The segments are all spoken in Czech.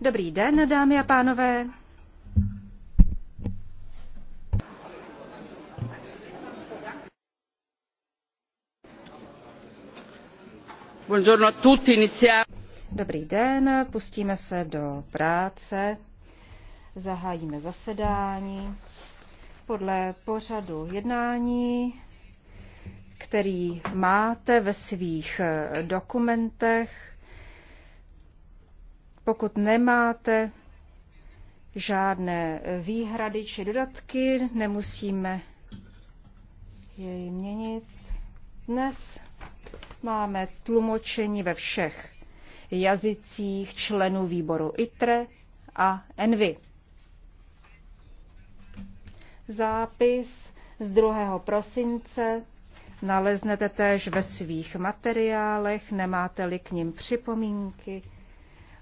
Dobrý den, dámy a pánové. Dobrý den, pustíme se do práce. Zahájíme zasedání podle pořadu jednání, který máte ve svých dokumentech. Pokud nemáte žádné výhrady či dodatky, nemusíme jej měnit. Dnes máme tlumočení ve všech jazycích členů výboru ITRE a ENVY. Zápis z 2. prosince naleznete též ve svých materiálech, nemáte-li k nim připomínky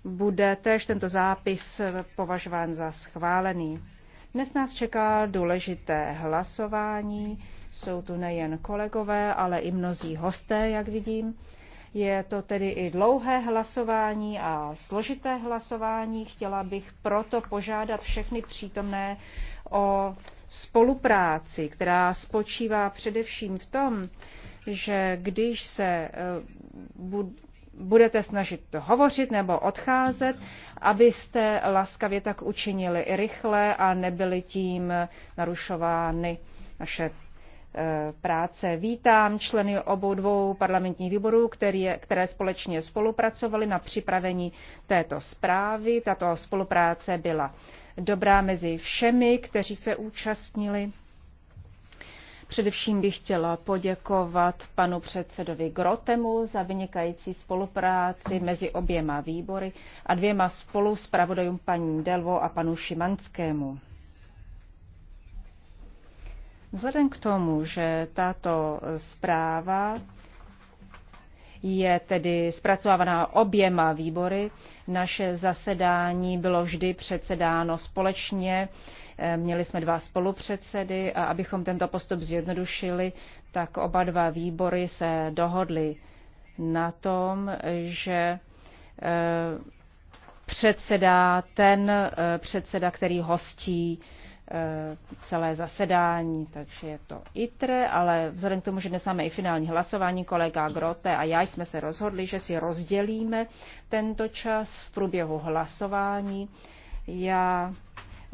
bude též tento zápis považován za schválený. Dnes nás čeká důležité hlasování. Jsou tu nejen kolegové, ale i mnozí hosté, jak vidím. Je to tedy i dlouhé hlasování a složité hlasování. Chtěla bych proto požádat všechny přítomné o spolupráci, která spočívá především v tom, že když se eh, budete snažit hovořit nebo odcházet, abyste laskavě tak učinili i rychle a nebyly tím narušovány naše e, práce. Vítám členy obou dvou parlamentních výborů, které, které společně spolupracovali na připravení této zprávy. Tato spolupráce byla dobrá mezi všemi, kteří se účastnili. Především bych chtěla poděkovat panu předsedovi Grotemu za vynikající spolupráci mezi oběma výbory a dvěma spolu s pravodajům paní Delvo a panu Šimanskému. Vzhledem k tomu, že tato zpráva je tedy zpracovávaná oběma výbory. Naše zasedání bylo vždy předsedáno společně Eh, měli jsme dva spolupředsedy a abychom tento postup zjednodušili, tak oba dva výbory se dohodly na tom, že eh, předsedá ten eh, předseda, který hostí celé zasedání, takže je to ITRE, ale vzhledem k tomu, že dnes máme i finální hlasování, kolega Grote a já jsme se rozhodli, že si rozdělíme tento čas v průběhu hlasování. Já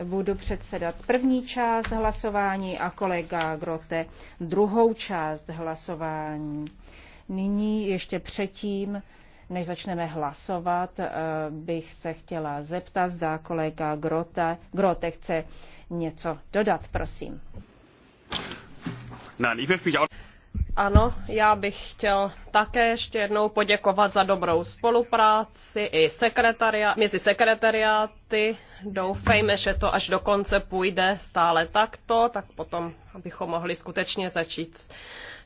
budu předsedat první část hlasování a kolega Grote druhou část hlasování. Nyní ještě předtím, než začneme hlasovat, eh, bych se chtěla zeptat, zda kolega Grote, Grote chce něco dodat, prosím. Nein, ich möchte mich auch ano, já bych chtěl také ještě jednou poděkovat za dobrou spolupráci i sekretaria, mezi sekretariáty. Doufejme, že to až do konce půjde stále takto, tak potom, abychom mohli skutečně začít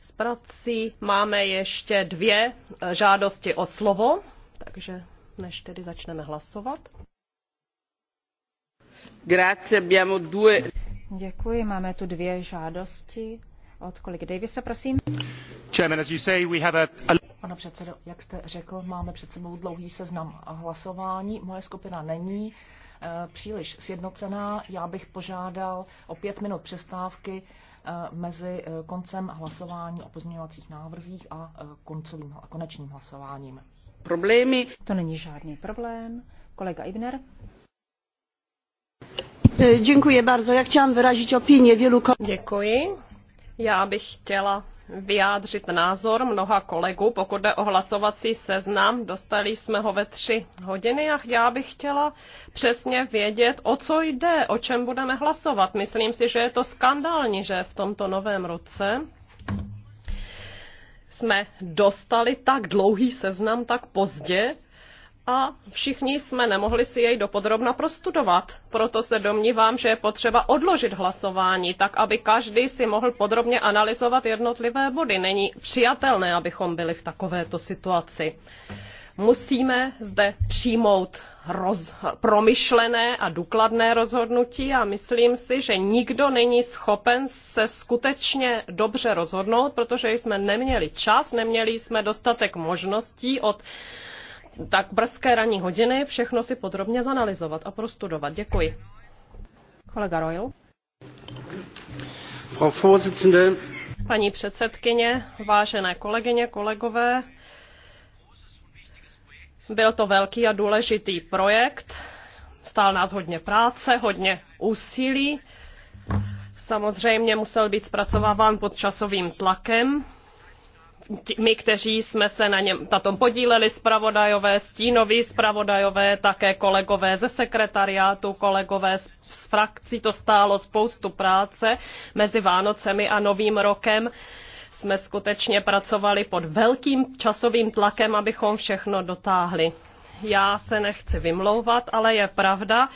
s prací. Máme ještě dvě eh, žádosti o slovo, takže než tedy začneme hlasovat. Grazie, abbiamo due. Děkuji, máme tu dvě žádosti od kolegy prosím. Chairman, as you say, we have a... Pane předsedo, jak jste řekl, máme před sebou dlouhý seznam hlasování. Moje skupina není eh, příliš sjednocená. Já bych požádal o pět minut přestávky eh, mezi eh, koncem hlasování o pozměňovacích návrzích a koncovým a konečným hlasováním. Problémy? To není žádný problém. Kolega Ibner? Děkuji bardzo. Já chtěl vyrazit opinie wielu... Děkuji. Já bych chtěla vyjádřit názor mnoha kolegů, pokud jde o hlasovací seznam. Dostali jsme ho ve tři hodiny a já bych chtěla přesně vědět, o co jde, o čem budeme hlasovat. Myslím si, že je to skandální, že v tomto novém roce jsme dostali tak dlouhý seznam tak pozdě, a všichni jsme nemohli si jej dopodrobna prostudovat. Proto se domnívám, že je potřeba odložit hlasování, tak aby každý si mohl podrobně analyzovat jednotlivé body. Není přijatelné, abychom byli v takovéto situaci. Musíme zde přijmout roz, promyšlené a důkladné rozhodnutí a myslím si, že nikdo není schopen se skutečně dobře rozhodnout, protože jsme neměli čas, neměli jsme dostatek možností od tak brzké ranní hodiny všechno si podrobně zanalizovat a prostudovat. Děkuji. Kolega Royal. Paní předsedkyně, vážené kolegyně, kolegové, byl to velký a důležitý projekt, stál nás hodně práce, hodně úsilí. Samozřejmě musel být zpracováván pod časovým tlakem, my, kteří jsme se na, něm, na tom podíleli, zpravodajové, stínoví zpravodajové, také kolegové ze sekretariátu, kolegové z, z frakcí, to stálo spoustu práce mezi Vánocemi a Novým rokem jsme skutečně pracovali pod velkým časovým tlakem, abychom všechno dotáhli. Já se nechci vymlouvat, ale je pravda,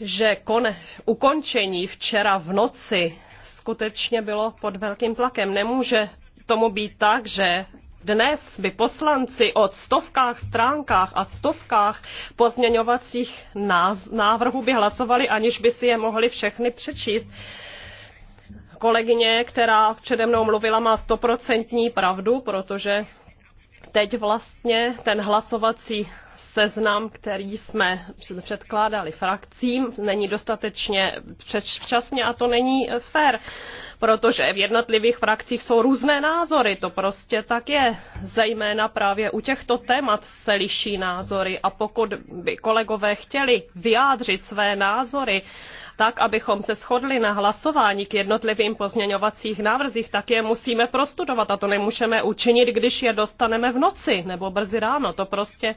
že kone, ukončení včera v noci skutečně bylo pod velkým tlakem. Nemůže tomu být tak, že dnes by poslanci o stovkách stránkách a stovkách pozměňovacích návrhů by hlasovali, aniž by si je mohli všechny přečíst. Kolegyně, která přede mnou mluvila, má stoprocentní pravdu, protože teď vlastně ten hlasovací seznam, který jsme předkládali frakcím, není dostatečně předčasně a to není fair, protože v jednotlivých frakcích jsou různé názory, to prostě tak je. Zejména právě u těchto témat se liší názory a pokud by kolegové chtěli vyjádřit své názory, tak abychom se shodli na hlasování k jednotlivým pozměňovacích návrzích, tak je musíme prostudovat a to nemůžeme učinit, když je dostaneme v noci nebo brzy ráno. To prostě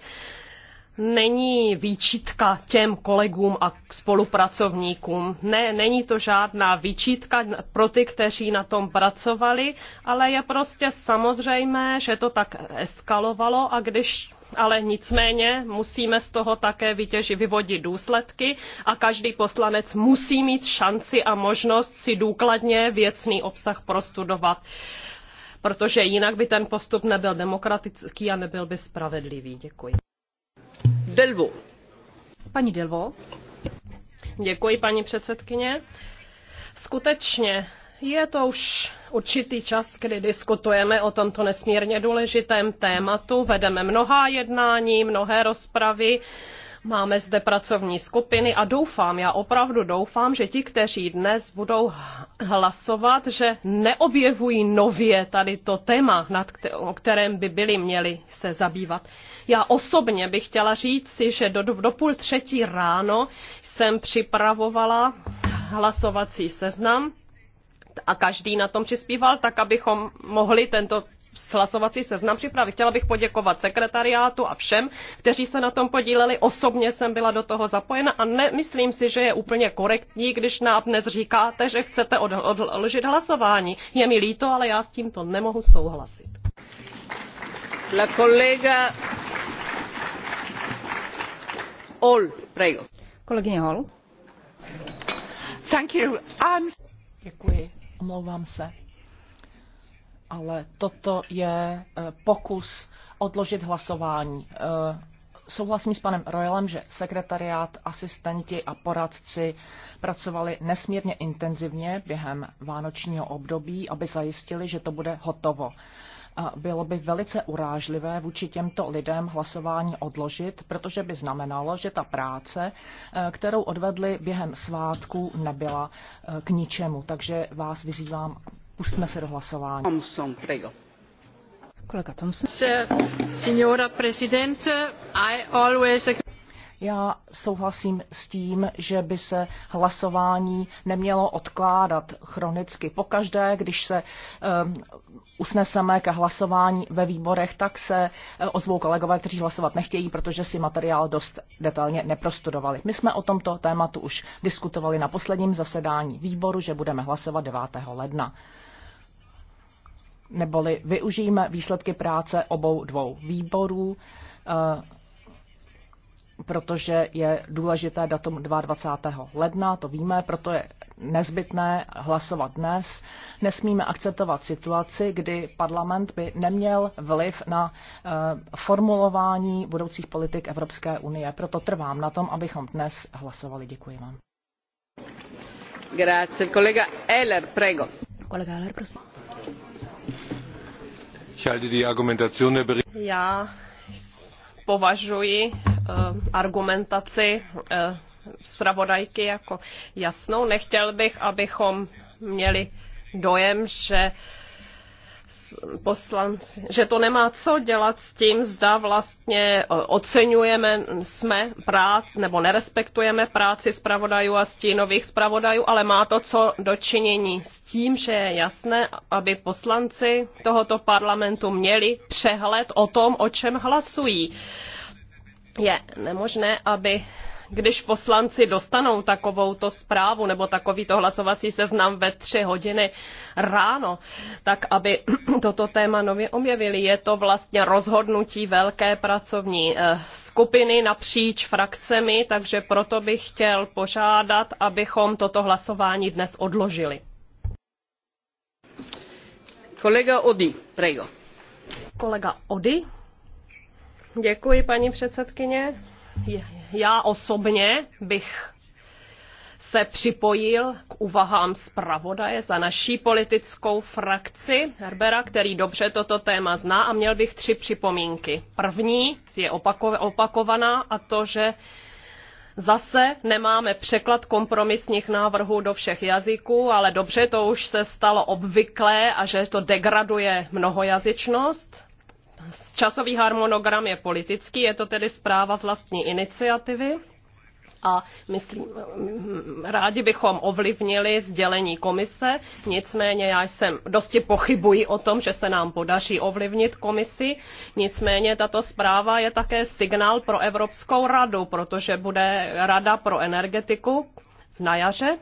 není výčitka těm kolegům a spolupracovníkům. Ne, není to žádná výčitka pro ty, kteří na tom pracovali, ale je prostě samozřejmé, že to tak eskalovalo a když ale nicméně musíme z toho také vyvodit důsledky a každý poslanec musí mít šanci a možnost si důkladně věcný obsah prostudovat, protože jinak by ten postup nebyl demokratický a nebyl by spravedlivý. Děkuji. Delvo. Paní Delvo. Děkuji, paní předsedkyně. Skutečně je to už určitý čas, kdy diskutujeme o tomto nesmírně důležitém tématu. Vedeme mnohá jednání, mnohé rozpravy. Máme zde pracovní skupiny a doufám, já opravdu doufám, že ti, kteří dnes budou hlasovat, že neobjevují nově tady to téma, nad o kterém by byli měli se zabývat. Já osobně bych chtěla říct si, že do, do půl třetí ráno jsem připravovala hlasovací seznam a každý na tom přispíval, tak abychom mohli tento slasovací seznam připravit. Chtěla bych poděkovat sekretariátu a všem, kteří se na tom podíleli. Osobně jsem byla do toho zapojena a nemyslím si, že je úplně korektní, když nám dnes říkáte, že chcete odložit hlasování. Je mi líto, ale já s tímto nemohu souhlasit. La kolega Hall, prego. Kolegyně Hall. Thank you. Um... Děkuji omlouvám se. Ale toto je eh, pokus odložit hlasování. Eh, souhlasím s panem Royalem, že sekretariát, asistenti a poradci pracovali nesmírně intenzivně během vánočního období, aby zajistili, že to bude hotovo bylo by velice urážlivé vůči těmto lidem hlasování odložit, protože by znamenalo, že ta práce, eh, kterou odvedli během svátku, nebyla eh, k ničemu. Takže vás vyzývám, pustme se do hlasování. Thompson, prego. Kolega Thompson. Signora Presidente, I always... Já souhlasím s tím, že by se hlasování nemělo odkládat chronicky. Pokaždé, když se um, usneseme ke hlasování ve výborech, tak se uh, ozvou kolegové, kteří hlasovat nechtějí, protože si materiál dost detailně neprostudovali. My jsme o tomto tématu už diskutovali na posledním zasedání výboru, že budeme hlasovat 9. ledna neboli využijeme výsledky práce obou dvou výborů eh, protože je důležité datum 22. ledna, to víme, proto je nezbytné hlasovat dnes. Nesmíme akceptovat situaci, kdy parlament by neměl vliv na eh, formulování budoucích politik Evropské unie. Proto trvám na tom, abychom dnes hlasovali. Děkuji vám. Grazie. Kolega Eller, prego. Kolega Eller, prosím. Já považuji Eh, argumentaci eh, zpravodajky jako jasnou. Nechtěl bych, abychom měli dojem, že poslanci, že to nemá co dělat s tím, zda vlastně eh, oceňujeme, jsme prát, nebo nerespektujeme práci zpravodajů a stínových zpravodajů, ale má to co dočinění s tím, že je jasné, aby poslanci tohoto parlamentu měli přehled o tom, o čem hlasují je nemožné, aby když poslanci dostanou takovouto zprávu nebo takovýto hlasovací seznam ve tři hodiny ráno, tak aby toto téma nově objevili. Je to vlastně rozhodnutí velké pracovní eh, skupiny napříč frakcemi, takže proto bych chtěl požádat, abychom toto hlasování dnes odložili. Kolega Odi, prego. Kolega Odi. Děkuji, paní předsedkyně. Já osobně bych se připojil k uvahám zpravodaje za naší politickou frakci Herbera, který dobře toto téma zná a měl bych tři připomínky. První je opakovaná a to, že Zase nemáme překlad kompromisních návrhů do všech jazyků, ale dobře, to už se stalo obvyklé a že to degraduje mnohojazyčnost. Časový harmonogram je politický, je to tedy zpráva z vlastní iniciativy a myslím, rádi bychom ovlivnili sdělení komise, nicméně já jsem dosti pochybuji o tom, že se nám podaří ovlivnit komisi, nicméně tato zpráva je také signál pro Evropskou radu, protože bude Rada pro energetiku na jaře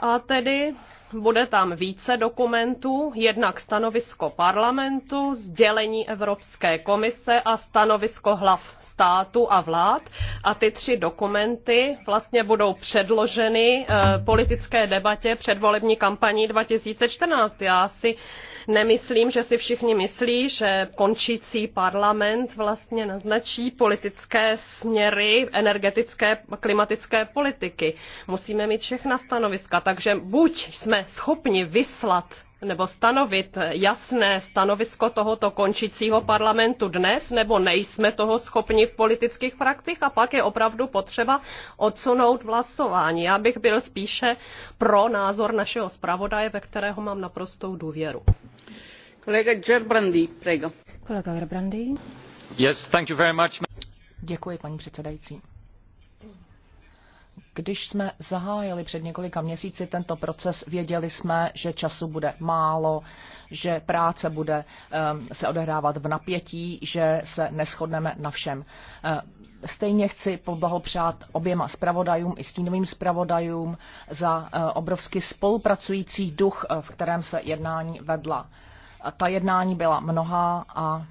a tedy bude tam více dokumentů, jednak stanovisko parlamentu, sdělení Evropské komise a stanovisko hlav státu a vlád. A ty tři dokumenty vlastně budou předloženy eh, politické debatě před volební kampaní 2014. Já si Nemyslím, že si všichni myslí, že končící parlament vlastně naznačí politické směry energetické a klimatické politiky. Musíme mít všechna stanoviska, takže buď jsme schopni vyslat nebo stanovit jasné stanovisko tohoto končícího parlamentu dnes, nebo nejsme toho schopni v politických frakcích a pak je opravdu potřeba odsunout hlasování. Já bych byl spíše pro názor našeho zpravodaje, ve kterého mám naprostou důvěru. Děkuji, paní předsedající. Když jsme zahájili před několika měsíci tento proces, věděli jsme, že času bude málo, že práce bude ehm, se odehrávat v napětí, že se neschodneme na všem. Ehm, stejně chci poblahopřát oběma zpravodajům i stínovým zpravodajům za eh, obrovsky spolupracující duch, eh, v kterém se jednání vedla ta jednání byla mnoha a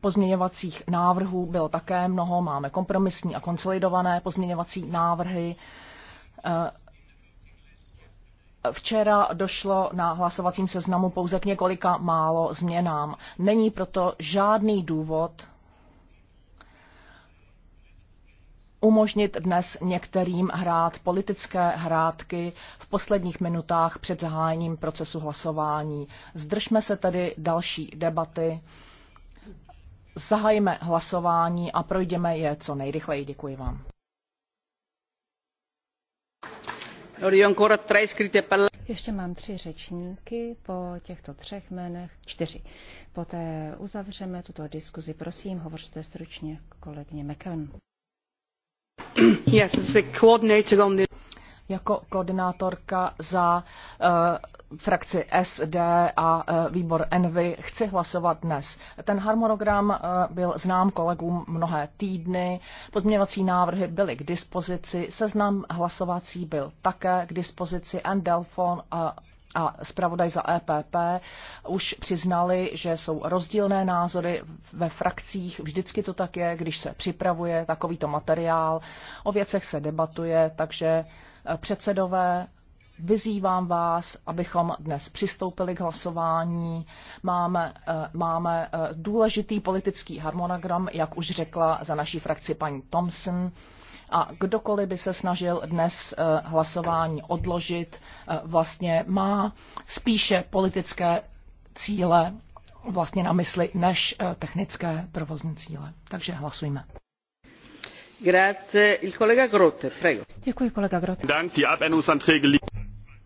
pozměňovacích návrhů bylo také mnoho. Máme kompromisní a konsolidované pozměňovací návrhy. Eh, včera došlo na hlasovacím seznamu pouze k několika málo změnám. Není proto žádný důvod umožnit dnes některým hrát politické hrátky v posledních minutách před zahájením procesu hlasování. Zdržme se tedy další debaty, zahajme hlasování a projdeme je co nejrychleji. Děkuji vám. Ještě mám tři řečníky po těchto třech jménech, čtyři. Poté uzavřeme tuto diskuzi. Prosím, hovořte stručně, kolegyně McCann. jako koordinátorka za uh, frakci SD a uh, výbor Envy chci hlasovat dnes. Ten harmonogram uh, byl znám kolegům mnohé týdny, pozměňovací návrhy byly k dispozici, seznam hlasovací byl také k dispozici, Endelfon a a zpravodaj za EPP už přiznali, že jsou rozdílné názory ve frakcích. Vždycky to tak je, když se připravuje takovýto materiál. O věcech se debatuje, takže eh, předsedové Vyzývám vás, abychom dnes přistoupili k hlasování. Máme, eh, máme eh, důležitý politický harmonogram, jak už řekla za naší frakci paní Thompson. A kdokoliv by se snažil dnes eh, hlasování odložit, eh, vlastně má spíše politické cíle vlastně na mysli než eh, technické provozní cíle. Takže hlasujme. Il Grote, Děkuji, kolega Grote.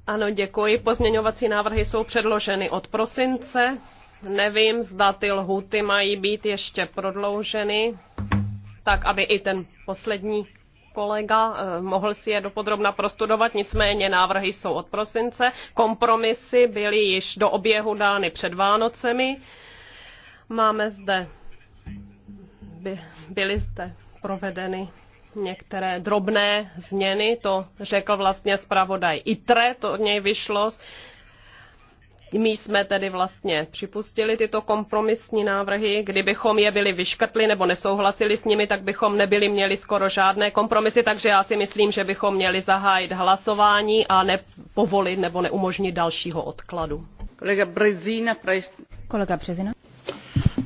ano, děkuji. Pozměňovací návrhy jsou předloženy od prosince. Nevím, zda ty lhuty mají být ještě prodlouženy, tak aby i ten poslední kolega eh, mohl si je dopodrobna prostudovat, nicméně návrhy jsou od prosince. Kompromisy byly již do oběhu dány před Vánocemi. Máme zde, by, byly zde provedeny některé drobné změny, to řekl vlastně zpravodaj ITRE, to od něj vyšlo my jsme tedy vlastně připustili tyto kompromisní návrhy. Kdybychom je byli vyškrtli nebo nesouhlasili s nimi, tak bychom nebyli měli skoro žádné kompromisy, takže já si myslím, že bychom měli zahájit hlasování a nepovolit nebo neumožnit dalšího odkladu. Kolega Brezina, Kolega Březina.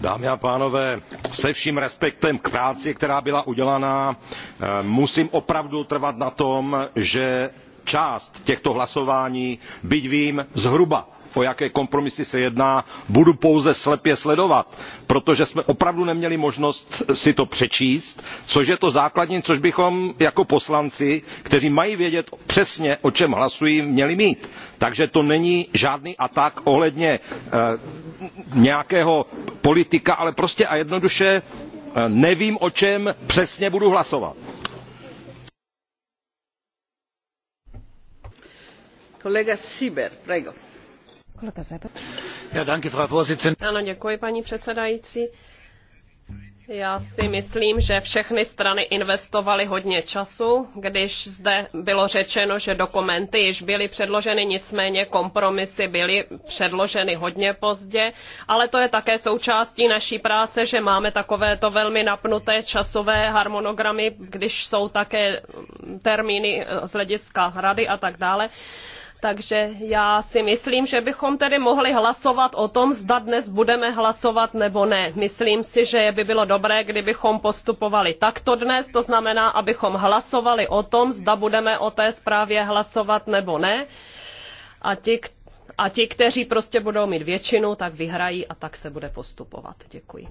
Dámy a pánové, se vším respektem k práci, která byla udělaná, eh, musím opravdu trvat na tom, že část těchto hlasování, byť vím zhruba o jaké kompromisy se jedná budu pouze slepě sledovat protože jsme opravdu neměli možnost si to přečíst což je to základní což bychom jako poslanci kteří mají vědět přesně o čem hlasují měli mít. takže to není žádný atak ohledně eh, nějakého politika ale prostě a jednoduše eh, nevím o čem přesně budu hlasovat. kolega seeber prego. Ano, děkuji, paní předsedající. Já si myslím, že všechny strany investovaly hodně času, když zde bylo řečeno, že dokumenty již byly předloženy, nicméně kompromisy byly předloženy hodně pozdě, ale to je také součástí naší práce, že máme takovéto velmi napnuté časové harmonogramy, když jsou také termíny z hlediska rady a tak dále. Takže já si myslím, že bychom tedy mohli hlasovat o tom, zda dnes budeme hlasovat nebo ne. Myslím si, že by bylo dobré, kdybychom postupovali takto dnes, to znamená, abychom hlasovali o tom, zda budeme o té zprávě hlasovat nebo ne. A ti, a ti kteří prostě budou mít většinu, tak vyhrají a tak se bude postupovat. Děkuji.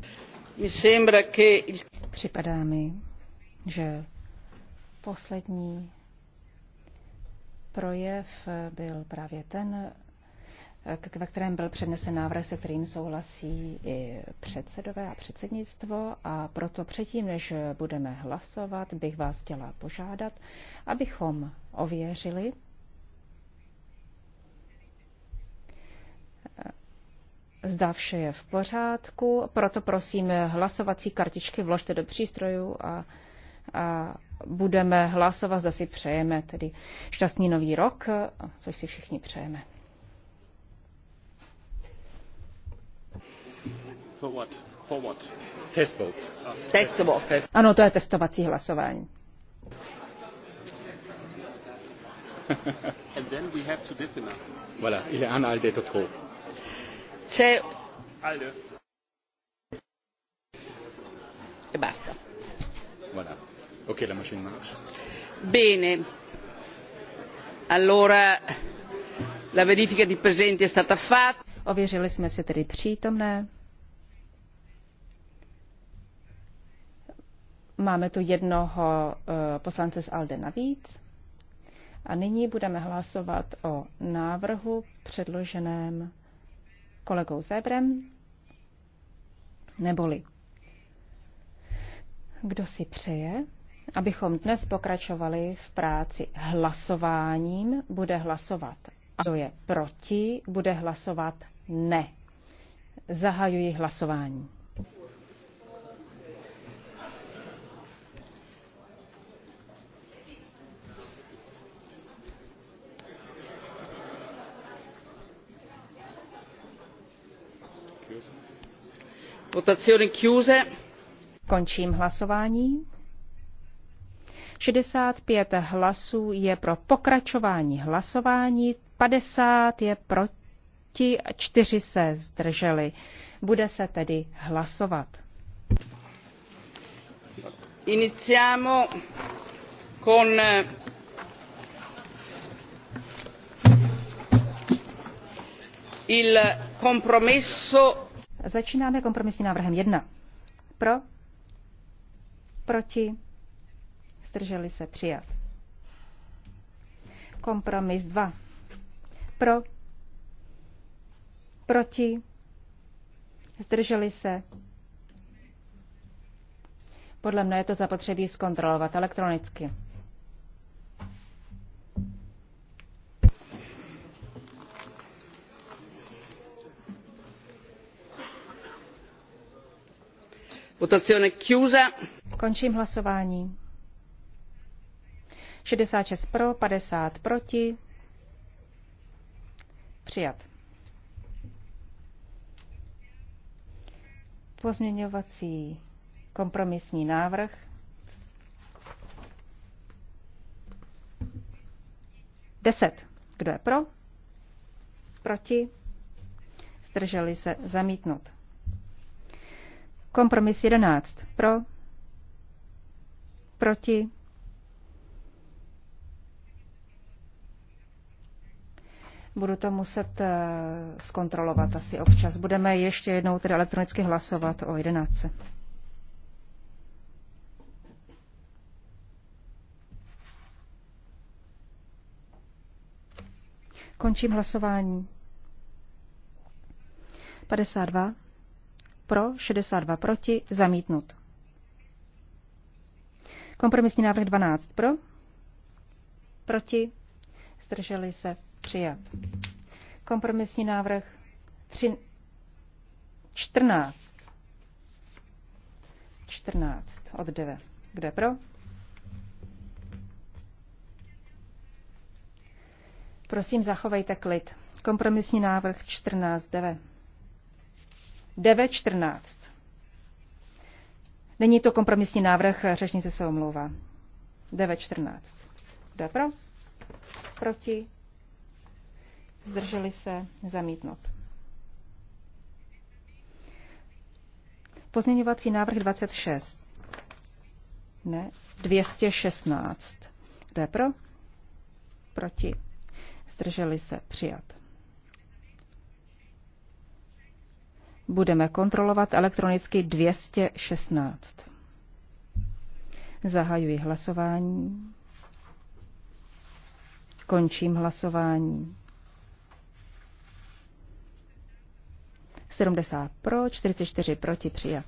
Připadá mi, že poslední projev byl právě ten, ve kterém byl přednesen návrh, se kterým souhlasí i předsedové a předsednictvo a proto předtím, než budeme hlasovat, bych vás chtěla požádat, abychom ověřili, Zda vše je v pořádku, proto prosím hlasovací kartičky vložte do přístrojů a a budeme hlasovat, zase si přejeme tedy šťastný nový rok, což si všichni přejeme. For what? For what? Test vote. Test vote. Ano, to je testovací hlasování. And then we have to differ Voilà, il un ALDE de trop. ALDE. E basta. Voilà. Bene. Allora, la verifica di presenti è stata fatta. Ověřili jsme si tedy přítomné. Máme tu jednoho eh, poslance z Alde navíc. A nyní budeme hlasovat o návrhu předloženém kolegou Zebrem, neboli kdo si přeje abychom dnes pokračovali v práci hlasováním, bude hlasovat a kdo je proti, bude hlasovat ne. Zahajuji hlasování. Votazione chiuse. Končím hlasování. 65 hlasů je pro pokračování hlasování, 50 je proti, 4 se zdrželi. Bude se tedy hlasovat. Iniciamo con eh, il compromesso. Začínáme kompromisním návrhem 1. Pro? Proti? zdrželi se přijat. Kompromis 2. Pro, proti, zdrželi se. Podle mne je to zapotřebí zkontrolovat elektronicky. Votazione chiusa. Končím hlasování. 66 pro, 50 proti. Přijat. Pozměňovací kompromisní návrh. Deset. Kdo je pro? Proti? Zdrželi se zamítnout. Kompromis jedenáct. Pro? Proti? Budu to muset eh, zkontrolovat asi občas. Budeme ještě jednou tedy elektronicky hlasovat o 11. Končím hlasování. 52 pro, 62 proti, zamítnut. Kompromisní návrh 12 pro, proti, zdrželi se Přijat. Kompromisní návrh 3, 14. 14 od 9. Kde pro? Prosím, zachovejte klid. Kompromisní návrh 14 9. 9 14. Není to kompromisní návrh, řečnice se omlouvá. 9 14. Kde pro? Proti? zdrželi se, zamítnout. Pozměňovací návrh 26. Ne, 216. Kdo je pro? Proti. Zdrželi se, přijat. Budeme kontrolovat elektronicky 216. Zahajuji hlasování. Končím hlasování. 70 pro, 44 proti přijat.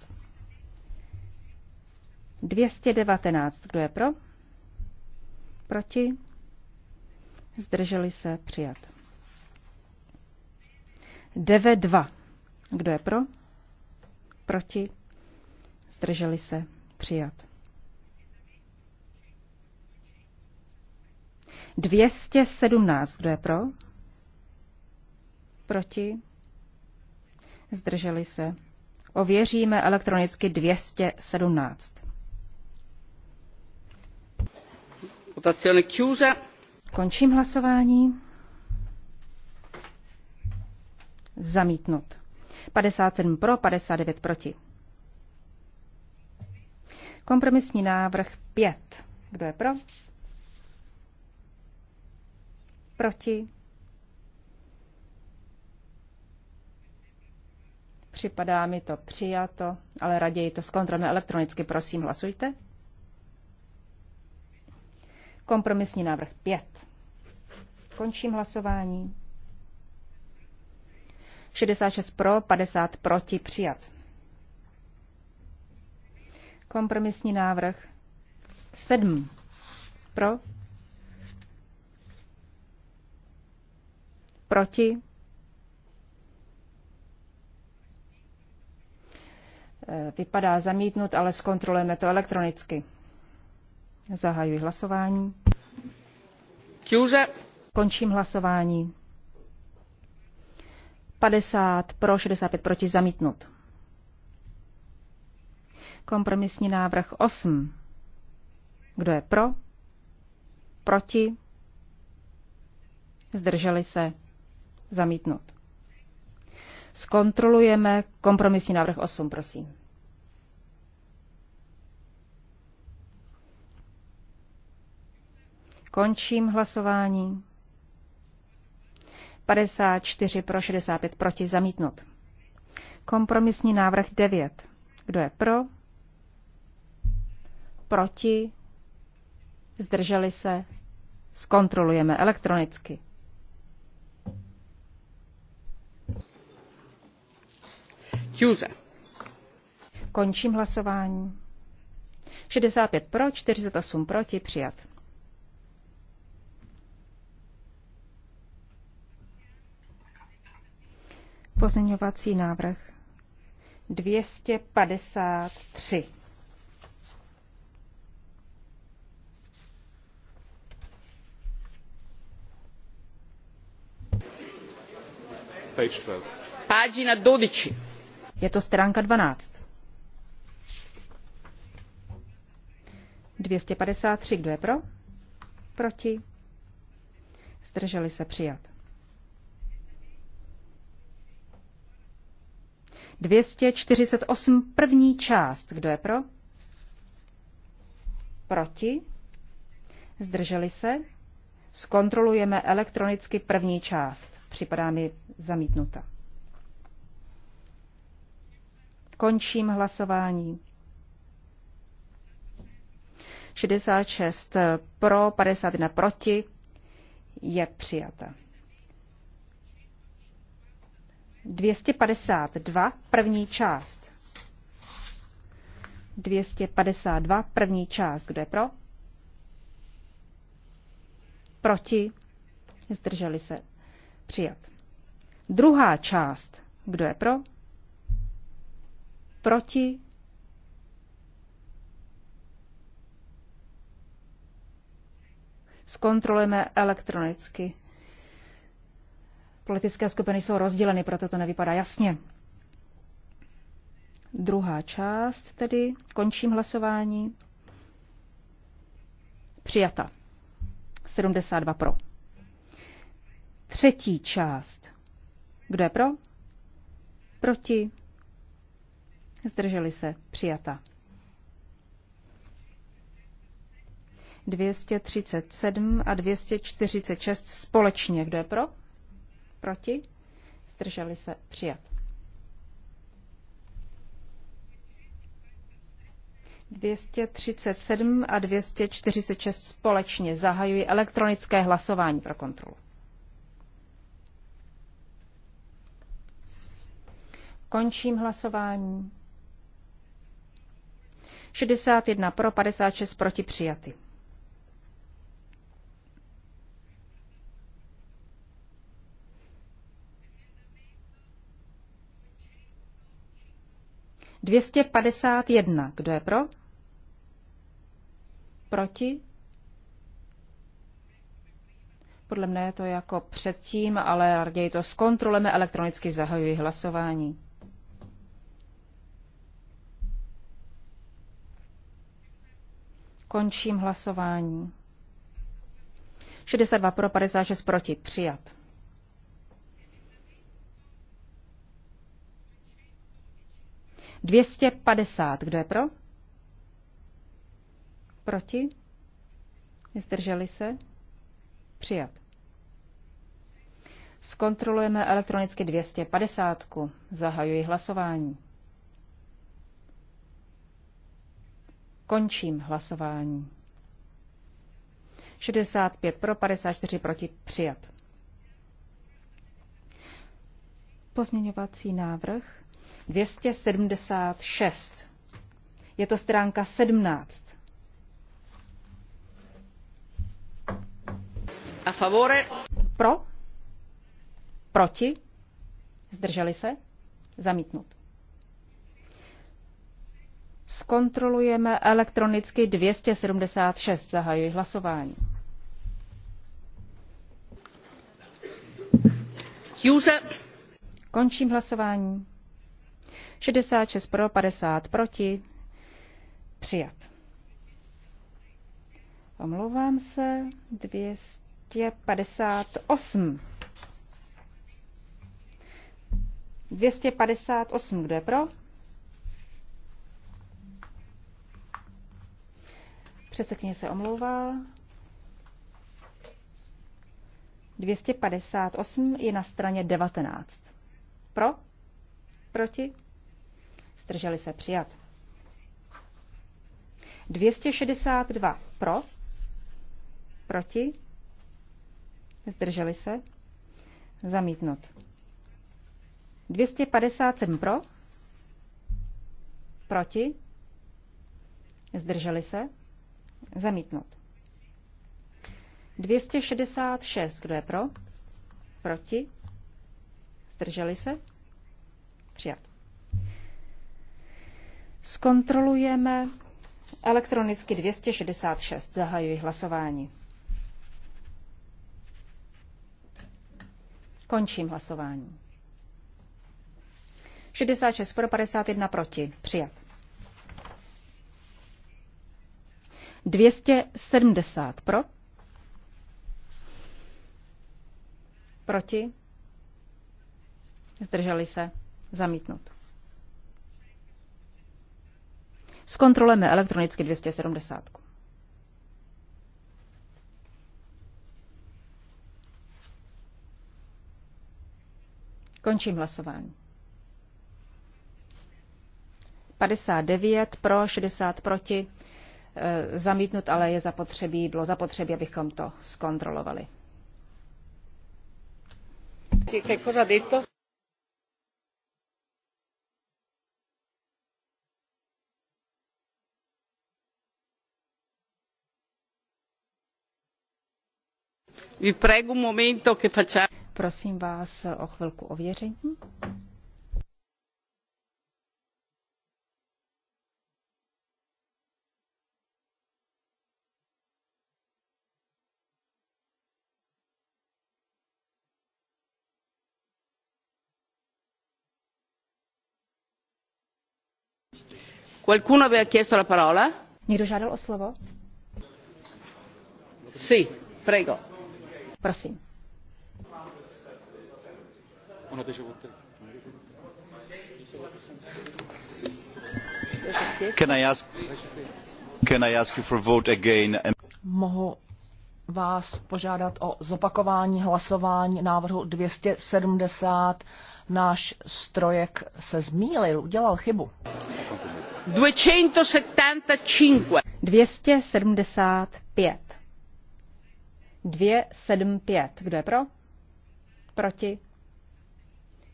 219. Kdo je pro? Proti? Zdrželi se přijat. 9.2. Kdo je pro? Proti? Zdrželi se přijat. 217. Kdo je pro? Proti? zdrželi se. Ověříme elektronicky 217. Votazione chiusa. Končím hlasování. Zamítnut. 57 pro, 59 proti. Kompromisní návrh 5. Kdo je pro? Proti? nepřipadá mi to přijato, ale raději to zkontrolujeme elektronicky. Prosím, hlasujte. Kompromisní návrh 5. Končím hlasování. 66 pro, 50 proti přijat. Kompromisní návrh 7 pro, proti Eh, vypadá zamítnut, ale zkontrolujeme to elektronicky. Zahajuji hlasování. Kjuze. Končím hlasování. 50 pro, 65 proti zamítnut. Kompromisní návrh 8. Kdo je pro? Proti? Zdrželi se? Zamítnut. Zkontrolujeme kompromisní návrh 8, prosím. Končím hlasování. 54 pro 65 proti zamítnut. Kompromisní návrh 9. Kdo je pro? Proti? Zdrželi se? Zkontrolujeme elektronicky. Chiuse. Končím hlasování. 65 pro, 48 proti, přijat. Pozměňovací návrh 253. Page Pagina 12 je to stránka 12. 253, kdo je pro? Proti? Zdrželi se přijat. 248 první část. Kdo je pro? Proti? Zdrželi se? Zkontrolujeme elektronicky první část. Připadá mi zamítnuta. Končím hlasování. 66 pro, 51 proti je přijata. 252 první část. 252 první část. Kdo je pro? Proti? Zdrželi se. Přijat. Druhá část. Kdo je pro? Proti? Zkontrolujeme elektronicky. Politické skupiny jsou rozděleny, proto to nevypadá jasně. Druhá část tedy. Končím hlasování. Přijata. 72 pro. Třetí část. Kdo je pro? Proti? zdrželi se, přijata. 237 a 246 společně. Kdo je pro? Proti? Zdrželi se, přijat. 237 a 246 společně zahajují elektronické hlasování pro kontrolu. Končím hlasování. 61 pro, 56 proti přijaty. Dvěstě padesát jedna. Kdo je pro? Proti? Podle mne je to jako předtím, ale raději to zkontrolujeme elektronicky zahajuji hlasování. Končím hlasování. 62 pro, 56 proti. Přijat. Dvěstě padesát. Kdo je pro? Proti? Zdrželi se? Přijat. Zkontrolujeme elektronicky 250. Zahajuji hlasování. Končím hlasování. 65 pro, 54 proti, přijat. Pozměňovací návrh 276. Je to stránka 17. A favore? Pro? Proti? Zdrželi se? Zamítnut zkontrolujeme elektronicky 276. Zahajuji hlasování. Juse. Končím hlasování. 66 pro, 50 proti. Přijat. Omlouvám se. 258. 258, kdo je pro? Přesekně se omlouvá. 258 je na straně 19. Pro? Proti? Zdrželi se přijat. 262 pro? Proti? Zdrželi se? Zamítnut. 257 pro? Proti? Zdrželi se? Zamítnut. 266. Kdo je pro? Proti? Zdrželi se? Přijat. Zkontrolujeme elektronicky 266. Zahajuji hlasování. Končím hlasování. 66 pro, 51 proti. Přijat. 270 pro, proti, zdrželi se, zamítnout. Zkontrolujeme elektronicky 270. Končím hlasování. 59 pro, 60 proti, Eh, zamítnut, ale je zapotřebí, bylo zapotřebí, abychom to zkontrolovali. Che cosa ha Prosím vás o chvilku ověření. Qualcuno aveva chiesto la parola? slovo? Sí, prego. Prosím. Ona Can I ask, can I ask you for vote again? Mohu vás požádat o zopakování hlasování návrhu 270. Náš strojek se zmýlil, udělal chybu. Continue. 275. 275. 275. Kdo je pro? Proti?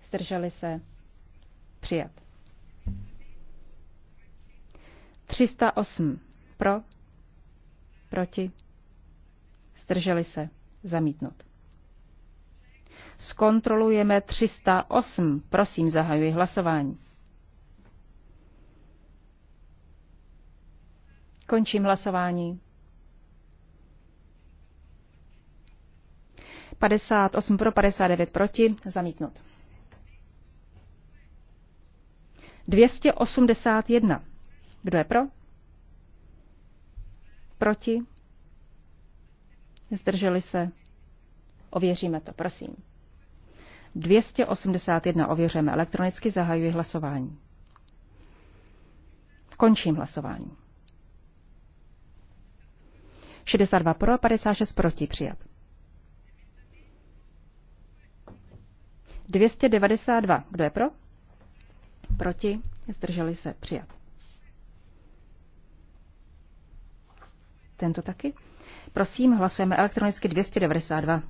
Zdrželi se? Přijat. 308. Pro? Proti? Zdrželi se? Zamítnut. Zkontrolujeme 308. Prosím, zahajuji hlasování. Končím hlasování. 58 pro, 59 proti, zamítnut. 281. Kdo je pro? Proti? Zdrželi se? Ověříme to, prosím. 281 ověřujeme elektronicky, zahajuji hlasování. Končím hlasování. 62 pro a 56 proti přijat. 292. Kdo je pro? Proti? Zdrželi se přijat. Tento taky? Prosím, hlasujeme elektronicky 292.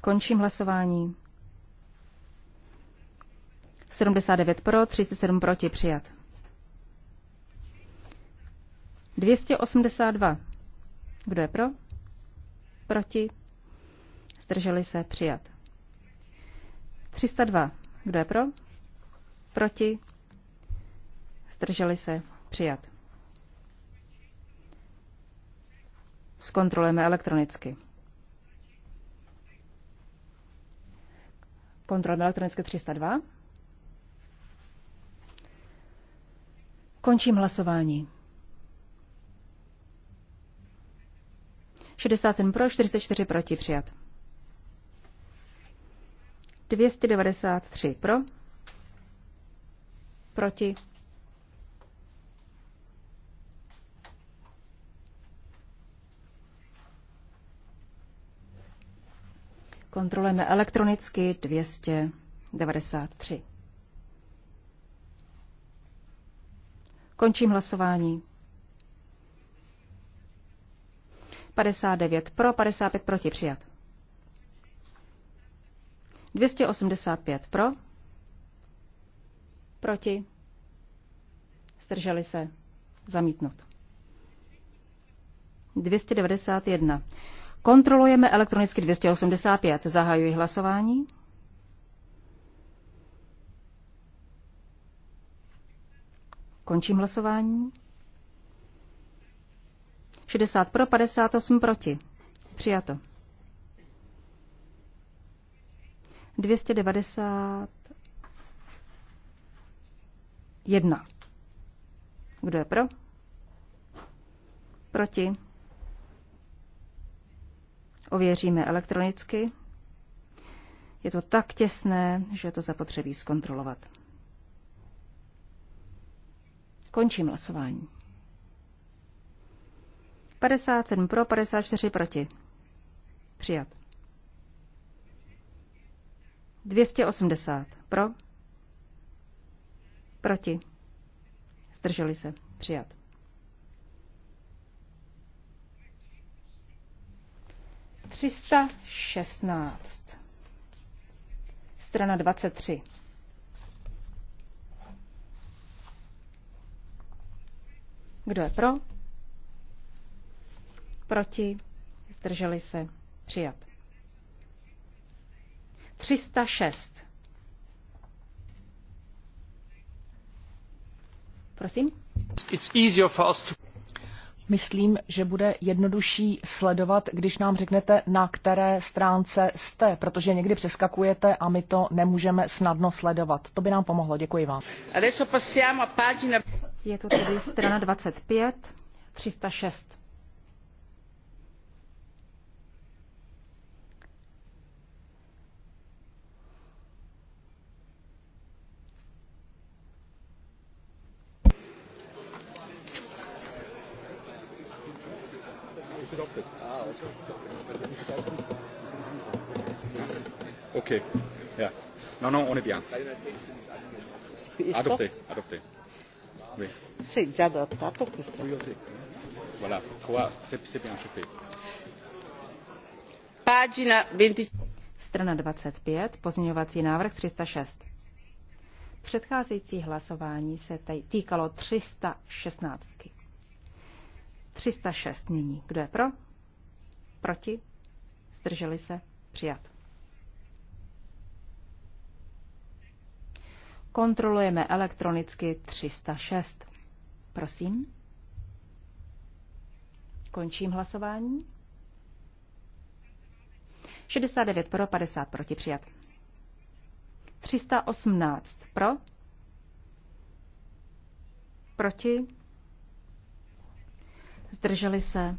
Končím hlasování. 79 pro, 37 proti přijat. 282. Kdo je pro? Proti? Zdrželi se přijat. 302. Kdo je pro? Proti? Zdrželi se přijat. Zkontrolujeme elektronicky. Kontrolujeme elektronicky 302. Končím hlasování. 67 pro, 44 proti přijat. 293 pro, proti. Kontrolujeme elektronicky 293. Končím hlasování. 59 pro, 55 proti přijat. 285 pro, proti, zdrželi se, zamítnut. 291. Kontrolujeme elektronicky 285. Zahajuji hlasování. Končím hlasování. 60 pro, 58 proti. Přijato. 291. Kdo je pro? Proti? Ověříme elektronicky. Je to tak těsné, že to zapotřebí zkontrolovat. Končím hlasování. 57 pro, 54 proti. Přijat. 280 pro. Proti. Zdrželi se. Přijat. Třista šestnáct. Strana 23. Kdo je pro? Proti? Zdrželi se? Přijat. 306. Prosím. It's easier for us to... Myslím, že bude jednodušší sledovat, když nám řeknete, na které stránce jste, protože někdy přeskakujete a my to nemůžeme snadno sledovat. To by nám pomohlo. Děkuji vám. Je to tedy strana 25, 306. Okay. Yeah. No, no, on est Adopte, Adopté, adopté. Strana 25, pozměňovací návrh 306. Předcházející hlasování se tady týkalo 316. 306 nyní. Kdo je pro? Proti? Zdrželi se? Přijat. Kontrolujeme elektronicky 306. Prosím. Končím hlasování. 69 pro, 50 proti přijat. 318 pro, proti, zdrželi se.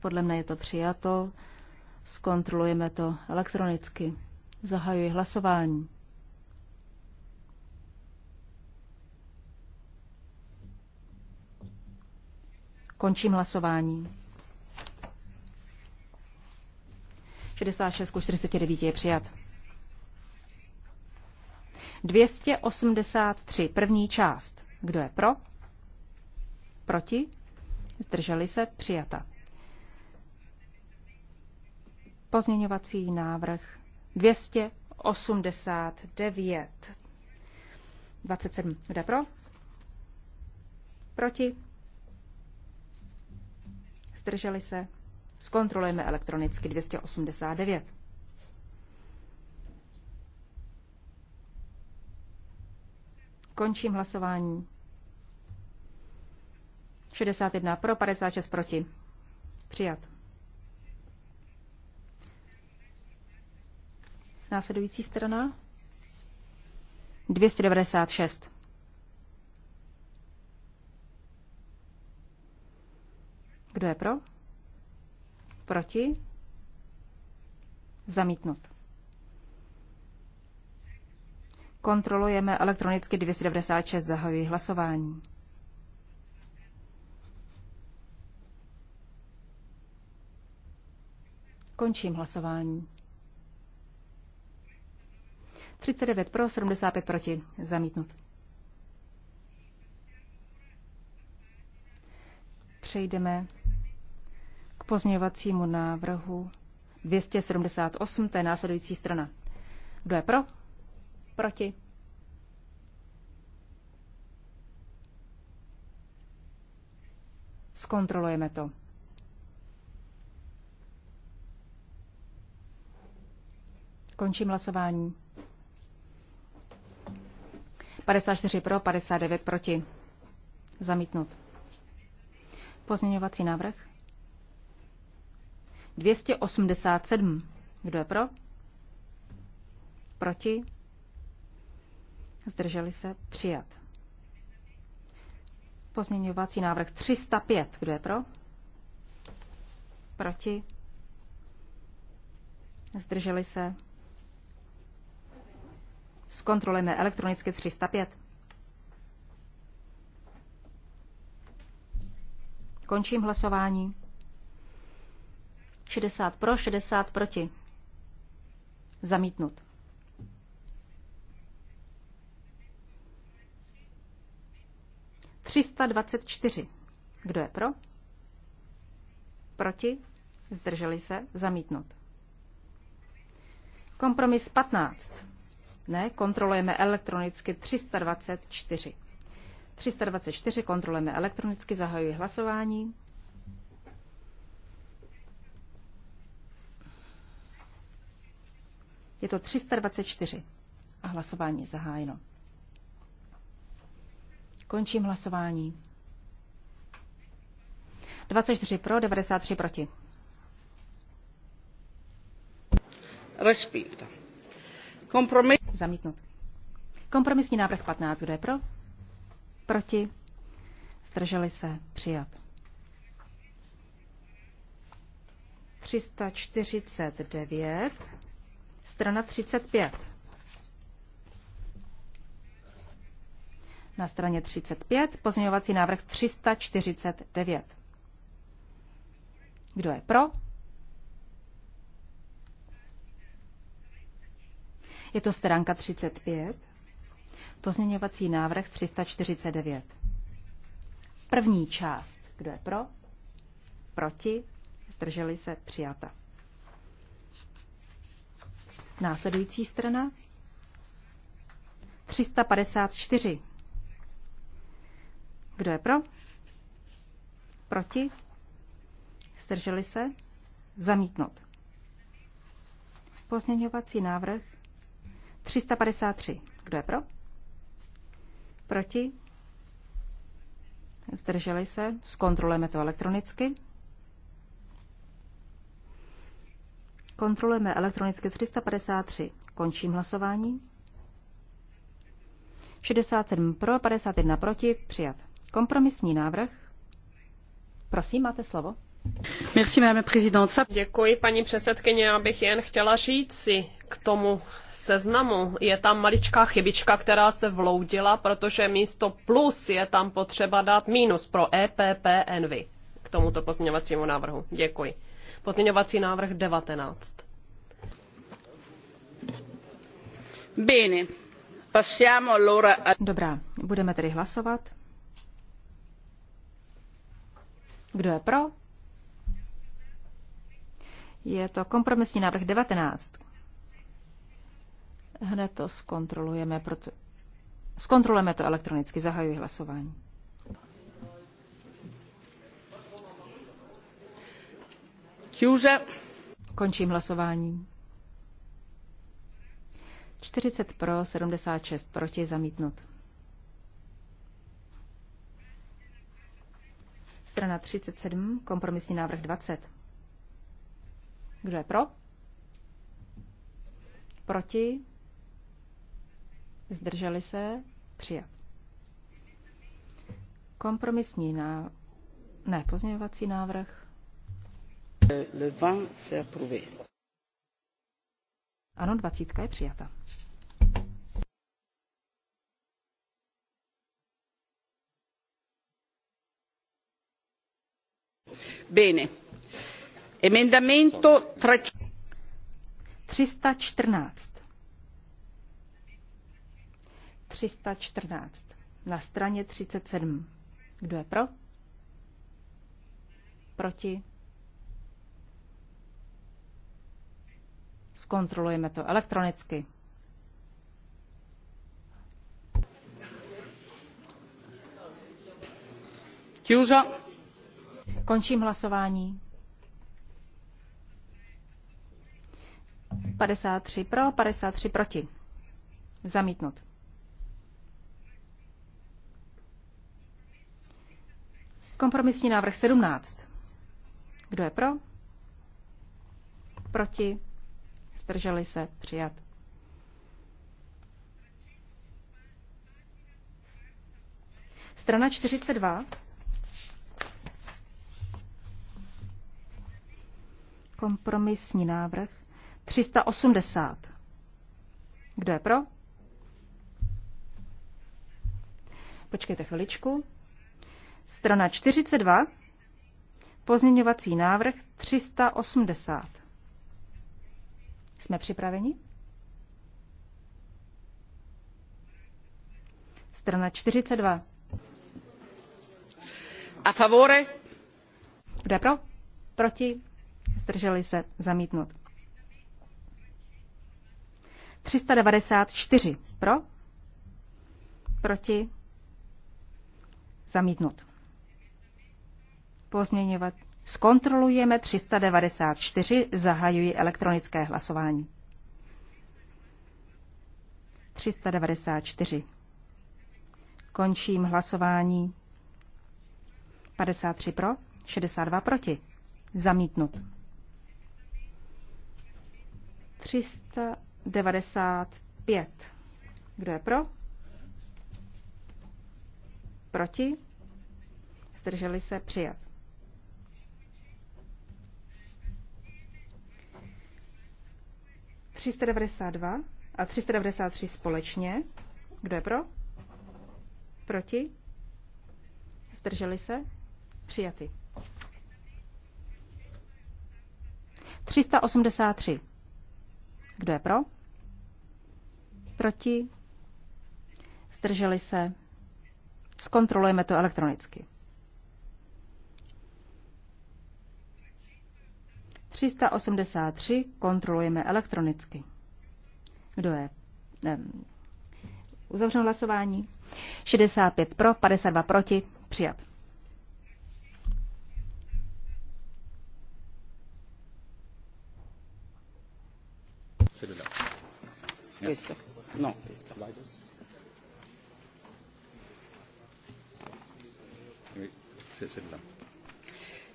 Podle mne je to přijato. Zkontrolujeme to elektronicky. Zahajuji hlasování. Končím hlasování. 66 49 je přijat. 283. První část. Kdo je pro? Proti? Zdrželi se? Přijata. Pozměňovací návrh 289. 27. Kdo je pro? Proti? zdrželi se, zkontrolujeme elektronicky 289. Končím hlasování. 61 pro, 56 proti. Přijat. Následující strana. 296. Kdo je pro? Proti? Zamítnut. Kontrolujeme elektronicky 296. zahojí hlasování. Končím hlasování. 39 pro, 75 proti. Zamítnut. Přejdeme pozměňovacímu návrhu 278, to je následující strana. Kdo je pro? Proti? Zkontrolujeme to. Končím hlasování. 54 pro, 59 proti. Zamítnut. Pozměňovací návrh 287. Kdo je pro? Proti? Zdrželi se? Přijat. Pozměňovací návrh 305. Kdo je pro? Proti? Zdrželi se? Zkontrolujeme elektronicky 305. Končím hlasování. 60 pro, 60 proti. Zamítnut. Třista dvacet čtyři. Kdo je pro? Proti? Zdrželi se? Zamítnut. Kompromis 15. Ne, kontrolujeme elektronicky 324. 324 kontrolujeme elektronicky, zahajuji hlasování. Je to 324 a hlasování je zahájeno. Končím hlasování. 24 pro, 93 proti. Respíta. Kompromis... Zamítnut. Kompromisní návrh 15. Kdo je pro? Proti? Zdrželi se? Přijat. 349 Strana 35. Na straně 35 pozměňovací návrh 349. Kdo je pro? Je to stránka 35. Pozměňovací návrh 349. První část. Kdo je pro? Proti? Zdrželi se přijata. Následující strana. 354. Kdo je pro? Proti? Zdrželi se? Zamítnout. Pozměňovací návrh 353. Kdo je pro? Proti? Zdrželi se? Zkontrolujeme to elektronicky. Kontrolujeme elektronicky 353. Končím hlasování. 67 pro, 51 proti, přijat. Kompromisní návrh. Prosím, máte slovo. Merci, Děkuji, paní předsedkyně. Já bych jen chtěla říct si k tomu seznamu. Je tam maličká chybička, která se vloudila, protože místo plus je tam potřeba dát minus pro EPPNV k tomuto pozměňovacímu návrhu. Děkuji. Pozměňovací návrh 19. Bene. Passiamo allora a... Dobrá, budeme tedy hlasovat. Kdo je pro? Je to kompromisní návrh 19. Hned to zkontrolujeme, proto... zkontrolujeme to elektronicky. Zahajuji hlasování. Chiusa. Končím hlasování. 40 pro, 76 proti, zamítnut. Strana 37, kompromisní návrh 20. Kdo je pro? Proti? Zdrželi se? Přijat. Kompromisní návrh. Ne, pozměňovací návrh. Ano, dvacítka je přijata. Bene. Emendamento 314. 314. Na straně 37. Kdo je pro? Proti? Zkontrolujeme to elektronicky. Chiusa. Končím hlasování. 53 pro, 53 proti. Zamítnut. Kompromisní návrh 17. Kdo je pro? Proti? zdrželi se, přijat. Strana 42. Kompromisní návrh 380. Kdo je pro? Počkejte chviličku. Strana 42. Pozměňovací návrh 380. Jsme připraveni? Strana 42. A favore? Kde pro? Proti? Zdrželi se zamítnout. 394 pro? Proti? Zamítnut. Pozměňovat Zkontrolujeme 394, zahajuji elektronické hlasování. 394. Končím hlasování. 53 pro, 62 proti. Zamítnut. 395. Kdo je pro? Proti? Zdrželi se přijat. 392 a 393 společně. Kdo je pro? Proti? Zdrželi se? Přijaty. 383. Kdo je pro? Proti? Zdrželi se? Zkontrolujeme to elektronicky. 383 kontrolujeme elektronicky. Kdo je? uzavřeno hlasování. 65 pro, 52 proti. Přijat. No. C'est celle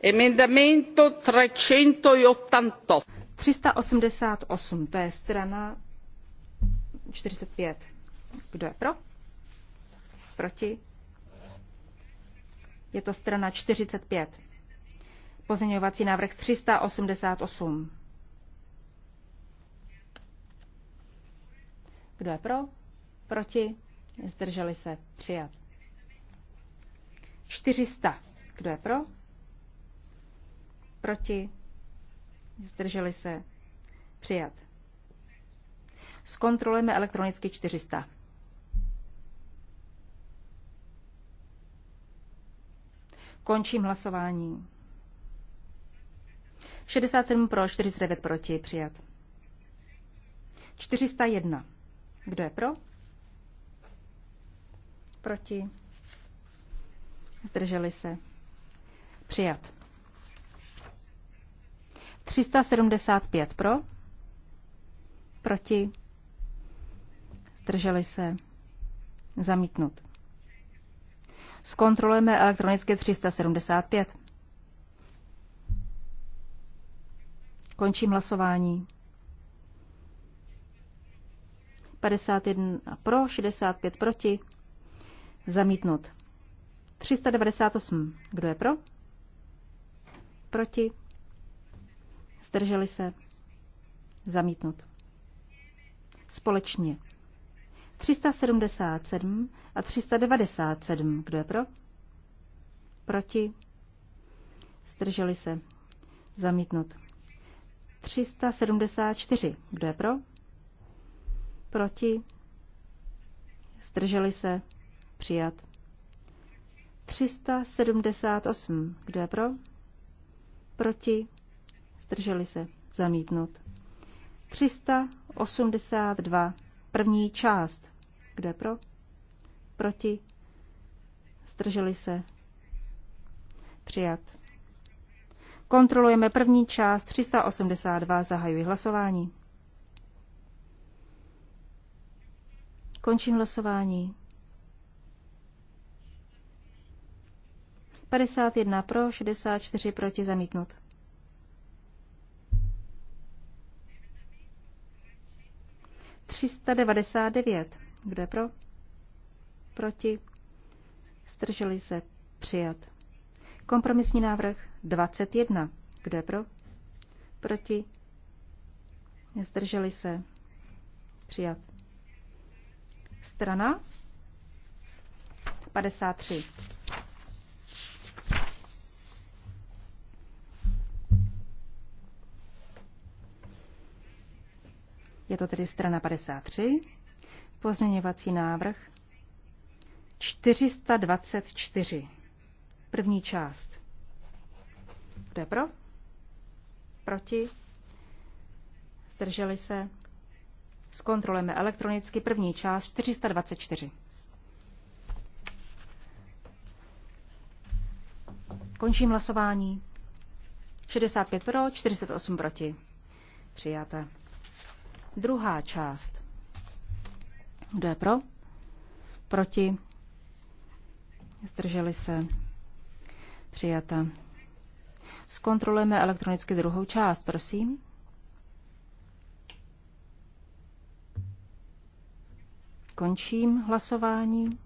388 388 to je strana 45 kdo je pro proti je to strana 45 pozměňovací návrh 388 Kdo je pro? Proti? Zdrželi se? Přijat. 400. Kdo je pro? Proti? Zdrželi se? Přijat. Zkontrolujeme elektronicky 400. Končím hlasování. 67 pro, 49 proti, přijat. 401. Kdo je pro? Proti. Zdrželi se. Přijat. 375 pro, proti, zdrželi se, zamítnut. Zkontrolujeme elektronicky 375. Končím hlasování. 51 pro, 65 proti. Zamítnut. 398. Kdo je pro? Proti. Zdrželi se? Zamítnut. Společně. 377 a 397. Kdo je pro? Proti? Zdrželi se? Zamítnut. 374. Kdo je pro? Proti? Zdrželi se? Přijat. 378. Kdo je pro? Proti? zdrželi se, zamítnut. 382, první část, kdo je pro, proti, zdrželi se, přijat. Kontrolujeme první část 382, zahajuji hlasování. Končím hlasování. 51 pro, 64 proti zamítnut. 399. Kdo je pro? Proti? Strželi se? Přijat. Kompromisní návrh 21. Kdo je pro? Proti? Zdrželi se? Přijat. Strana 53. Je to tedy strana 53. Pozměňovací návrh 424. První část. Kdo je pro? Proti? Zdrželi se? Zkontrolujeme elektronicky první část 424. Končím hlasování. 65 pro, 48 proti. Přijáte. Druhá část. Kdo je pro? Proti? Zdrželi se? Přijata. Zkontrolujeme elektronicky druhou část, prosím. Končím hlasování.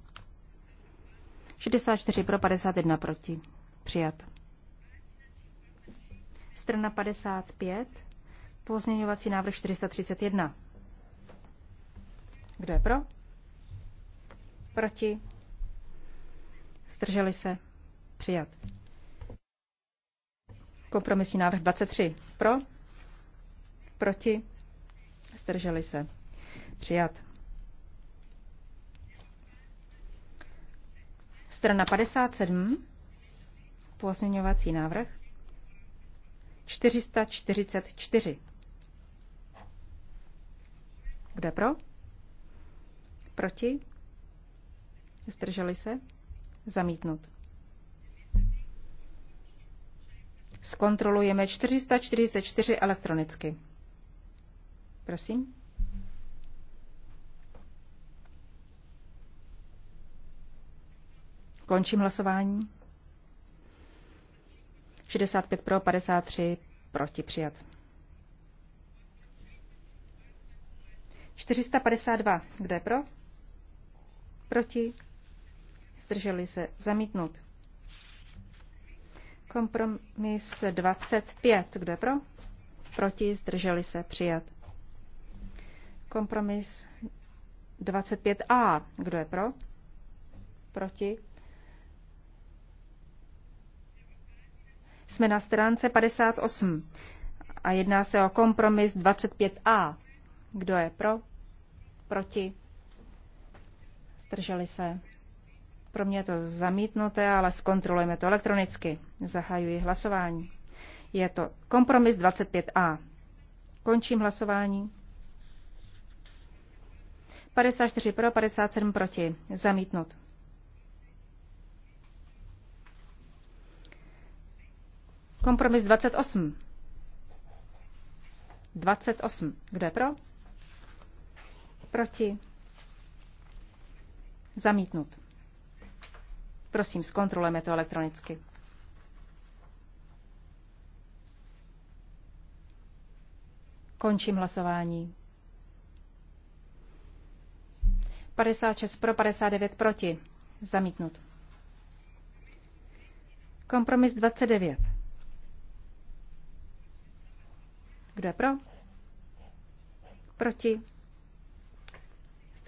64 pro, 51 proti. Přijat. Strana 55. Pozměňovací návrh 431. Kdo je pro? Proti? Zdrželi se? Přijat. Kompromisní návrh 23. Pro? Proti? Zdrželi se? Přijat. Strana 57. Pozměňovací návrh 444 je pro? Proti? Zdrželi se? Zamítnut. Zkontrolujeme 444 elektronicky. Prosím. Končím hlasování. 65 pro, 53 proti přijat. 452. Kdo je pro? Proti? Zdrželi se. zamítnout Kompromis 25. Kdo je pro? Proti? Zdrželi se. Přijat. Kompromis 25a. Kdo je pro? Proti? Jsme na stránce 58 a jedná se o kompromis 25a. Kdo je pro? proti, zdrželi se. Pro mě je to zamítnuté, ale zkontrolujeme to elektronicky. Zahajuji hlasování. Je to kompromis 25a. Končím hlasování. 54 pro, 57 proti. Zamítnut. Kompromis 28. 28. Kdo je pro? Proti? Zamítnut. Prosím, zkontrolujeme to elektronicky. Končím hlasování. 56 pro, 59 proti. Zamítnut. Kompromis 29. Kdo je pro? Proti?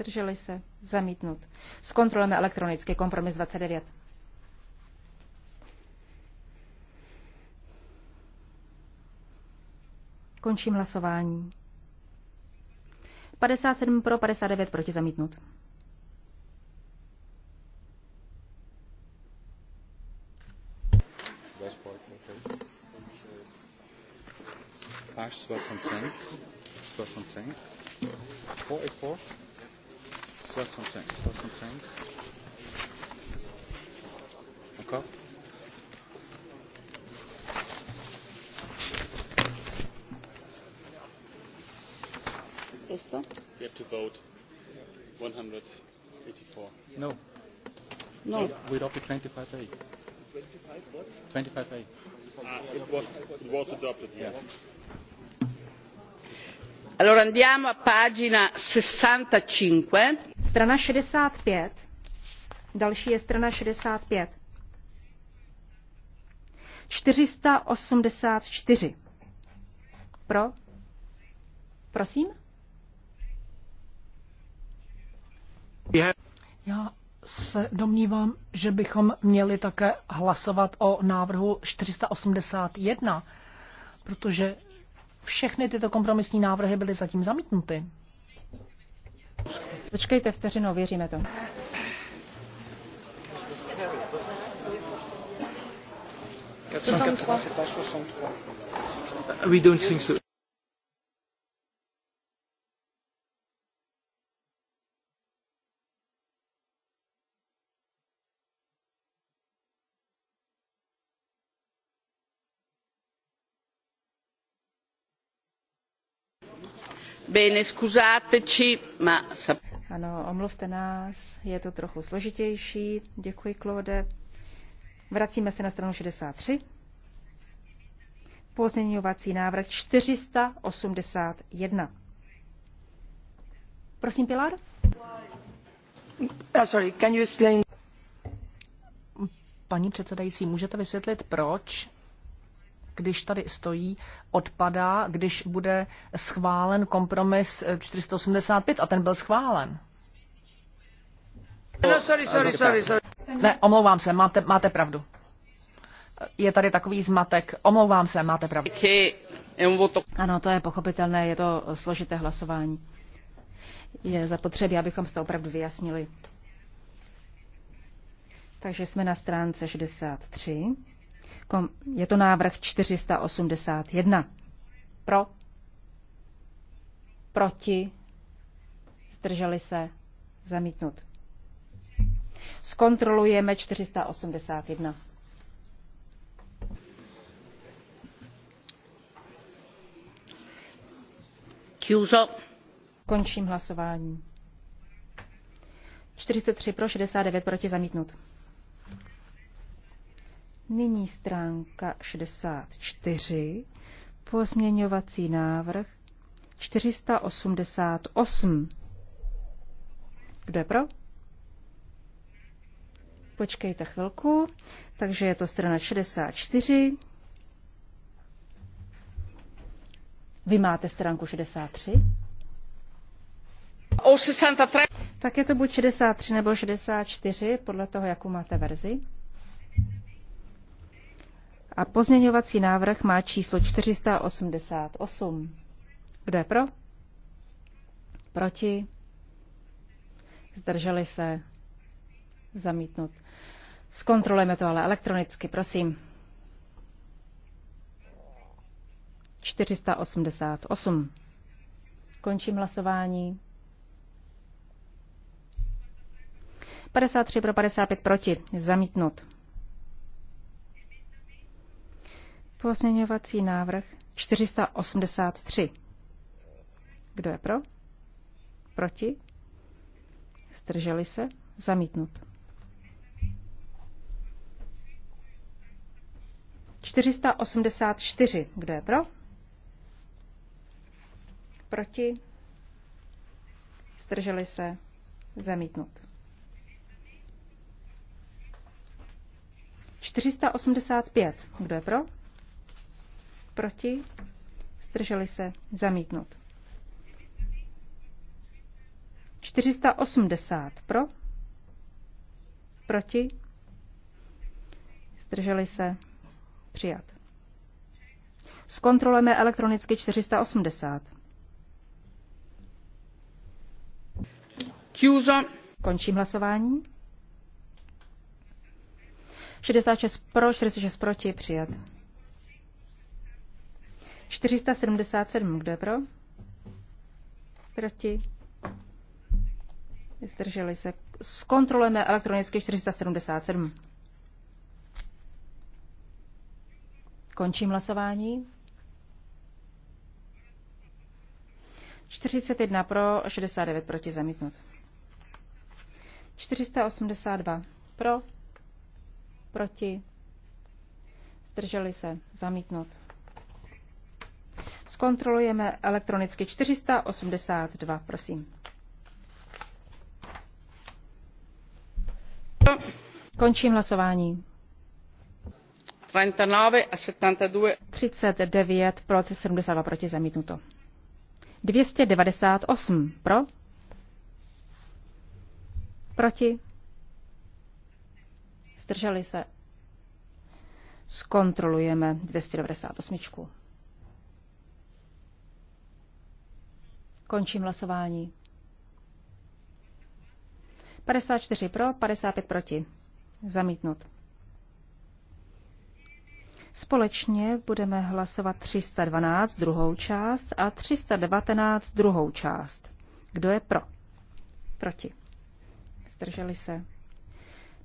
zdrželi se, zamítnut. Zkontrolujeme elektronicky kompromis 29. Končím hlasování. 57 pro, 59 proti zamítnut. Páš 65. 65. 4 et 4. 65. 65. Encore We have to vote 184. No. No. We adopted 25A. 25 what? 25A. Ah, it was, it was adopted, yes. yes allora andiamo a pagina sessantacinque Strana 65. Další je strana 65. 484. Pro? Prosím? Já se domnívám, že bychom měli také hlasovat o návrhu 481, protože všechny tyto kompromisní návrhy byly zatím zamítnuty. Počkejte vteřinu, věříme to. We don't think so. bene scusateci ma. Ano, omluvte nás, je to trochu složitější. Děkuji, Claude. Vracíme se na stranu 63. Pozměňovací návrh 481. Prosím, Pilar. Uh, sorry, can you explain? Paní předsedající, můžete vysvětlit, proč když tady stojí, odpadá, když bude schválen kompromis 485 eh, a ten byl schválen. No, sorry, sorry, sorry, sorry. Ne, omlouvám se, máte, máte pravdu. Je tady takový zmatek. Omlouvám se, máte pravdu. Ano, to je pochopitelné, je to složité hlasování. Je zapotřebí, abychom to opravdu vyjasnili. Takže jsme na stránce 63. Je to návrh 481. Pro? Proti? Zdrželi se? Zamítnut. Zkontrolujeme 481. Chiuso. Končím hlasování. 43 pro, 69 proti zamítnut. Nyní stránka 64, pozměňovací návrh 488. Kdo je pro? Počkejte chvilku. Takže je to strana 64. Vy máte stránku 63? E tak je to buď 63 nebo 64, podle toho, jakou máte verzi. A pozměňovací návrh má číslo 488. Kdo je pro? Proti? Zdrželi se? Zamítnut. Zkontrolujeme to ale elektronicky, prosím. 488. Končím hlasování. 53 pro 55 proti. Zamítnut. Pozměňovací návrh 483. Kdo je pro? Proti? Zdrželi se? Zamítnut. 484. Kdo je pro? Proti? Zdrželi se? Zamítnut. 485. Kdo je pro? Proti? Zdrželi se? Zamítnut. 480 pro? Proti? Zdrželi se? Přijat. Zkontrolujeme elektronicky 480. Chiuso. Končím hlasování. 66 pro, 66 proti, přijat. 477. Kdo je pro? Proti? Zdrželi se. Zkontrolujeme elektronicky 477. Končím hlasování. 41 pro, 69 proti zamítnut. 482 pro, proti, zdrželi se, zamítnut. Zkontrolujeme elektronicky 482, prosím. Končím hlasování. 39 72. 39 pro, 72 proti zamítnuto. 298 pro. Proti. Zdrželi se. Zkontrolujeme 298. Končím hlasování. 54 pro, 55 proti. Zamítnut. Společně budeme hlasovat 312 druhou část a 319 druhou část. Kdo je pro? Proti. Zdrželi se.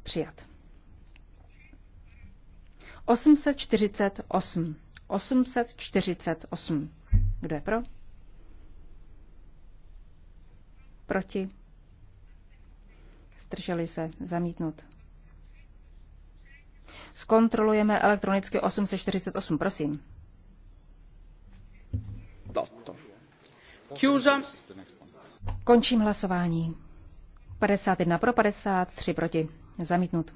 Přijat. 848. 848. Kdo je pro? Proti? Strželi se. Zamítnut. Zkontrolujeme elektronicky 848, prosím. Chiusa. Končím hlasování. 51 pro 53 proti. Zamítnut.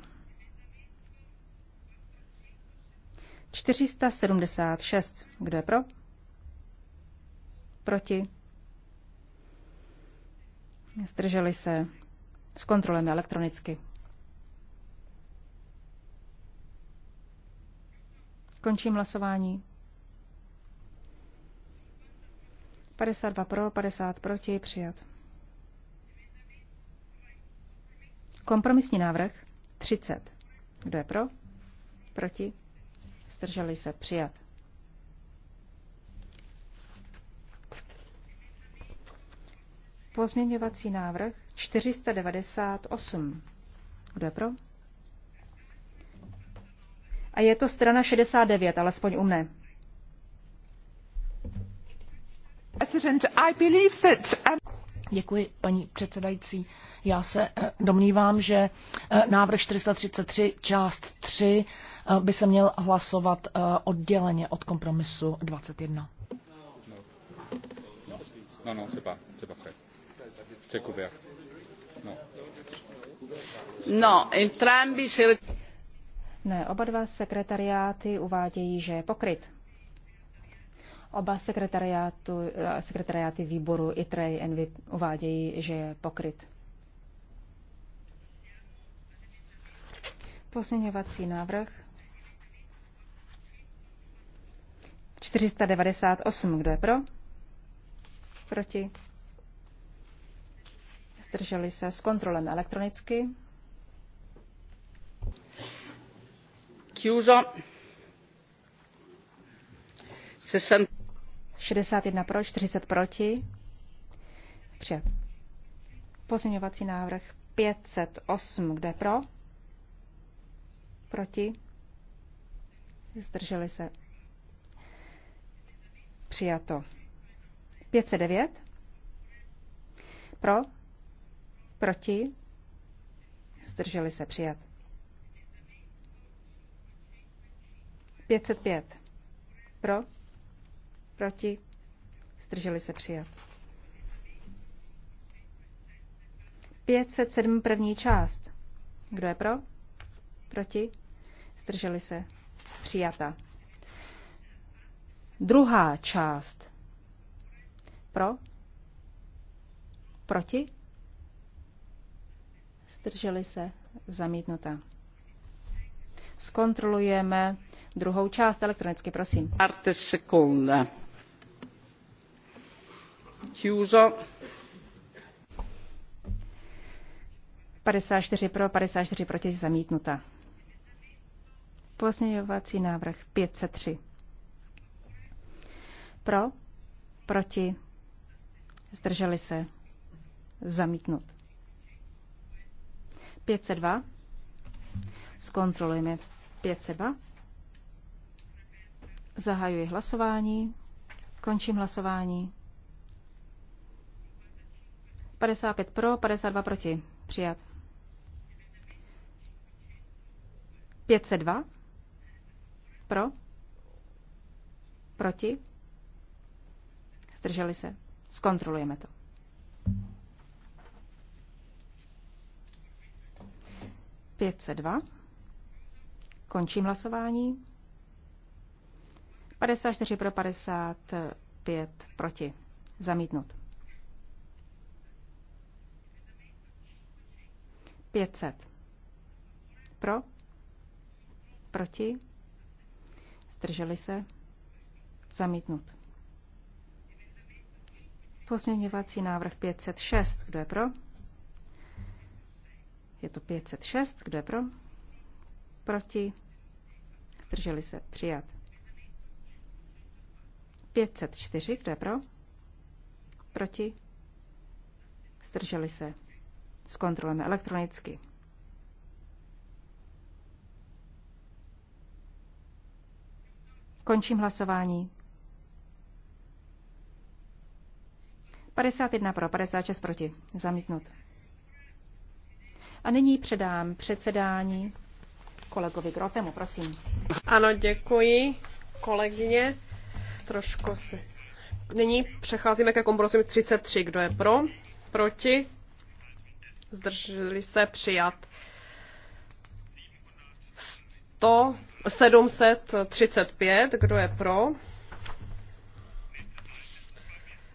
476. Kdo je pro? Proti. Zdrželi se. s kontrolem elektronicky. Končím hlasování. 52 pro, 50 proti, přijat. Kompromisní návrh 30. Kdo je pro? Proti? Zdrželi se, přijat. Pozměňovací návrh 498. Kdo je pro? A je to strana 69, alespoň u mne. Um, Děkuji, paní předsedající. Já se eh, domnívám, že eh, návrh 433 část 3 eh, by se měl hlasovat odděleně od kompromisu 21. No, no, no, no, no, C'est couvert. No. No, entrambi se... Ne, oba dva sekretariáty uvádějí, že je pokryt. Oba sekretariátu, eh, sekretariáty výboru ITRE i ENVY uvádějí, že je pokryt. Posměňovací návrh 498. Kdo je pro? Proti? zdrželi se, s kontrolem elektronicky. Chiuso. 61 pro, 40 proti. Přijat. Pozměňovací návrh 508, kde pro? Proti? Zdrželi se. Přijato. 509. Pro? Proti? Zdrželi se přijat. 505. Pro? Proti? Zdrželi se přijat. 507 první část. Kdo je pro? Proti? Zdrželi se. Přijata. Druhá část. Pro? Proti? zdrželi se, zamítnuta. Zkontrolujeme druhou část elektronicky, prosím. Arte sekunda. Chiuso. 54 pro, 54 proti, zamítnuta. Pozměňovací návrh 503. Pro, proti, zdrželi se, zamítnut. 502. Zkontrolujeme 502. Zahajuji hlasování. Končím hlasování. 55 pro, 52 proti. Přijat. 502. Pro. Proti. Zdrželi se. Zkontrolujeme to. 502. Končím hlasování. 54 pro 55 proti. Zamítnut. 500. Pro? Proti? Zdrželi se? Zamítnut. Pozměňovací návrh 506. Kdo je pro? Je to 506. Kdo je pro? Proti? Zdrželi se. Přijat. 504. Kdo je pro? Proti? Zdrželi se. Zkontrolujeme elektronicky. Končím hlasování. 51 pro, 56 proti. Zamítnut. A nyní předám předsedání kolegovi Grotemu, prosím. Ano, děkuji, kolegyně. Trošku si... Nyní přecházíme ke kompromisu 33. Kdo je pro? Proti? Zdrželi se přijat. 100, 735. Kdo je pro?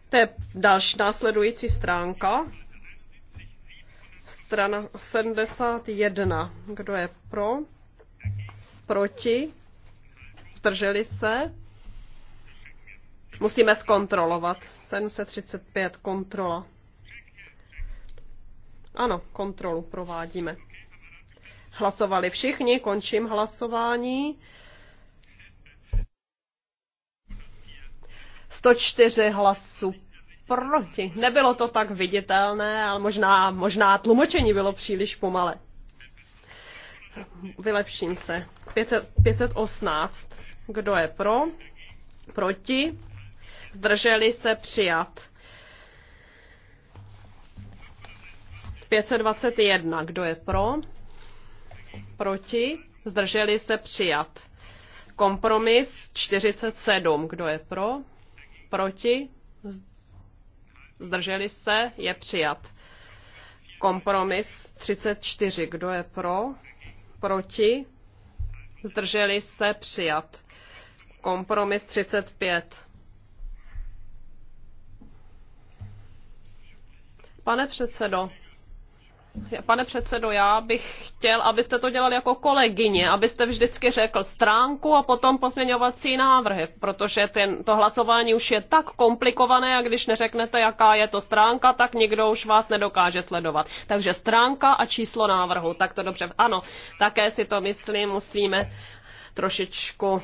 To je další následující stránka. Strana 71. Kdo je pro? Proti? Zdrželi se? Musíme zkontrolovat. 735 kontrola. Ano, kontrolu provádíme. Hlasovali všichni, končím hlasování. 104 hlasů proti. Nebylo to tak viditelné, ale možná, možná tlumočení bylo příliš pomale. Vylepším se. 500, 518. Kdo je pro? Proti? Zdrželi se přijat. 521. Kdo je pro? Proti? Zdrželi se přijat. Kompromis 47. Kdo je pro? Proti? zdrželi se, je přijat. Kompromis 34, kdo je pro, proti, zdrželi se, přijat. Kompromis 35. Pane předsedo, Pane předsedo, já bych chtěl, abyste to dělal jako kolegyně, abyste vždycky řekl stránku a potom pozměňovací návrhy, protože ten, to hlasování už je tak komplikované a když neřeknete, jaká je to stránka, tak nikdo už vás nedokáže sledovat. Takže stránka a číslo návrhu, tak to dobře. Ano, také si to myslím, musíme trošičku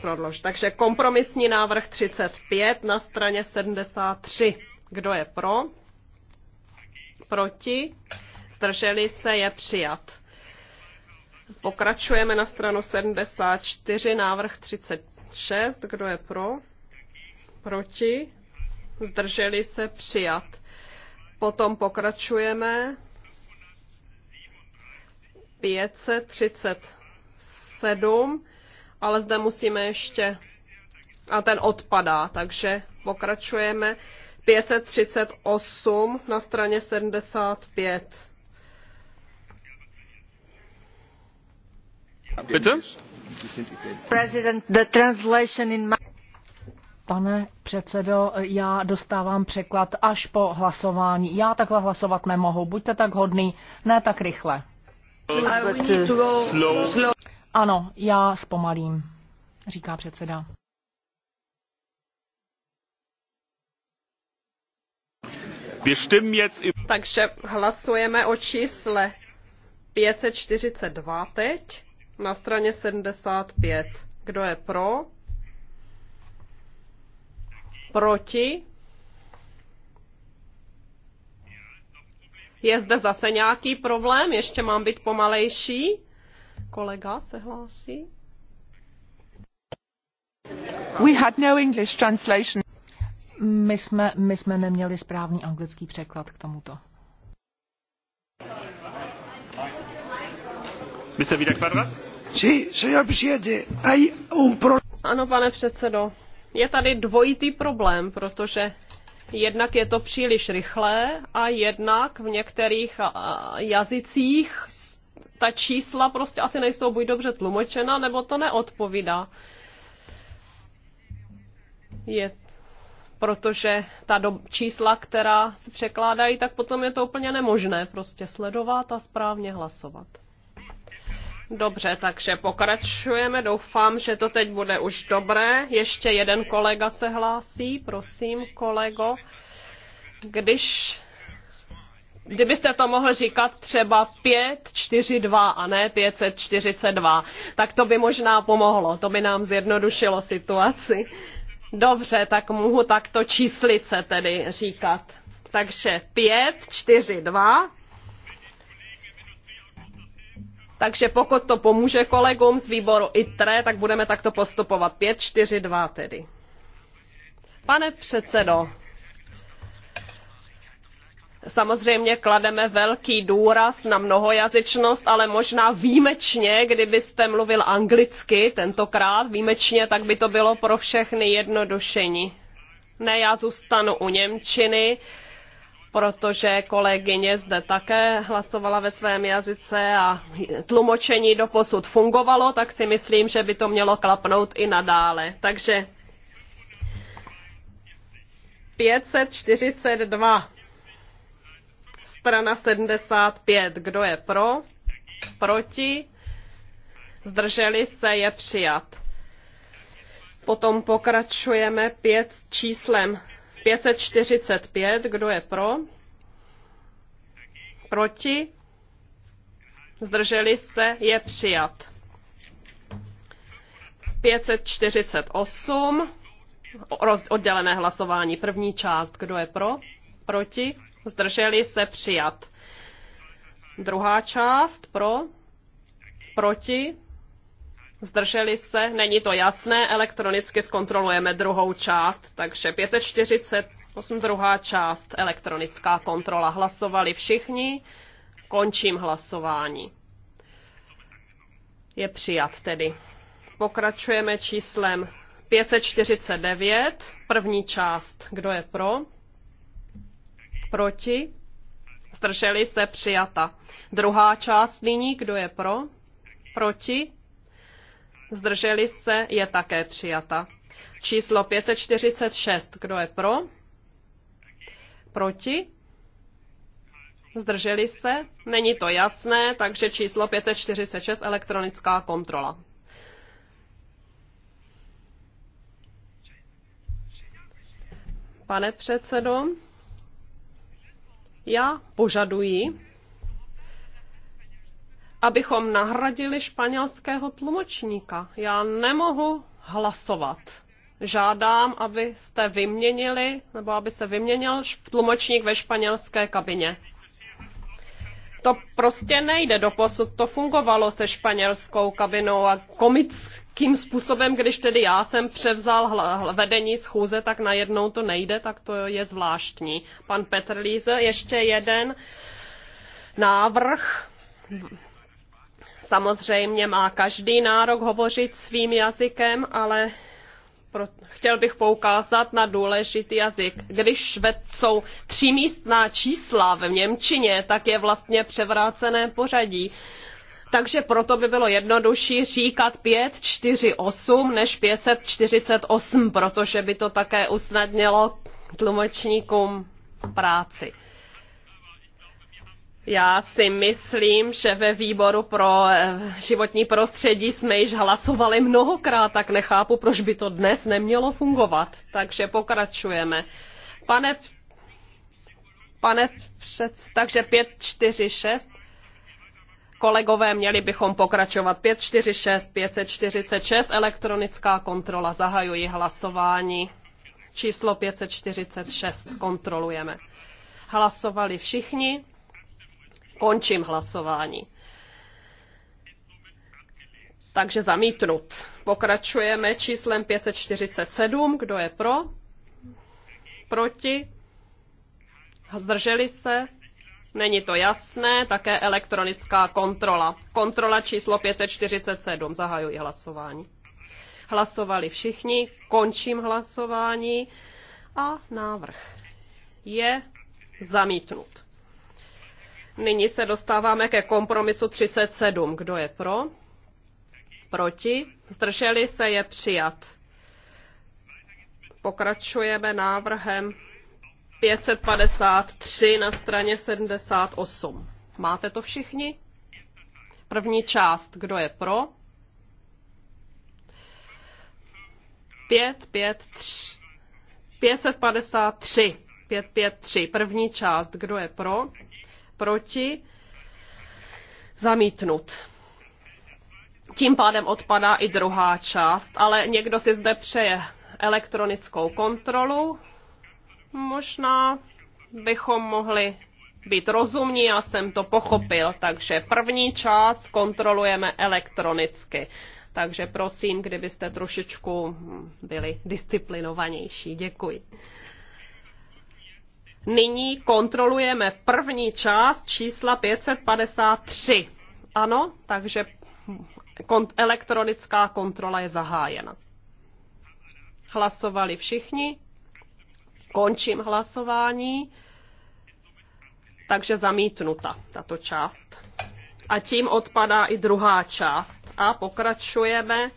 prodloužit. Takže kompromisní návrh 35 na straně 73. Kdo je pro? proti, zdrželi se, je přijat. Pokračujeme na stranu 74, návrh 36, kdo je pro, proti, zdrželi se, přijat. Potom pokračujeme 537, ale zde musíme ještě, a ten odpadá, takže pokračujeme 538 na straně 75. Bitte? President, the translation in my... Pane předsedo, já dostávám překlad až po hlasování. Já takhle hlasovat nemohu. Buďte tak hodný, ne tak rychle. Uh, ano, já zpomalím, říká předseda. Takže hlasujeme o čísle 542 teď na straně 75. Kdo je pro? Proti? Je zde zase nějaký problém? Ještě mám být pomalejší? Kolega se hlásí. We had no English translation. My jsme, my jsme neměli správný anglický překlad k tomuto. Mr. Vidak Parvas? Sí, señor presidente, hay un pro... Ano, pane předsedo, je tady dvojitý problém, protože jednak je to příliš rychlé a jednak v některých jazycích ta čísla prostě asi nejsou buď dobře tlumočena, nebo to neodpovídá. Je protože ta do, čísla, která se překládají, tak potom je to úplně nemožné prostě sledovat a správně hlasovat. Dobře, takže pokračujeme. Doufám, že to teď bude už dobré. Ještě jeden kolega se hlásí. Prosím, kolego. Když kdybyste to mohl říkat třeba 542 a ne 542, tak to by možná pomohlo, to by nám zjednodušilo situaci. Dobře, tak mohu takto číslice tedy říkat. Takže 5, 4, 2. Takže pokud to pomůže kolegům z výboru ITRE, tak budeme takto postupovat. 5, 4, 2 tedy. Pane předsedo, Samozřejmě klademe velký důraz na mnohojazyčnost, ale možná výjimečně, kdybyste mluvil anglicky tentokrát, výjimečně, tak by to bylo pro všechny jednodušení. Ne, já zůstanu u Němčiny, protože kolegyně zde také hlasovala ve svém jazyce a tlumočení do posud fungovalo, tak si myslím, že by to mělo klapnout i nadále. Takže 542 strana 75. Kdo je pro? Proti? Zdrželi se je přijat. Potom pokračujeme pět číslem 545. Kdo je pro? Proti? Zdrželi se je přijat. 548. Oddělené hlasování. První část. Kdo je pro? Proti? zdrželi se přijat. Druhá část pro, proti, zdrželi se, není to jasné, elektronicky zkontrolujeme druhou část, takže 548 druhá část, elektronická kontrola. Hlasovali všichni, končím hlasování. Je přijat tedy. Pokračujeme číslem 549, první část, kdo je pro? Proti? Zdrželi se přijata. Druhá část nyní, kdo je pro? Proti? Zdrželi se je také přijata. Číslo 546, kdo je pro? Proti? Zdrželi se? Není to jasné, takže číslo 546 elektronická kontrola. Pane předsedo, já požaduji, abychom nahradili španělského tlumočníka. Já nemohu hlasovat. Žádám, abyste vyměnili, nebo aby se vyměnil tlumočník ve španělské kabině. To prostě nejde. do posud. to fungovalo se španělskou kabinou a komickým způsobem, když tedy já jsem převzal vedení schůze, tak najednou to nejde, tak to je zvláštní. Pan Petr Líze, ještě jeden návrh. Samozřejmě má každý nárok hovořit svým jazykem, ale chtěl bych poukázat na důležitý jazyk. Když jsou třímístná čísla v Němčině, tak je vlastně převrácené pořadí. Takže proto by bylo jednodušší říkat 548 než 548, protože by to také usnadnilo tlumočníkům práci. Já si myslím, že ve výboru pro eh, životní prostředí jsme již hlasovali mnohokrát, tak nechápu, proč by to dnes nemělo fungovat. Takže pokračujeme. Pane, pane před, takže 5, 4, 6. Kolegové, měli bychom pokračovat. 546, 546, elektronická kontrola. Zahajuji hlasování. Číslo 546 kontrolujeme. Hlasovali všichni. Končím hlasování. Takže zamítnut. Pokračujeme číslem 547. Kdo je pro? Proti? Zdrželi se? Není to jasné, také elektronická kontrola. Kontrola číslo 547. Zahajuji hlasování. Hlasovali všichni, končím hlasování a návrh je zamítnut. Nyní se dostáváme ke kompromisu 37. Kdo je pro? Proti? Zdrželi se je přijat. Pokračujeme návrhem 553 na straně 78. Máte to všichni? První část. Kdo je pro? 553. 553. První část. Kdo je pro? proti, zamítnut. Tím pádem odpadá i druhá část, ale někdo si zde přeje elektronickou kontrolu. Možná bychom mohli být rozumní, já jsem to pochopil, takže první část kontrolujeme elektronicky. Takže prosím, kdybyste trošičku byli disciplinovanější. Děkuji. Nyní kontrolujeme první část čísla 553. Ano, takže elektronická kontrola je zahájena. Hlasovali všichni. Končím hlasování. Takže zamítnuta tato část. A tím odpadá i druhá část. A pokračujeme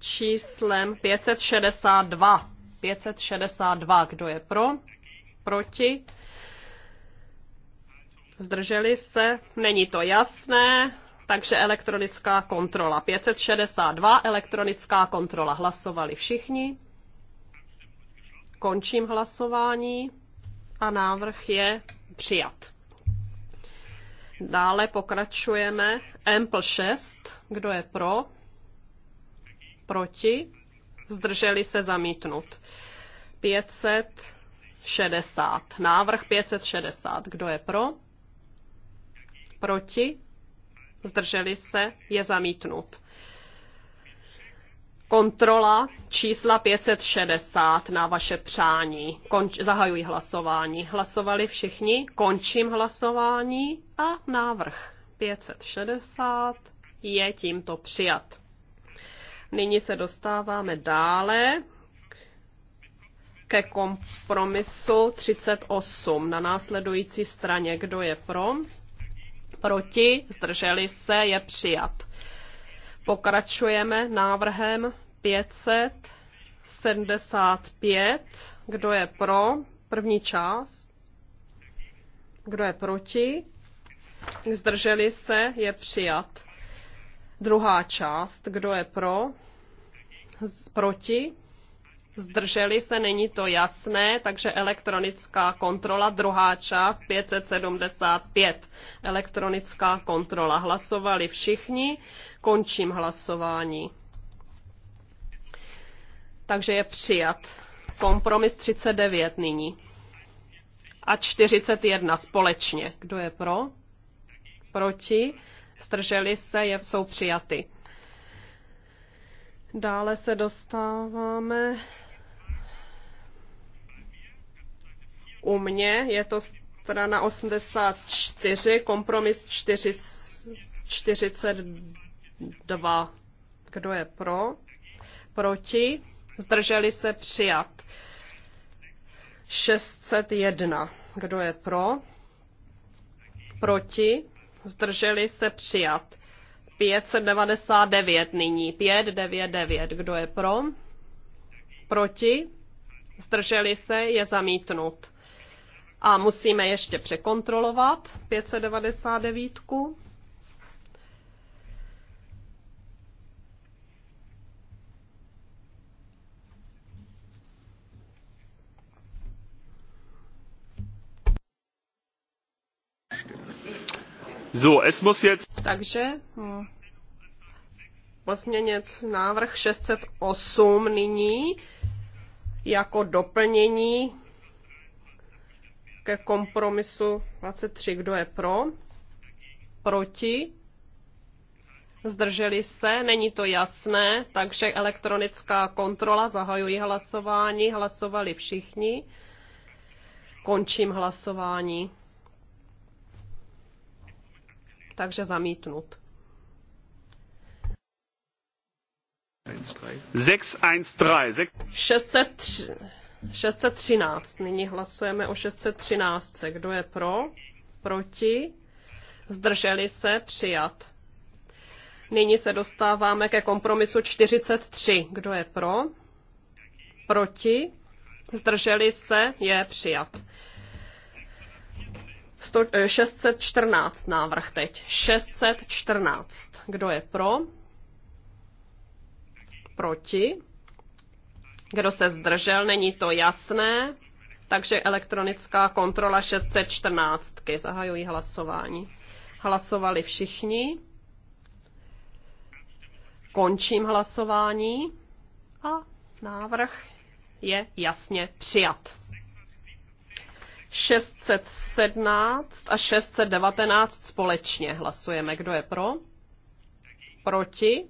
číslem 562. 562, kdo je pro? proti, zdrželi se, není to jasné, takže elektronická kontrola. 562 elektronická kontrola. Hlasovali všichni. Končím hlasování a návrh je přijat. Dále pokračujeme. Empl 6. Kdo je pro? Proti? Zdrželi se zamítnut. 500. 560. Návrh 560. Kdo je pro? Proti? Zdrželi se? Je zamítnut. Kontrola čísla 560 na vaše přání. Konč, zahajuji hlasování. Hlasovali všichni, končím hlasování a návrh 560 je tímto přijat. Nyní se dostáváme dále ke kompromisu 38 na následující straně. Kdo je pro? Proti? Zdrželi se? Je přijat. Pokračujeme návrhem 575. Kdo je pro? První část. Kdo je proti? Zdrželi se? Je přijat. Druhá část. Kdo je pro? Z Proti? Zdrželi se, není to jasné, takže elektronická kontrola, druhá část 575. Elektronická kontrola. Hlasovali všichni, končím hlasování. Takže je přijat. Kompromis 39 nyní. A 41 společně. Kdo je pro? Proti? Zdrželi se, je, jsou přijaty. Dále se dostáváme U mě je to strana 84, kompromis 42. Kdo je pro? Proti? Zdrželi se přijat. 601. Kdo je pro? Proti? Zdrželi se přijat. 599 nyní. 599. Kdo je pro? Proti? Zdrželi se je zamítnut. A musíme ještě překontrolovat 599. So, es muss jetzt... Takže pozměněc hm, vlastně návrh 608 nyní jako doplnění ke kompromisu 23. Kdo je pro? Proti? Zdrželi se? Není to jasné, takže elektronická kontrola. zahajují hlasování. Hlasovali všichni. Končím hlasování. Takže zamítnut. 613. 613. 613. Nyní hlasujeme o 613. Kdo je pro? Proti? Zdrželi se? Přijat. Nyní se dostáváme ke kompromisu 43. Kdo je pro? Proti? Zdrželi se? Je přijat. 614 eh, návrh teď. 614. Kdo je pro? Proti? Kdo se zdržel, není to jasné. Takže elektronická kontrola 614. Zahajuji hlasování. Hlasovali všichni. Končím hlasování a návrh je jasně přijat. 617 a 619 společně hlasujeme. Kdo je pro? Proti?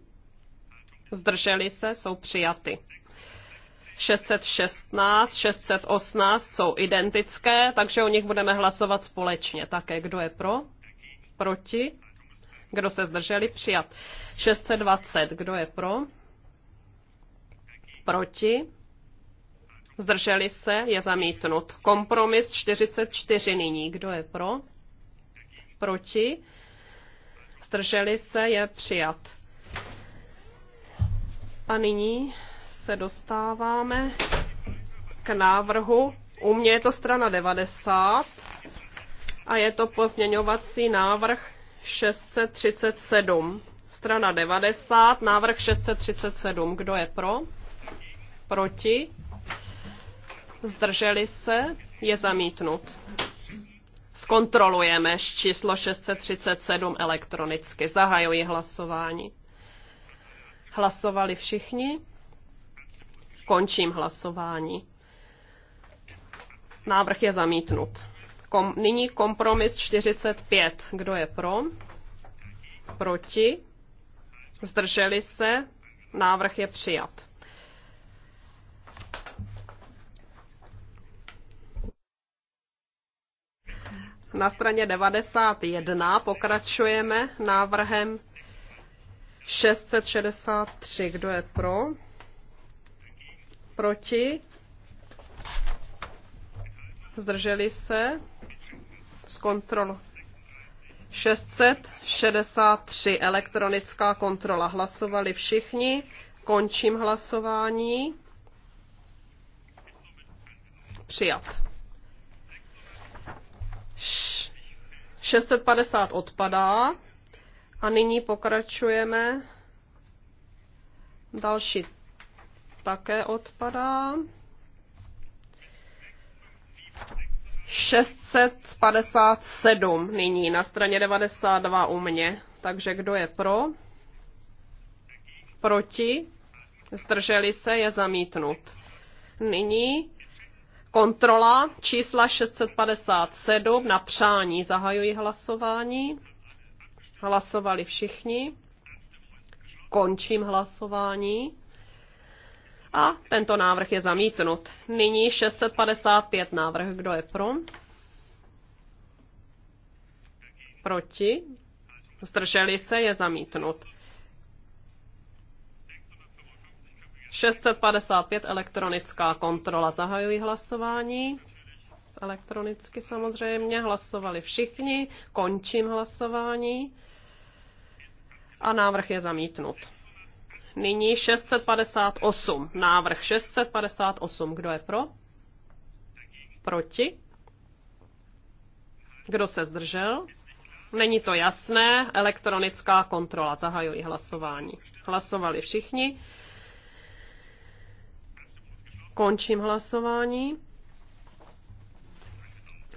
Zdrželi se? Jsou přijaty. 616, 618 jsou identické, takže o nich budeme hlasovat společně. Také kdo je pro? Proti? Kdo se zdrželi? Přijat. 620, kdo je pro? Proti? Zdrželi se? Je zamítnut. Kompromis 44 nyní. Kdo je pro? Proti? Zdrželi se? Je přijat. A nyní se dostáváme k návrhu. U mě je to strana 90 a je to pozměňovací návrh 637. Strana 90, návrh 637. Kdo je pro? Proti? Zdrželi se? Je zamítnut. Zkontrolujeme číslo 637 elektronicky. Zahajuji hlasování. Hlasovali všichni. Končím hlasování. Návrh je zamítnut. Kom, nyní kompromis 45. Kdo je pro? Proti? Zdrželi se? Návrh je přijat. Na straně 91 pokračujeme návrhem 663. Kdo je pro? Proti? Zdrželi se? kontrolu. 663 elektronická kontrola. Hlasovali všichni. Končím hlasování. Přijat. 650 odpadá. A nyní pokračujeme další také odpadá. 657 nyní na straně 92 u mě. Takže kdo je pro? Proti? Zdrželi se, je zamítnut. Nyní kontrola čísla 657 na přání. Zahajuji hlasování. Hlasovali všichni. Končím hlasování. A tento návrh je zamítnut. Nyní 655 návrh. Kdo je pro? Proti? Zdrželi se, je zamítnut. 655 elektronická kontrola. Zahajují hlasování. Elektronicky samozřejmě. Hlasovali všichni. Končím hlasování. A návrh je zamítnut. Nyní 658. Návrh 658. Kdo je pro? Proti? Kdo se zdržel? Není to jasné. Elektronická kontrola. Zahajuji hlasování. Hlasovali všichni. Končím hlasování.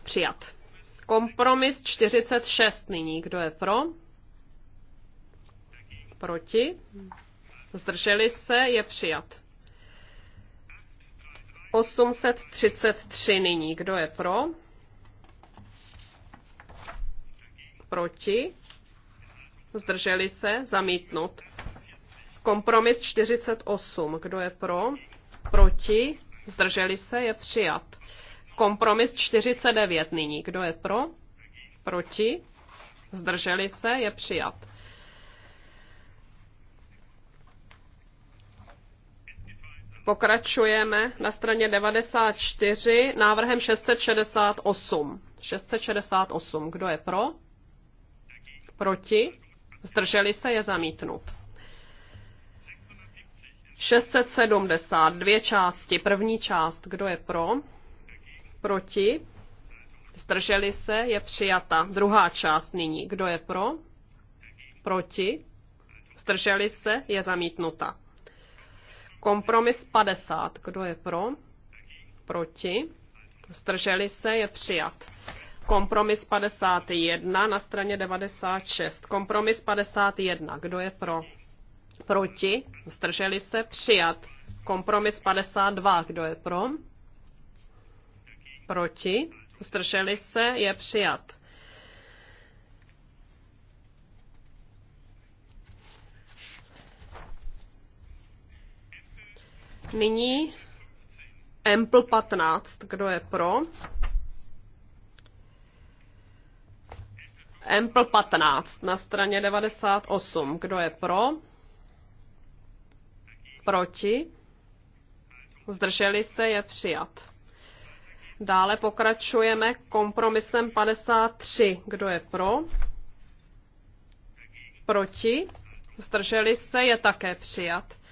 Přijat. Kompromis 46 nyní. Kdo je pro? Proti? zdrželi se, je přijat. 833 nyní. Kdo je pro? Proti? Zdrželi se? Zamítnut. Kompromis 48. Kdo je pro? Proti? Zdrželi se? Je přijat. Kompromis 49 nyní. Kdo je pro? Proti? Zdrželi se? Je přijat. Pokračujeme na straně 94 návrhem 668. 668. Kdo je pro? Proti? Zdrželi se je zamítnut. 670. Dvě části. První část. Kdo je pro? Proti? Zdrželi se je přijata. Druhá část nyní. Kdo je pro? Proti? Zdrželi se je zamítnuta. Kompromis 50. Kdo je pro? Proti? Zdrželi se? Je přijat. Kompromis 51 na straně 96. Kompromis 51. Kdo je pro? Proti? Zdrželi se? Přijat. Kompromis 52. Kdo je pro? Proti? Zdrželi se? Je přijat. Nyní Ample 15. Kdo je pro? Ample 15 na straně 98. Kdo je pro? Proti? Zdrželi se je přijat. Dále pokračujeme kompromisem 53. Kdo je pro? Proti? Zdrželi se je také přijat.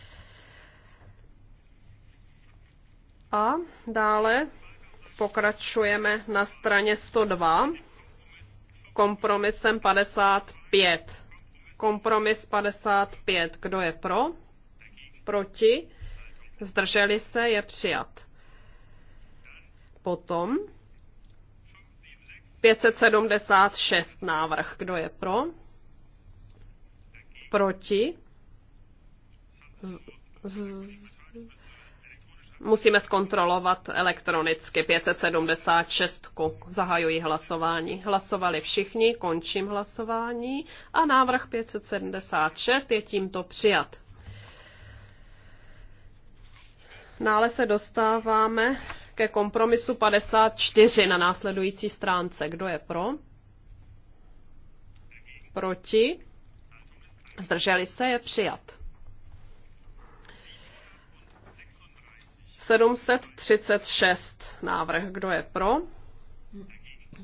A dále pokračujeme na straně 102 kompromisem 55. Kompromis 55. Kdo je pro? Proti? Zdrželi se? Je přijat. Potom 576 návrh. Kdo je pro? Proti? Z, z, Musíme zkontrolovat elektronicky 576. Zahajuji hlasování. Hlasovali všichni, končím hlasování a návrh 576 je tímto přijat. Nále se dostáváme ke kompromisu 54 na následující stránce. Kdo je pro? Proti? Zdrželi se je přijat. 736 návrh. Kdo je pro?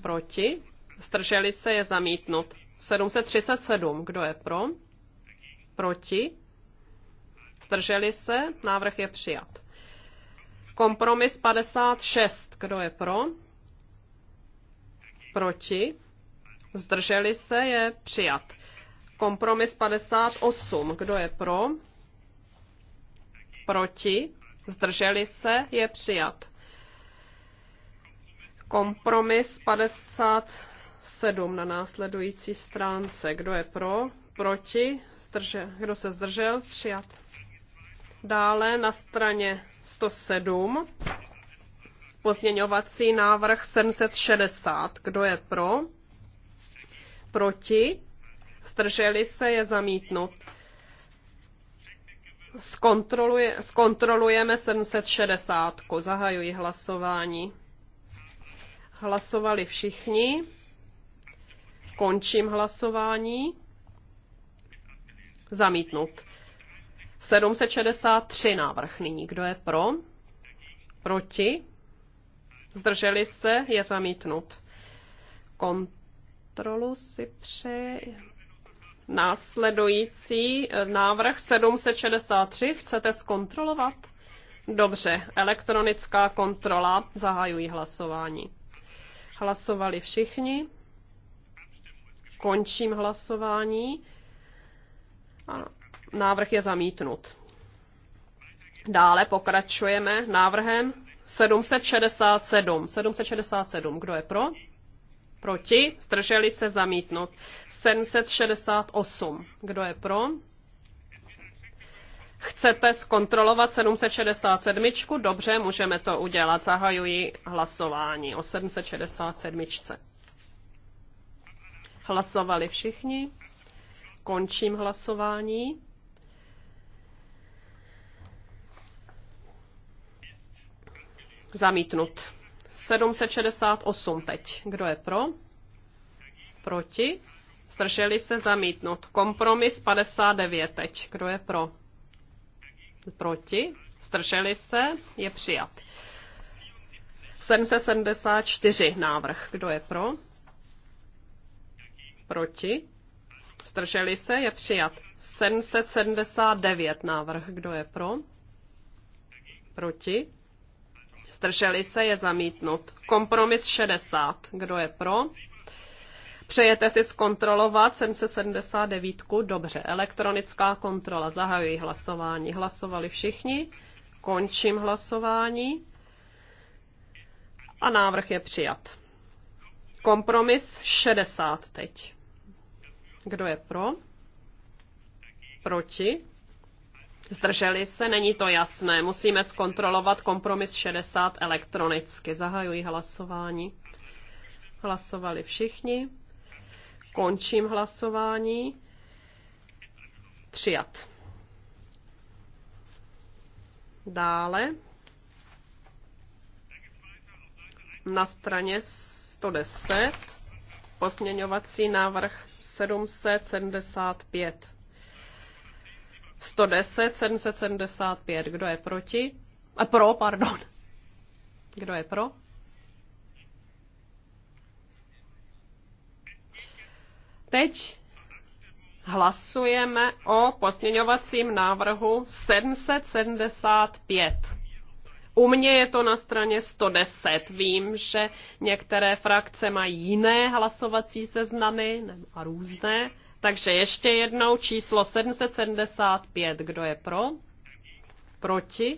Proti? Zdrželi se je zamítnut. 737. Kdo je pro? Proti? Zdrželi se? Návrh je přijat. Kompromis 56. Kdo je pro? Proti? Zdrželi se je přijat. Kompromis 58. Kdo je pro? Proti? zdrželi se, je přijat. Kompromis 57 na následující stránce. Kdo je pro? Proti? Zdrže. Kdo se zdržel? Přijat. Dále na straně 107 pozměňovací návrh 760. Kdo je pro? Proti? Zdrželi se je zamítnut. Zkontroluje, zkontrolujeme 760. Zahajuji hlasování. Hlasovali všichni. Končím hlasování. Zamítnut. 763 návrh nyní. Kdo je pro? Proti? Zdrželi se? Je zamítnut. Kontrolu si přeje. Následující eh, návrh 763 chcete zkontrolovat? Dobře, elektronická kontrola, zahajují hlasování. Hlasovali všichni. Končím hlasování. A návrh je zamítnut. Dále pokračujeme návrhem 767. 767, kdo je pro? Proti? Zdrželi se zamítnout. 768. Kdo je pro? Chcete zkontrolovat 767? Dobře, můžeme to udělat. Zahajuji hlasování o 767. Hlasovali všichni. Končím hlasování. Zamítnut. 768 teď. Kdo je pro? Proti? Zdrželi se zamítnout. Kompromis 59 teď. Kdo je pro? Proti? Zdrželi se? Je přijat. 774 návrh. Kdo je pro? Proti? Zdrželi se? Je přijat. 779 návrh. Kdo je pro? Proti? Zdrželi se je zamítnut. Kompromis 60. Kdo je pro? Přejete si zkontrolovat 779? Dobře, elektronická kontrola. Zahajuji hlasování. Hlasovali všichni. Končím hlasování. A návrh je přijat. Kompromis 60 teď. Kdo je pro? Proti? Zdrželi se, není to jasné. Musíme zkontrolovat kompromis 60 elektronicky. Zahajuji hlasování. Hlasovali všichni. Končím hlasování. Přijat. Dále. Na straně 110 pozměňovací návrh 775. 110, 775. Kdo je proti? A pro, pardon. Kdo je pro? Teď hlasujeme o pozměňovacím návrhu 775. U mě je to na straně 110. Vím, že některé frakce mají jiné hlasovací seznamy a různé. Takže ještě jednou číslo 775. Kdo je pro? Proti?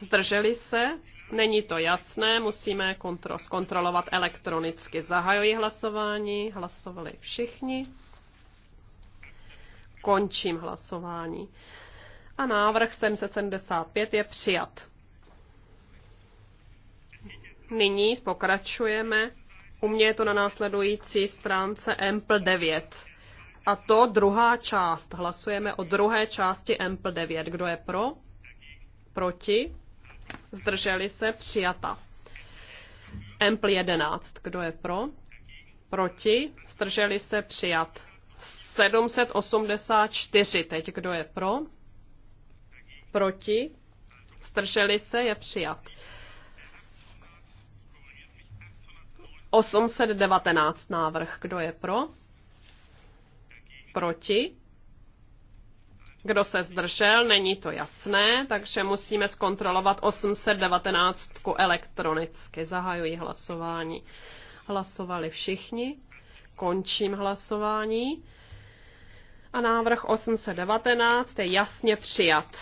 Zdrželi se? Není to jasné, musíme kontro- zkontrolovat elektronicky. Zahajuji hlasování, hlasovali všichni. Končím hlasování. A návrh 775 je přijat. Nyní pokračujeme. U mě je to na následující stránce Ample 9. A to druhá část. Hlasujeme o druhé části MPL 9. Kdo je pro? Proti? Zdrželi se? Přijata. MPL 11. Kdo je pro? Proti? Zdrželi se? Přijat. 784. Teď kdo je pro? Proti? Zdrželi se? Je přijat. 819 návrh. Kdo je pro? proti, kdo se zdržel, není to jasné, takže musíme zkontrolovat 819 elektronicky. Zahajuji hlasování. Hlasovali všichni. Končím hlasování. A návrh 819 je jasně přijat.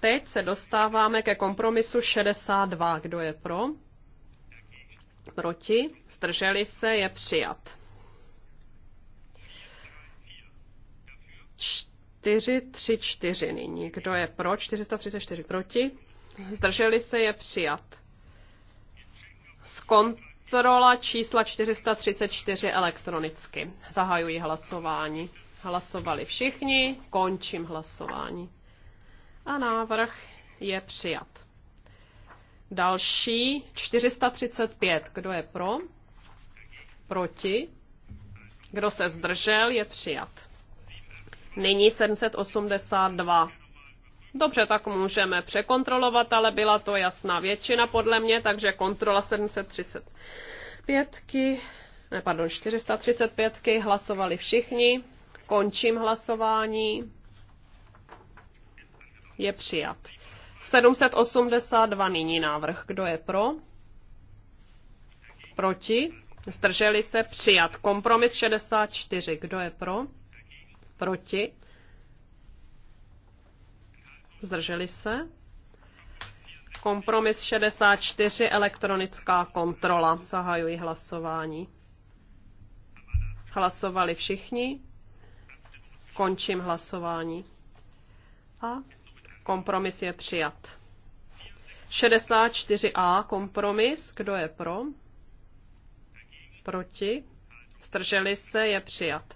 Teď se dostáváme ke kompromisu 62. Kdo je pro? Proti? Zdrželi se? Je přijat. 434 nyní. Kdo je pro? 434 proti. Zdrželi se je přijat. Zkontrola čísla 434 elektronicky. Zahajuji hlasování. Hlasovali všichni, končím hlasování. A návrh je přijat. Další 435. Kdo je pro? Proti? Kdo se zdržel, je přijat. Nyní 782. Dobře, tak můžeme překontrolovat, ale byla to jasná většina podle mě, takže kontrola 735. Ne, pardon, 435. Hlasovali všichni. Končím hlasování. Je přijat. 782 nyní návrh. Kdo je pro? Proti? Zdrželi se přijat. Kompromis 64. Kdo je pro? Proti? Zdrželi se? Kompromis 64, elektronická kontrola. Zahajuji hlasování. Hlasovali všichni. Končím hlasování. A kompromis je přijat. 64a kompromis. Kdo je pro? Proti? Strželi se je přijat.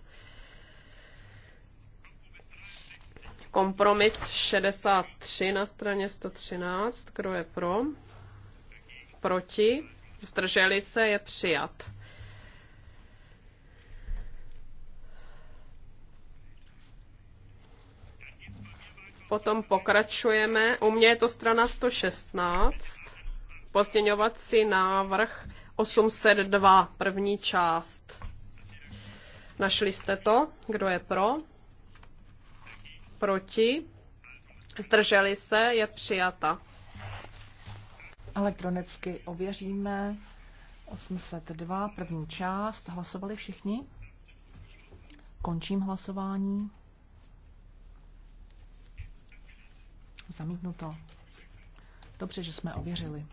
Kompromis 63 na straně 113. Kdo je pro? Proti? Zdrželi se? Je přijat. Potom pokračujeme. U mě je to strana 116. Pozměňovací návrh 802, první část. Našli jste to? Kdo je pro? proti, zdrželi se, je přijata. Elektronicky ověříme 802, první část. Hlasovali všichni? Končím hlasování. Zamítnuto. Dobře, že jsme ověřili.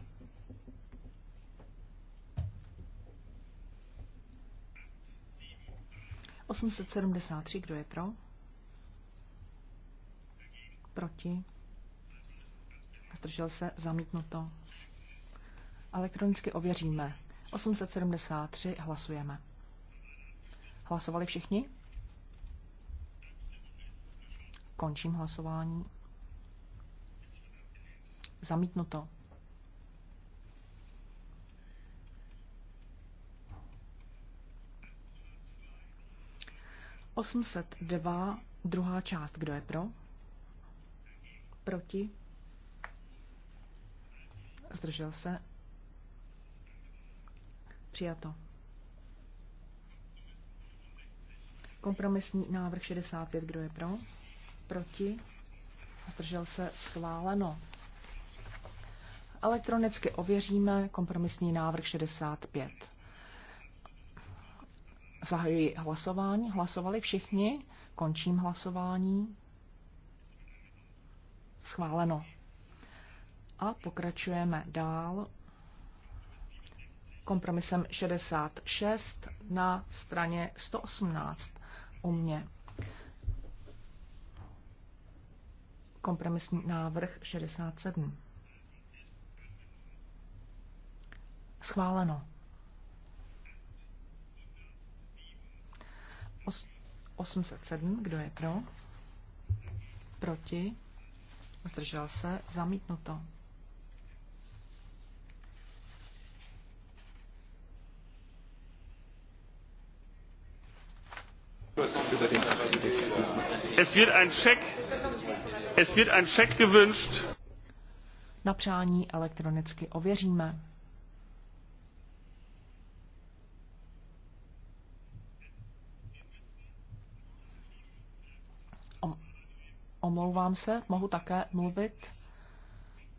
Osmset sedmdesát tři, kdo je pro? Proti? Zdržel se? Zamítnuto. Elektronicky ověříme. 873 hlasujeme. Hlasovali všichni? Končím hlasování. Zamítnuto. Osmset dva, druhá část, kdo je pro? Proti? Zdržel se? Přijato. Kompromisní návrh 65, kdo je pro? Proti? Zdržel se? Schváleno. Elektronicky ověříme kompromisní návrh 65. Zahajuji hlasování. Hlasovali všichni. Končím hlasování. Schváleno. A pokračujeme dál kompromisem 66 na straně 118 u mě. Kompromisní návrh 67. Schváleno. Os 807, kdo je pro? Proti? zdržel se, zamítnuto. Es wird ein Scheck, es wird ein Scheck gewünscht. Na přání elektronicky ověříme. omlouvám se, mohu také mluvit,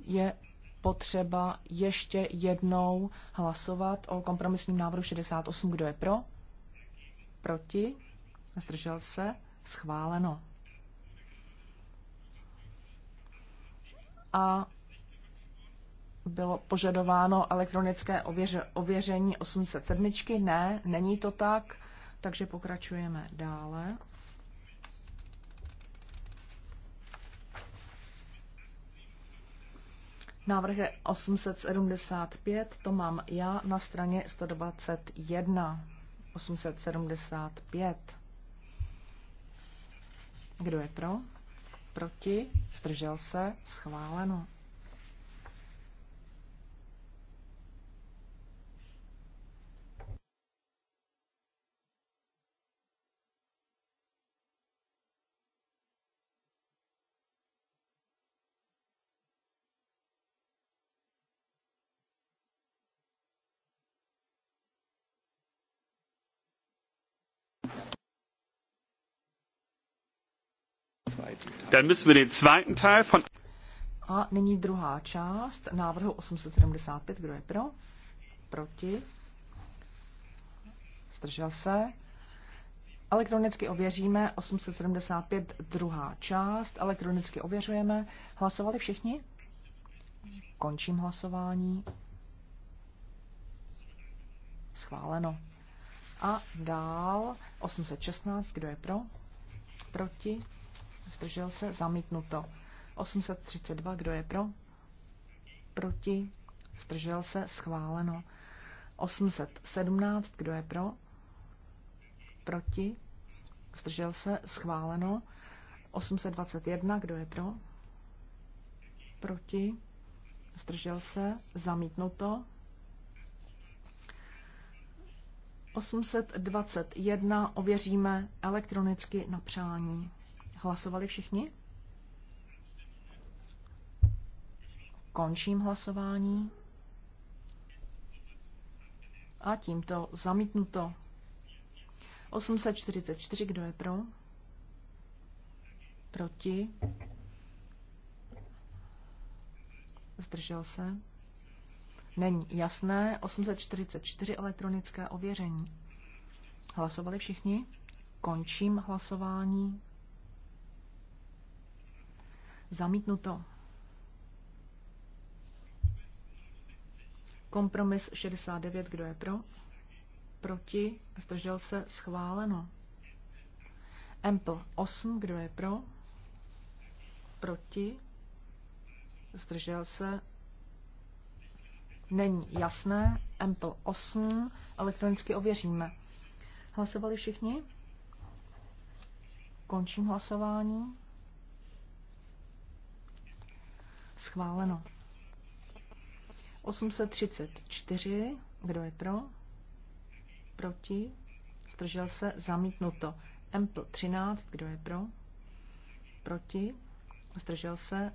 je potřeba ještě jednou hlasovat o kompromisním návrhu 68. Kdo je pro? Proti? Zdržel se? Schváleno. A bylo požadováno elektronické ověře, ověření 807. Ne, není to tak, takže pokračujeme dále. Návrh je 875, to mám já na straně 121. 875. Kdo je pro? Proti? Zdržel se? Schváleno. Dann müssen wir den zweiten Teil von a nyní druhá část návrhu 875. Kdo je pro? Proti? Zdržel se? Elektronicky ověříme 875. druhá část. Elektronicky ověřujeme. Hlasovali všichni? Končím hlasování. Schváleno. A dál 816. Kdo je pro? Proti? zdržel se, zamítnuto. 832, kdo je pro, proti, zdržel se, schváleno. 817, kdo je pro, proti, zdržel se, schváleno. 821, kdo je pro, proti, zdržel se, zamítnuto. 821 ověříme elektronicky na přání. Hlasovali všichni? Končím hlasování. A tímto zamítnuto. 844, kdo je pro? Proti? Zdržel se? Není jasné. 844 elektronické ověření. Hlasovali všichni? Končím hlasování. Zamítnuto. Kompromis 69, kdo je pro? Proti, zdržel se, schváleno. Ample 8, kdo je pro? Proti, zdržel se, není jasné. Ample 8, elektronicky ověříme. Hlasovali všichni? Končím hlasování. Schváleno. 834. Kdo je pro? Proti? Zdržel se? Zamítnuto. Empl 13. Kdo je pro? Proti? Zdržel se?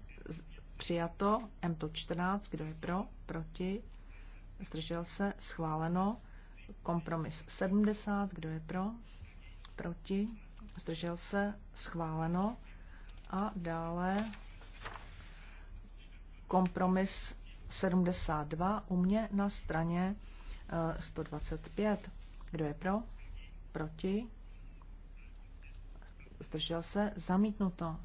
Přijato. Empl 14. Kdo je pro? Proti? Zdržel se? Schváleno. Kompromis 70. Kdo je pro? Proti? Zdržel se? Schváleno. A dále kompromis 72 u mě na straně 125. Eh, Kdo je pro? Proti? Zdržel se? Zamítnuto.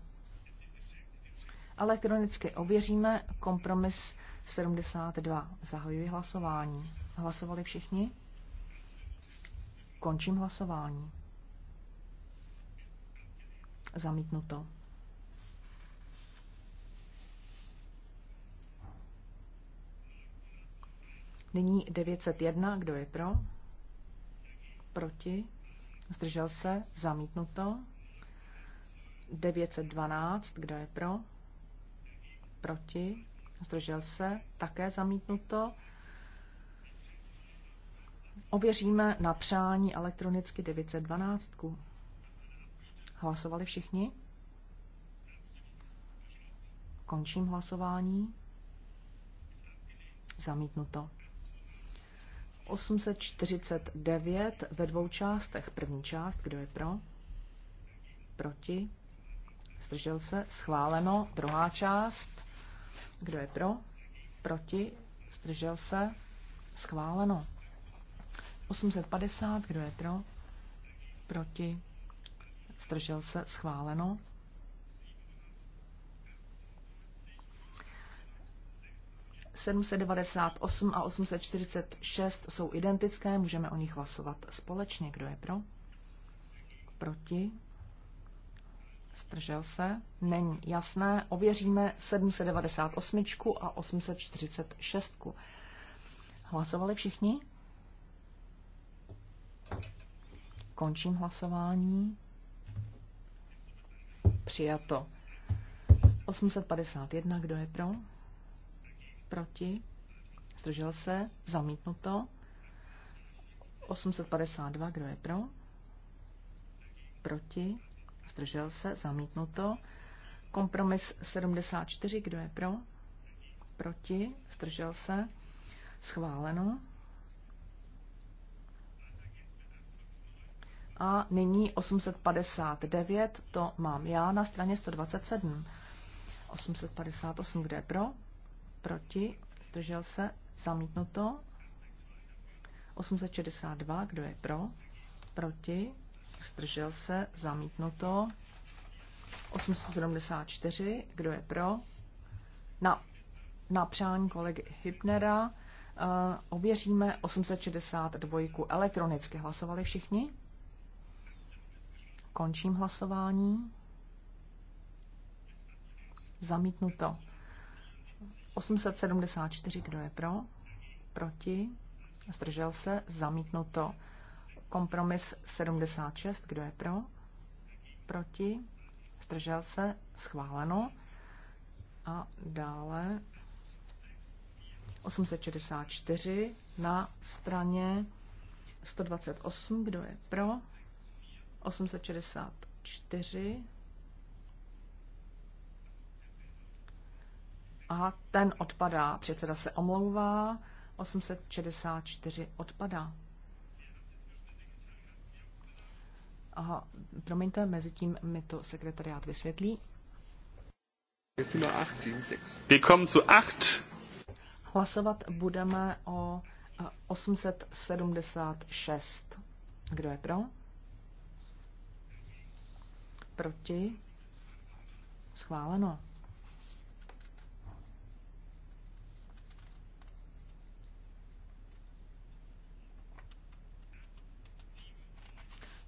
Elektronicky ověříme kompromis 72. Zahajuji hlasování. Hlasovali všichni? Končím hlasování. Zamítnuto. Nyní 901, kdo je pro? Proti? Zdržel se? Zamítnuto. 912, kdo je pro? Proti? Zdržel se? Také zamítnuto. Ověříme na přání elektronicky 912. Hlasovali všichni? Končím hlasování. Zamítnuto. 849 ve dvou částech. První část, kdo je pro? Proti? Zdržel se? Schváleno. Druhá část, kdo je pro? Proti? Zdržel se? Schváleno. 850, kdo je pro? Proti? Zdržel se? Schváleno. 798 a 846 jsou identické, můžeme o nich hlasovat společně. Kdo je pro? Proti? Zdržel se? Není jasné. Ověříme 798 a 846. Hlasovali všichni? Končím hlasování. Přijato. 851, kdo je pro? proti, zdržel se, zamítnuto. 852, kdo je pro, proti, zdržel se, zamítnuto. Kompromis 74, kdo je pro, proti, zdržel se, schváleno. A nyní 859, to mám já na straně 127. 858, kde je pro, proti, zdržel se, zamítnuto. 862, kdo je pro, proti, zdržel se, zamítnuto. 874, kdo je pro, na, na přání kolegy Hypnera, Uh, eh, ověříme 862 elektronicky. Hlasovali všichni? Končím hlasování. Zamítnuto. 874, kdo je pro? Proti? Zdržel se? Zamítnuto. Kompromis 76, kdo je pro? Proti? Zdržel se? Schváleno. A dále 864 na straně 128, kdo je pro? 864 A ten odpadá. Předseda se omlouvá. 864 odpadá. Aha, promiňte, mezi tím mi to sekretariát vysvětlí. Wir zu 8. Hlasovat budeme o 876. Eh, Kdo je pro? Proti? Schváleno.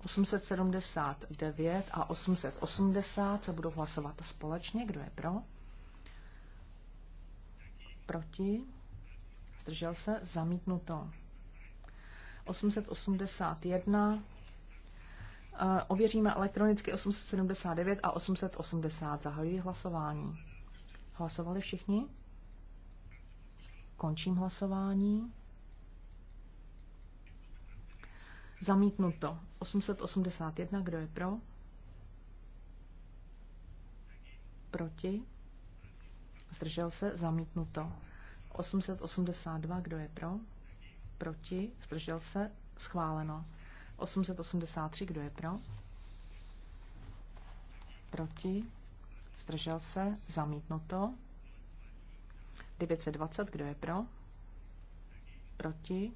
879 a 880 se budou hlasovat společně. Kdo je pro? Proti? Zdržel se? Zamítnuto. 881. Eh, ověříme elektronicky 879 a 880. Zahajuji hlasování. Hlasovali všichni? Končím hlasování. Zamítnuto. 881, kdo je pro? Proti? Zdržel se? Zamítnuto. 882, kdo je pro? Proti? Zdržel se? Schváleno. 883, kdo je pro? Proti? Zdržel se? Zamítnuto. 920, kdo je pro? Proti?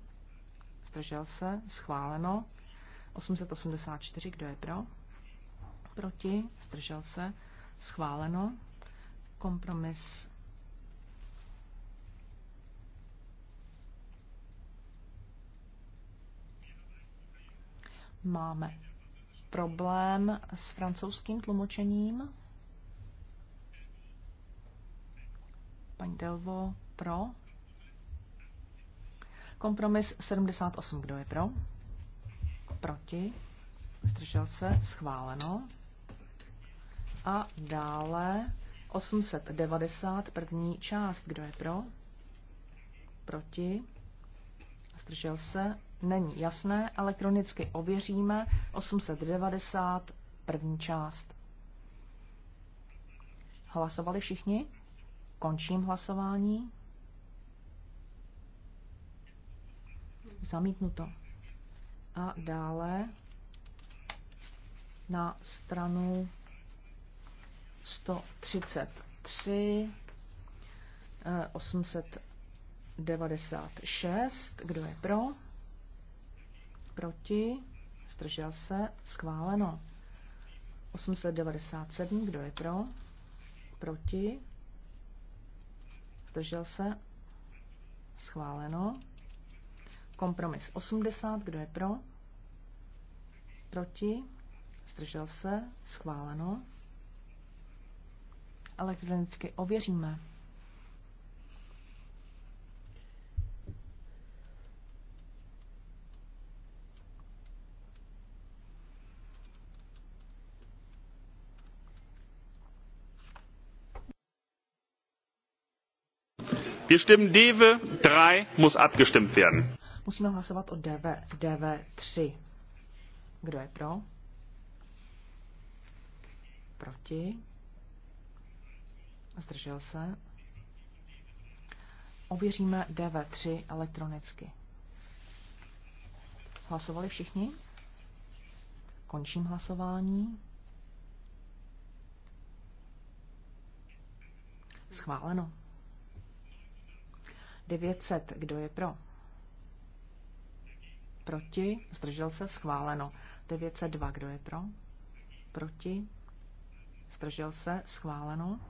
Zdržel se? Schváleno. 884. Kdo je pro? Proti? Zdržel se? Schváleno. Kompromis máme problém s francouzským tlumočením. Paní Delvo, pro. Kompromis 78. Kdo je pro? Proti? Zdržel se? Schváleno. A dále 890. První část. Kdo je pro? Proti? Zdržel se? Není jasné. Elektronicky ověříme 890. První část. Hlasovali všichni? Končím hlasování. zamítnuto. A dále na stranu 133 896. Eh, Kdo je pro? Proti? Zdržel se? Schváleno. 897. Kdo je pro? Proti? Zdržel se? Schváleno. Kompromis 80, kdo je pro? Proti? Zdržel se? Schváleno. Elektronicky ověříme. wir stimmen DEWE drei muss abgestimmt werden. Musíme hlasovat o DV, DV3. Kdo je pro? Proti? Zdržel se? Ověříme DV3 elektronicky. Hlasovali všichni? Končím hlasování. Schváleno. 900. Kdo je pro? Proti? Zdržel se? Schváleno. 902. Kdo je pro? Proti? Zdržel se? Schváleno.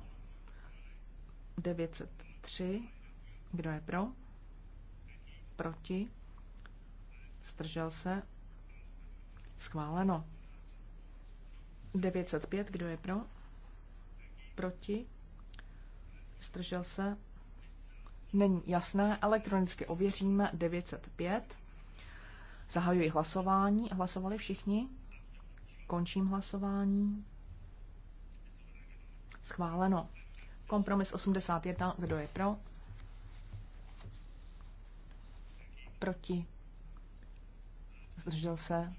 903. Kdo je pro? Proti? Zdržel se? Schváleno. 905. Kdo je pro? Proti? Zdržel se? Není jasné. Elektronicky ověříme 905. Zahajuji hlasování. Hlasovali všichni? Končím hlasování. Schváleno. Kompromis 81. Kdo je pro? Proti? Zdržel se?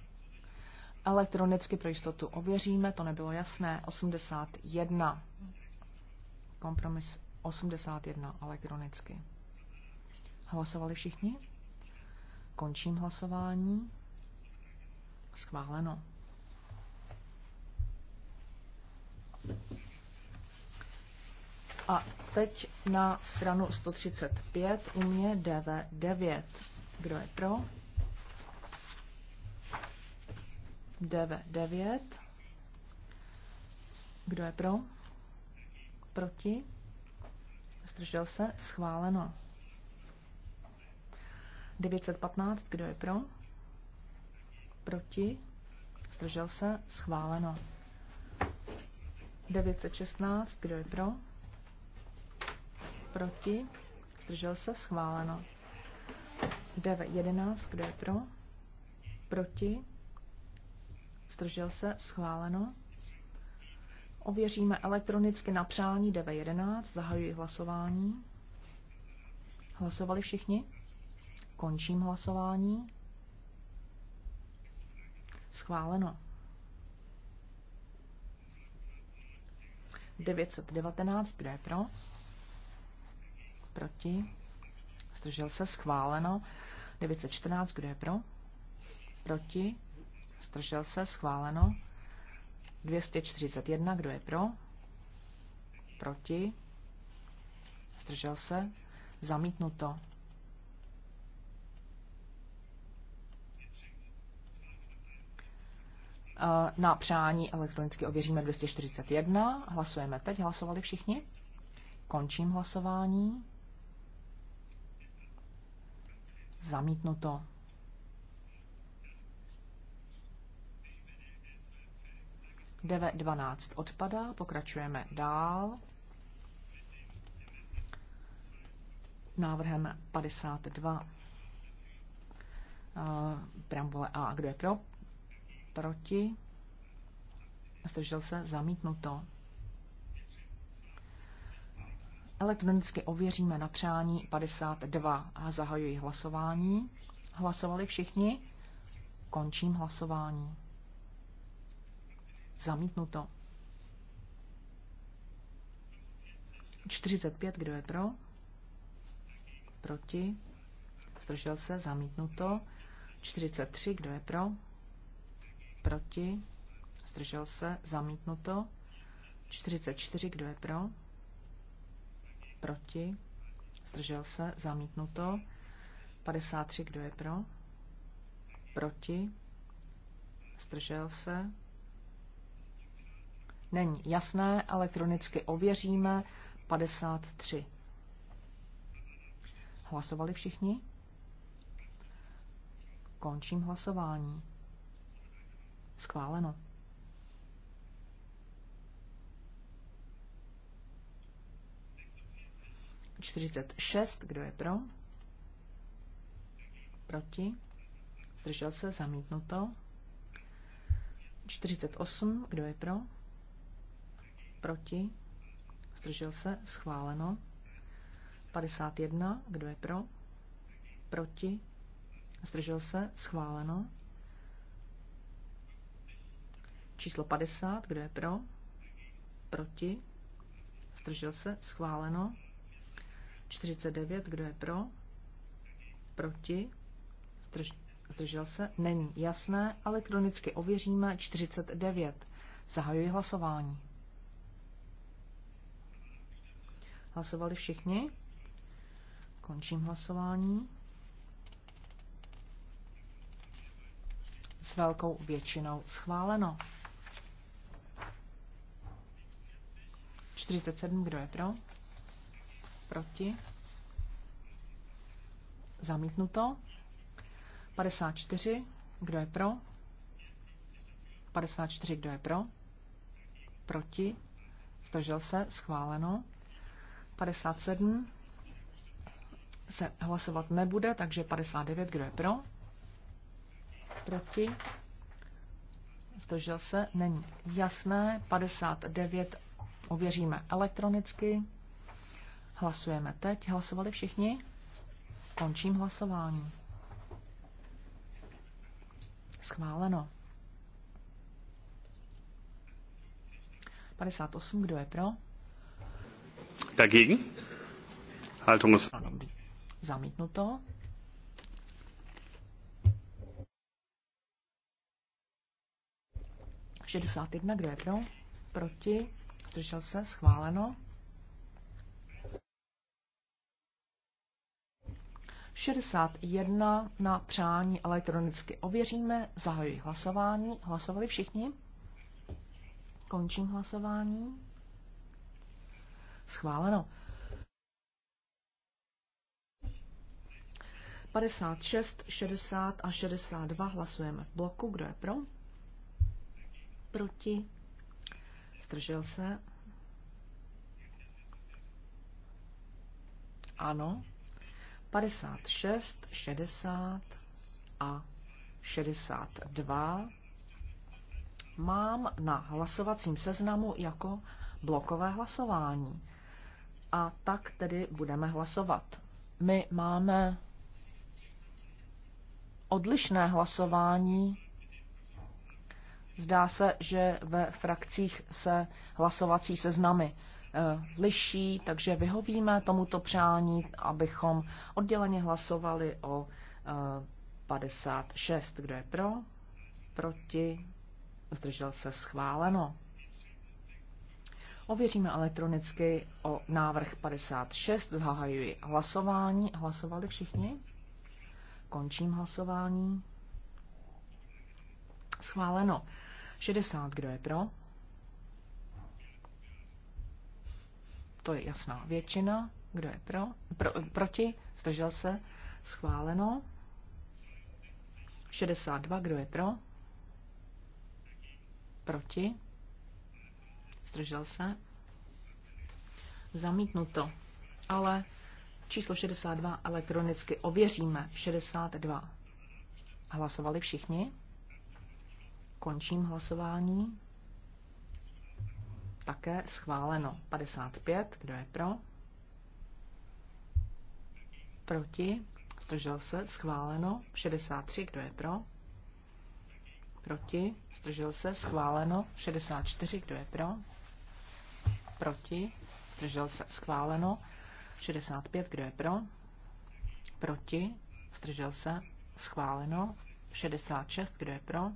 Elektronicky pro jistotu ověříme, to nebylo jasné. 81. Kompromis 81 elektronicky. Hlasovali všichni? Končím hlasování. Schváleno. A teď na stranu 135 u mě DV9. Kdo je pro? DV9. Kdo je pro? Proti? Zdržel se? Schváleno. 915, kdo je pro? Proti? Zdržel se? Schváleno. 916, kdo je pro? Proti? Zdržel se? Schváleno. 911, kdo je pro? Proti? Zdržel se? Schváleno. Ověříme elektronicky na přání 911. Zahajuji hlasování. Hlasovali všichni? Končím hlasování. Schváleno. 919, kdo je pro? Proti? Zdržel se, schváleno. 914, kdo je pro? Proti? Zdržel se, schváleno. 241, kdo je pro? Proti? Zdržel se, zamítnuto. Na přání elektronicky ověříme 241. Hlasujeme teď. Hlasovali všichni? Končím hlasování. Zamítnuto. DV12 odpadá, pokračujeme dál. Návrhem 52 eh, preambule A. Kdo je pro? proti, zdržel se, zamítnuto. Elektronicky ověříme na přání 52 a zahajuji hlasování. Hlasovali všichni? Končím hlasování. Zamítnuto. 45, kdo je pro? Proti? Zdržel se, zamítnuto. 43, kdo je pro? Proti? Zdržel se? Zamítnuto. 44. Kdo je pro? Proti? Zdržel se? Zamítnuto. 53. Kdo je pro? Proti? Zdržel se? Není jasné, elektronicky ověříme. 53. Hlasovali všichni? Končím hlasování. Schváleno. Čtyřicet šest. Kdo je pro? Proti? Zdržel se? Zamítnuto. 48. Kdo je pro? Proti? Zdržel se? Schváleno. 51. Kdo je pro? Proti? Zdržel se? Schváleno. Číslo 50, kdo je pro? Proti? Zdržel se? Schváleno. 49, kdo je pro? Proti? Zdrž, zdržel se? Není jasné. Elektronicky ověříme 49. Zahajuji hlasování. Hlasovali všichni? Končím hlasování. S velkou většinou schváleno. 47, kdo je pro? Proti? Zamítnuto. 54, kdo je pro? 54, kdo je pro? Proti? Zdržel se? Schváleno. 57 se hlasovat nebude, takže 59, kdo je pro? Proti? Zdržel se? Není jasné. 59 Ověříme elektronicky. Hlasujeme teď. Hlasovali všichni? Končím hlasování. Schváleno. 58, kdo je pro? Dagegen? Haltung ist... Zamítnuto. Šedesát jedna, kdo je pro? Proti? zdržel se, schváleno. 61 na přání elektronicky ověříme, zahajuji hlasování. Hlasovali všichni? Končím hlasování. Schváleno. 56, 60 a 62 hlasujeme v bloku. Kdo je pro? Proti? zdržel se. Ano. 56, 60 a 62 mám na hlasovacím seznamu jako blokové hlasování. A tak tedy budeme hlasovat. My máme odlišné hlasování Zdá se, že ve frakcích se hlasovací seznamy eh, liší, takže vyhovíme tomuto přání, abychom odděleně hlasovali o 56. Eh, Kdo je pro? Proti? Zdržel se schváleno. Ověříme elektronicky o návrh 56. Zahajuji hlasování. Hlasovali všichni? Končím hlasování. Schváleno. 60, kdo je pro? To je jasná většina. Kdo je pro? pro proti? Zdržel se? Schváleno. 62, kdo je pro? Proti? Zdržel se? Zamítnuto. Ale číslo 62 elektronicky ověříme. 62. Hlasovali všichni? Končím hlasování. Také schváleno. 55. Kdo je pro? Proti? Zdržel se? Schváleno. 63. Kdo je pro? Proti? Zdržel se? Schváleno. 64. Kdo je pro? Proti? Zdržel se? Schváleno. 65. Kdo je pro? Proti? Zdržel se? Schváleno. 66. Kdo je pro?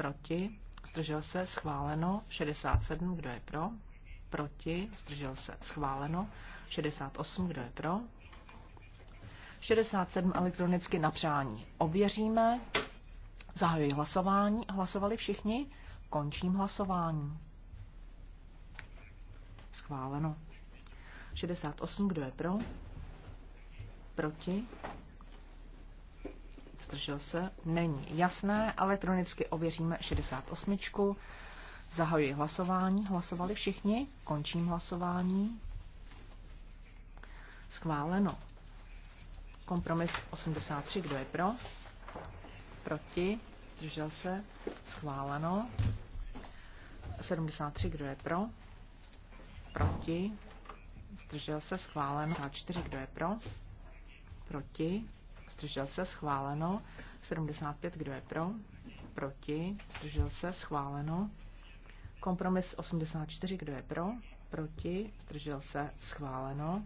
Proti? Zdržel se? Schváleno. 67. Kdo je pro? Proti? Zdržel se? Schváleno. 68. Kdo je pro? 67 elektronicky na přání. Ověříme. Zahajuji hlasování. Hlasovali všichni? Končím hlasování. Schváleno. 68, kdo je pro? Proti? zdržel se, není jasné, elektronicky ověříme 68. Zahajuji hlasování, hlasovali všichni, končím hlasování. Schváleno. Kompromis 83, kdo je pro? Proti, zdržel se, schváleno. 73, kdo je pro? Proti, zdržel se, schváleno. 74, kdo je pro? Proti, zdržel se, schváleno. 75, kdo je pro, proti, zdržel se, schváleno. Kompromis 84, kdo je pro, proti, zdržel se, schváleno.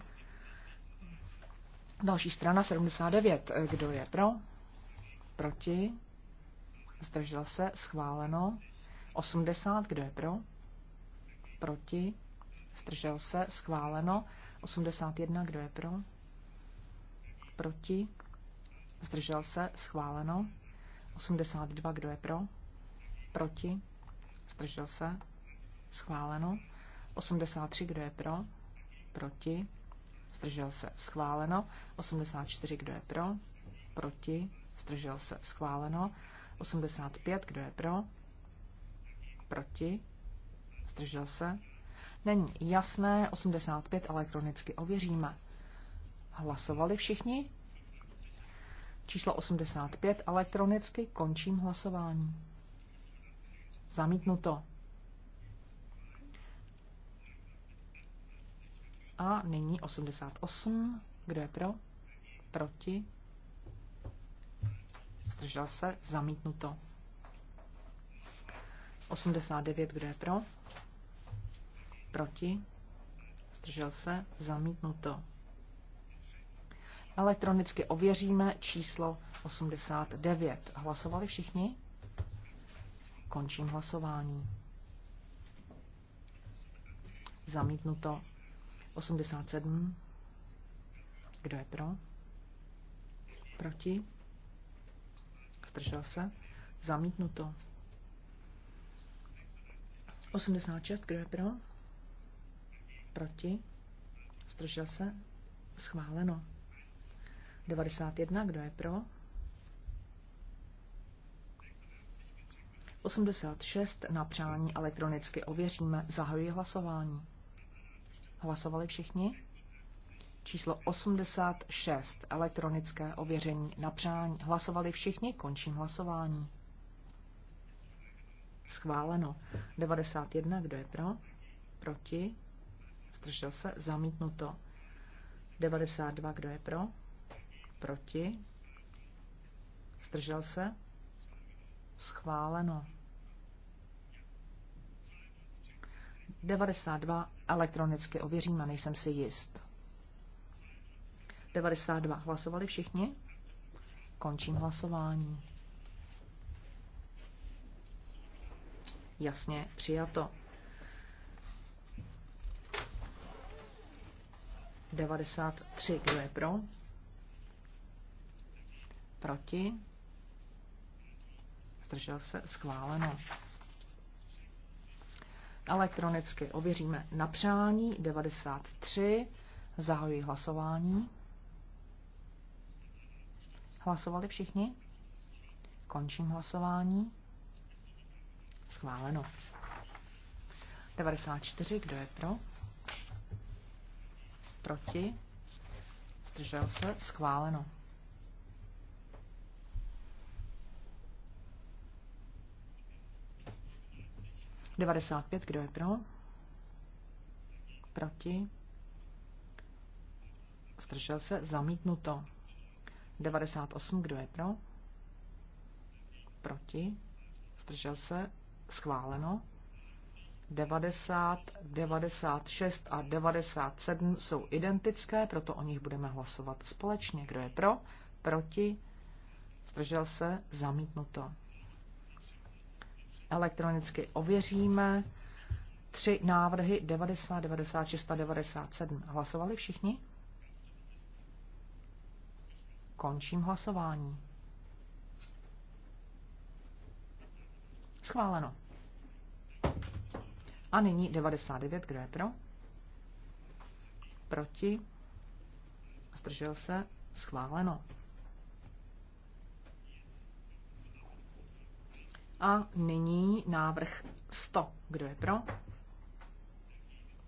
Další strana 79, kdo je pro, proti, zdržel se, schváleno. 80, kdo je pro, proti, zdržel se, schváleno. 81, kdo je pro, proti, zdržel se, schváleno. 82, kdo je pro, proti, zdržel se, schváleno. 83, kdo je pro, proti, zdržel se, schváleno. 84, kdo je pro, proti, zdržel se, schváleno. 85, kdo je pro, proti, zdržel se. Není jasné, 85 elektronicky ověříme. Hlasovali všichni? Číslo 85 elektronicky končím hlasování. Zamítnuto. A nyní 88. Kdo je pro? Proti? Zdržel se? Zamítnuto. 89. Kdo je pro? Proti? Zdržel se? Zamítnuto. Elektronicky ověříme číslo 89. Hlasovali všichni? Končím hlasování. Zamítnuto 87. Kdo je pro? Proti? Zdržel se? Zamítnuto. 86. Kdo je pro? Proti? Zdržel se? Schváleno. 91, kdo je pro? 86 na přání elektronicky ověříme. Zahajuji hlasování. Hlasovali všichni? Číslo 86 elektronické ověření na přání. Hlasovali všichni? Končím hlasování. Schváleno. 91, kdo je pro? Proti? Zdržel se? Zamítnuto. 92, kdo je pro? Proti? Zdržel se? Schváleno. 92 elektronicky a nejsem si jist. 92 hlasovali všichni? Končím hlasování. Jasně, přijato. 93, kdo je pro? Proti? Zdržel se? Schváleno. Elektronicky ověříme napřání 93. Zahajuji hlasování. Hlasovali všichni? Končím hlasování. Schváleno. 94. Kdo je pro? Proti? Zdržel se? Schváleno. 95, kdo je pro? Proti? Zdržel se? Zamítnuto. 98, kdo je pro? Proti? Zdržel se? Schváleno. 90, 96 a 97 jsou identické, proto o nich budeme hlasovat společně. Kdo je pro? Proti? Zdržel se? Zamítnuto elektronicky ověříme. Tři návrhy 90, 96 a 97. Hlasovali všichni? Končím hlasování. Schváleno. A nyní 99, kdo je pro? Proti? Zdržel se? Schváleno. A nyní návrh 100. Kdo je pro?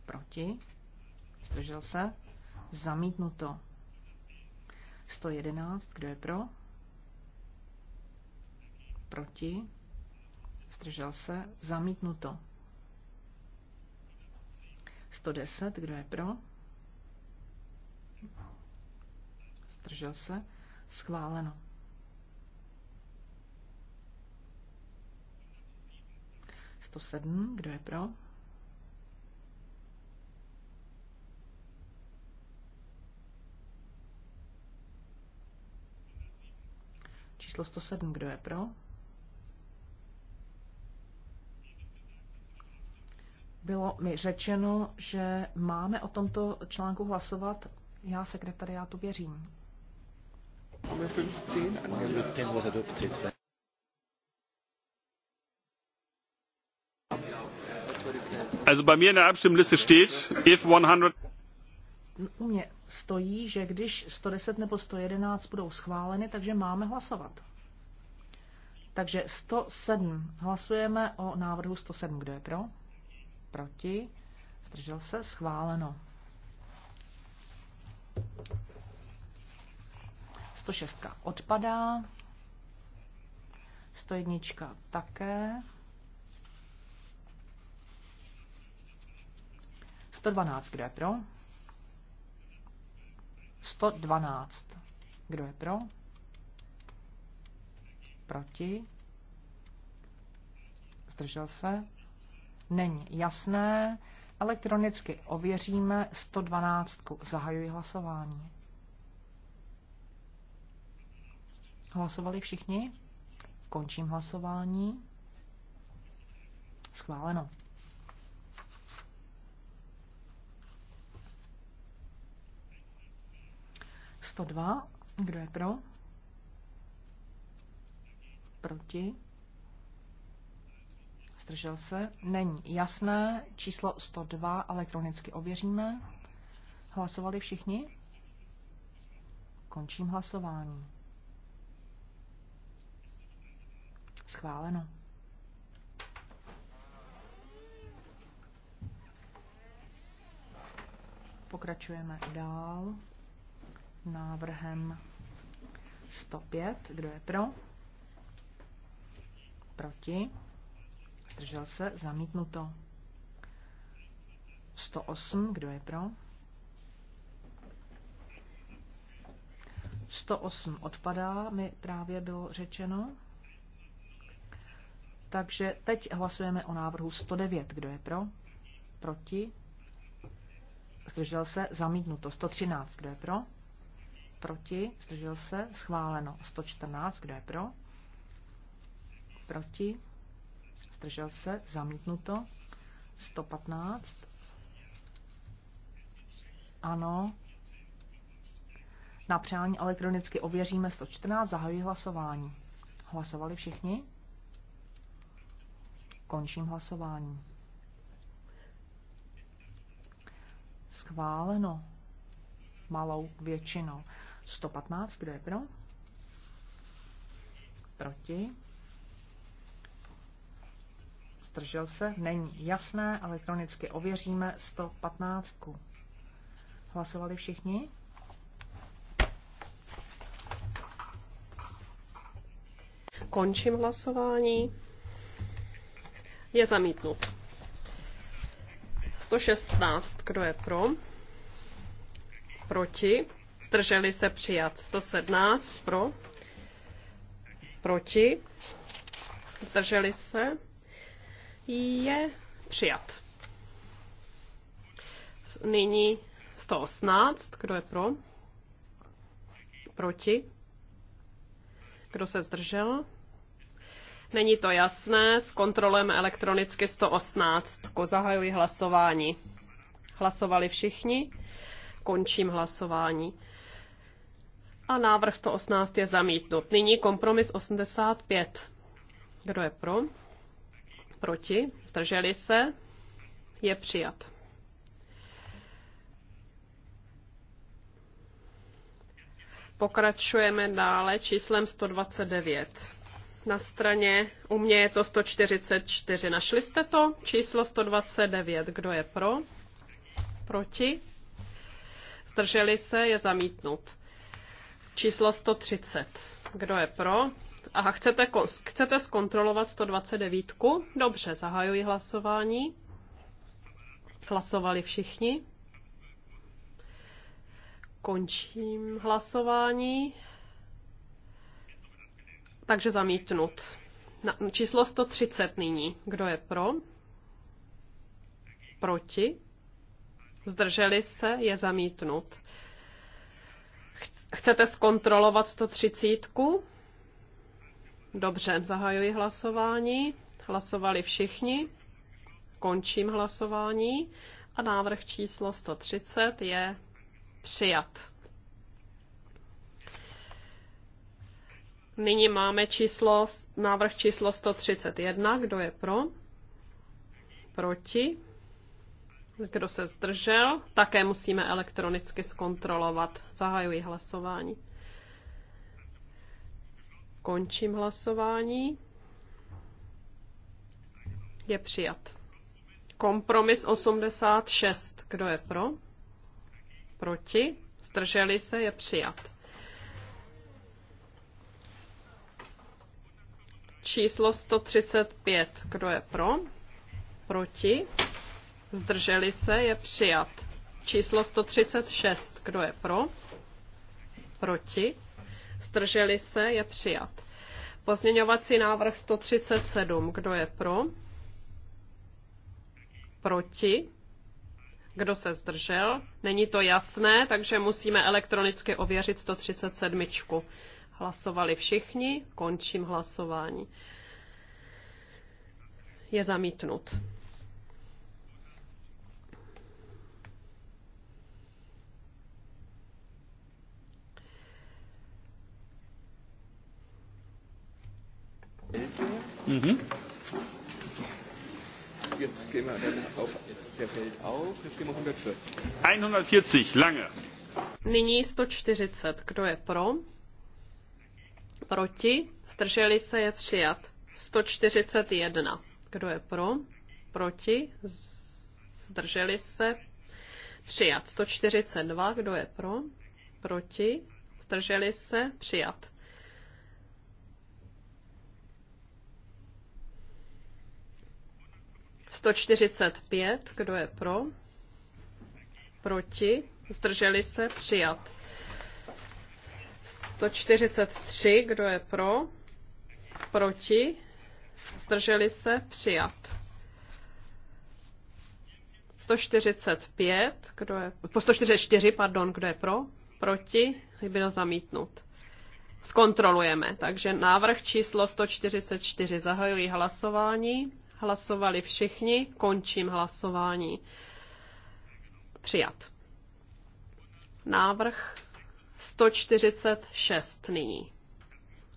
Proti? Zdržel se? Zamítnuto. 111. Kdo je pro? Proti? Zdržel se? Zamítnuto. 110. Kdo je pro? Zdržel se? Schváleno. 107, kdo je pro? Číslo 107, kdo je pro? Bylo mi řečeno, že máme o tomto článku hlasovat. Já sekretariátu věřím. Máme angenommen. Also bei mir in der Abstimmliste steht, if 100... U mě stojí, že když 110 nebo 111 budou schváleny, takže máme hlasovat. Takže 107. Hlasujeme o návrhu 107. Kdo je pro? Proti? Zdržel se? Schváleno. 106 odpadá. 101 také. 112, kdo je pro? 112, kdo je pro? Proti? Zdržel se? Není jasné. Elektronicky ověříme 112. Zahajuji hlasování. Hlasovali všichni? Končím hlasování. Schváleno. 102. Kdo je pro? Proti? Zdržel se? Není jasné. Číslo 102 elektronicky ověříme. Hlasovali všichni? Končím hlasování. Schváleno. Pokračujeme dál návrhem 105. Kdo je pro? Proti? Zdržel se? Zamítnuto. 108. Kdo je pro? 108 odpadá, mi právě bylo řečeno. Takže teď hlasujeme o návrhu 109. Kdo je pro? Proti? Zdržel se? Zamítnuto. 113. Kdo je pro? Proti? Zdržel se? Schváleno. 114. Kdo je pro? Proti? Zdržel se? Zamítnuto. 115. Ano. Na přání elektronicky ověříme 114. Zahajuji hlasování. Hlasovali všichni? Končím hlasování. Schváleno malou většinou. 115, kdo je pro? Proti? Zdržel se? Není jasné, elektronicky ověříme 115. Hlasovali všichni? Končím hlasování. Je zamítnut. 116, kdo je pro? Proti? zdrželi se přijat 117 pro, proti, zdrželi se, je přijat. Nyní 118, kdo je pro, proti, kdo se zdržel, Není to jasné, s kontrolem elektronicky 118. Zahajuji hlasování. Hlasovali všichni? Končím hlasování. A návrh 118 je zamítnut. Nyní kompromis 85. Kdo je pro? Proti? Zdrželi se? Je přijat. Pokračujeme dále číslem 129. Na straně u mě je to 144. Našli jste to? Číslo 129. Kdo je pro? Proti? Zdrželi se? Je zamítnut. Číslo 130. Kdo je pro? Aha, chcete, chcete zkontrolovat 129? Dobře, zahajuji hlasování. Hlasovali všichni. Končím hlasování. Takže zamítnut. Na, číslo 130 nyní. Kdo je pro? Proti? Zdrželi se? Je zamítnut. Chcete zkontrolovat 130? Dobře, zahajuji hlasování. Hlasovali všichni. Končím hlasování. A návrh číslo 130 je přijat. Nyní máme číslo, návrh číslo 131. Kdo je pro? Proti? Kdo se zdržel, také musíme elektronicky zkontrolovat. Zahajuji hlasování. Končím hlasování. Je přijat. Kompromis 86. Kdo je pro? Proti? Zdrželi se? Je přijat. Číslo 135. Kdo je pro? Proti? zdrželi se, je přijat. Číslo 136, kdo je pro? Proti, zdrželi se, je přijat. Pozměňovací návrh 137, kdo je pro? Proti, kdo se zdržel? Není to jasné, takže musíme elektronicky ověřit 137. Hlasovali všichni, končím hlasování. Je zamítnut. Mhm. Jetzt gehen wir dann auf, der auf, jetzt gehen wir 140. 140, lange. Nyní 140. Kdo je pro? Proti? Zdrželi se je přijat. 141. Kdo je pro? Proti? Zdrželi se? Přijat. 142. Kdo je pro? Proti? Zdrželi se? Přijat. 145, kdo je pro? Proti? Zdrželi se? Přijat. 143, kdo je pro? Proti? Zdrželi se? Přijat. 145, kdo je, po 144, pardon, kdo je pro? Proti? Byl zamítnut. Zkontrolujeme. Takže návrh číslo 144. Zahajuji hlasování. Hlasovali všichni, končím hlasování. Přijat. Návrh 146 nyní.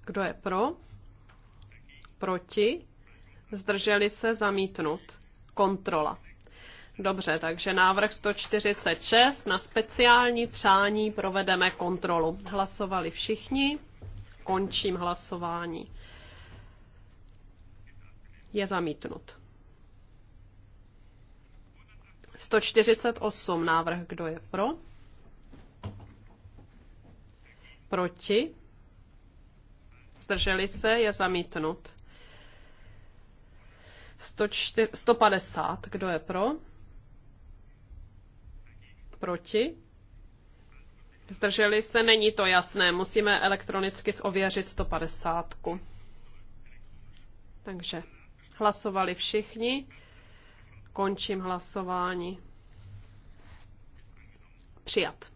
Kdo je pro? Proti? Zdrželi se zamítnut. Kontrola. Dobře, takže návrh 146 na speciální přání provedeme kontrolu. Hlasovali všichni. Končím hlasování je zamítnut. 148 návrh, kdo je pro? Proti? Zdrželi se, je zamítnut. 150, kdo je pro? Proti? Zdrželi se, není to jasné. Musíme elektronicky zověřit 150. Takže Hlasovali všichni. Končím hlasování. Přijat.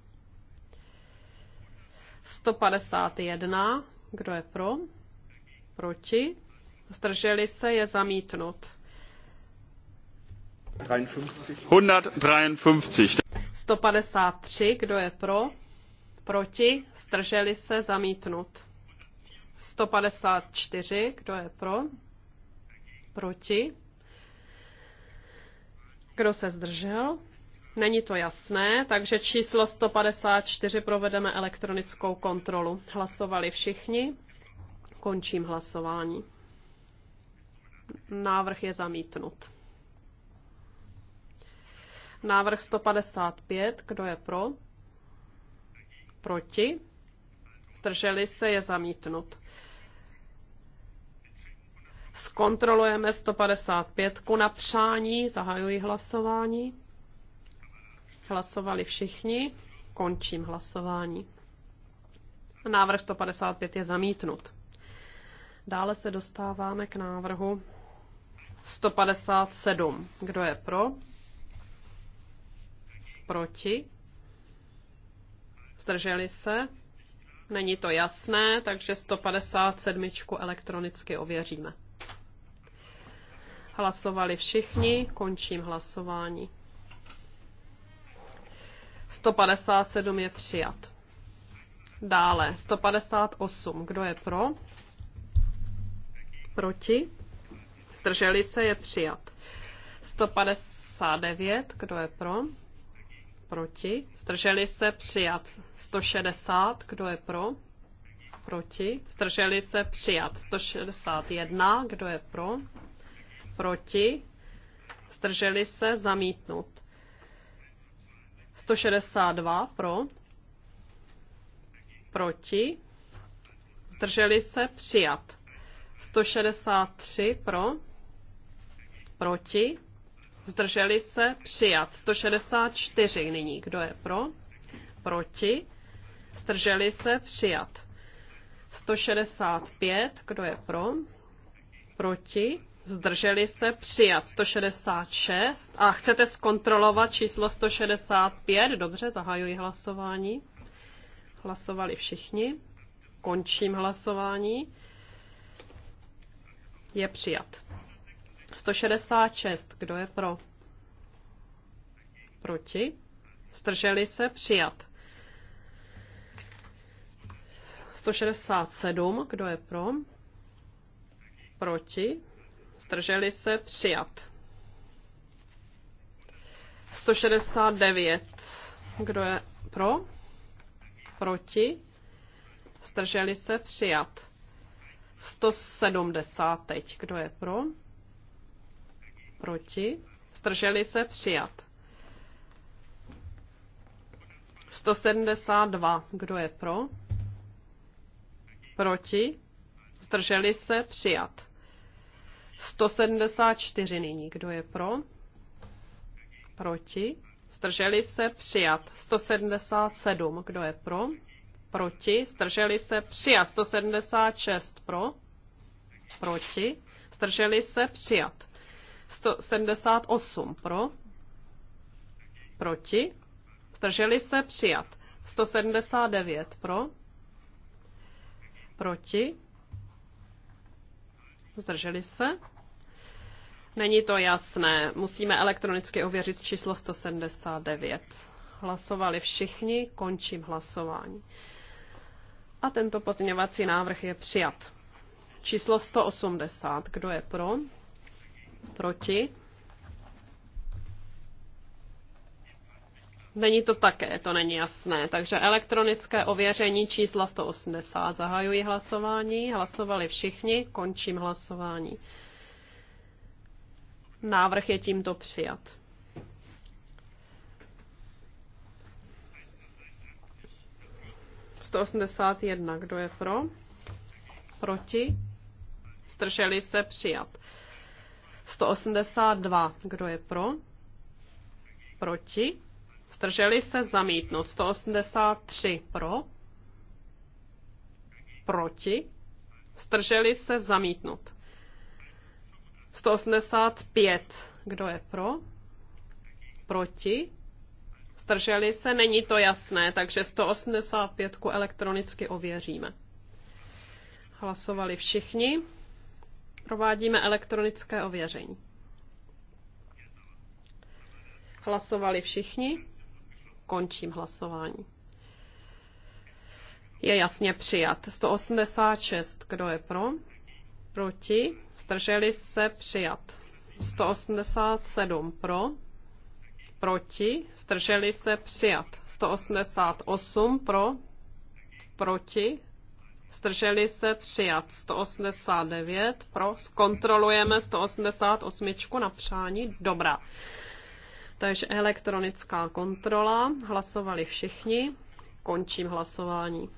151. Kdo je pro? Proti? Zdrželi se je zamítnut. 153. 153. Kdo je pro? Proti? Zdrželi se zamítnut. 154. Kdo je pro? Proti? Kdo se zdržel? Není to jasné, takže číslo 154 provedeme elektronickou kontrolu. Hlasovali všichni. Končím hlasování. Návrh je zamítnut. Návrh 155, kdo je pro? Proti? Zdrželi se, je zamítnut. Zkontrolujeme 155 na přání, zahajuji hlasování. Hlasovali všichni, končím hlasování. Návrh 155 je zamítnut. Dále se dostáváme k návrhu 157. Kdo je pro? Proti? Zdrželi se? Není to jasné, takže 157 elektronicky ověříme. Hlasovali všichni, končím hlasování. 157 je přijat. Dále 158. Kdo je pro? Proti? Zdrželi se je přijat. 159. Kdo je pro? Proti? Zdrželi se přijat. 160. Kdo je pro? Proti? Zdrželi se přijat. 161. Kdo je pro? proti, zdrželi se, zamítnut. 162 pro, proti, zdrželi se, přijat. 163 pro, proti, zdrželi se, přijat. 164 nyní, kdo je pro, proti, zdrželi se, přijat. 165, kdo je pro, proti, zdrželi se, přijat 166. A chcete zkontrolovat číslo 165? Dobře, zahajuji hlasování. Hlasovali všichni. Končím hlasování. Je přijat. 166. Kdo je pro? Proti? Zdrželi se? Přijat. 167. Kdo je pro? Proti? zdrželi se, přijat. 169, kdo je pro, proti, zdrželi se, přijat. 170 teď, kdo je pro, proti, zdrželi se, přijat. 172. Kdo je pro? Proti? Zdrželi se? Přijat. 174 nyní. Kdo je pro? Proti? Zdrželi se přijat. 177. Kdo je pro? Proti? Zdrželi se přijat. 176 pro? Proti? Zdrželi se přijat. 178 pro? Proti? Zdrželi se přijat. 179 pro? Proti? Zdrželi se? Není to jasné. Musíme elektronicky ověřit číslo 179. Hlasovali všichni, končím hlasování. A tento pozměňovací návrh je přijat. Číslo 180. Kdo je pro? Proti? Není to také, to není jasné. Takže elektronické ověření čísla 180. Zahajuji hlasování. Hlasovali všichni, končím hlasování. Návrh je tímto přijat. jedna. Kdo je pro? Proti? Strželi se přijat. 182. Kdo je pro? Proti? Strželi se zamítnout. 183. Pro? Proti? Strželi se zamítnout. 185. Kdo je pro? Proti? Strželi se? Není to jasné, takže 185 elektronicky ověříme. Hlasovali všichni. Provádíme elektronické ověření. Hlasovali všichni. Končím hlasování. Je jasně přijat. 186. Kdo je pro? proti, zdrželi se přijat. 187 pro, proti, zdrželi se přijat. 188 pro, proti, zdrželi se přijat. 189 pro, zkontrolujeme 188 na přání, dobrá. Takže elektronická kontrola, hlasovali všichni, končím hlasování.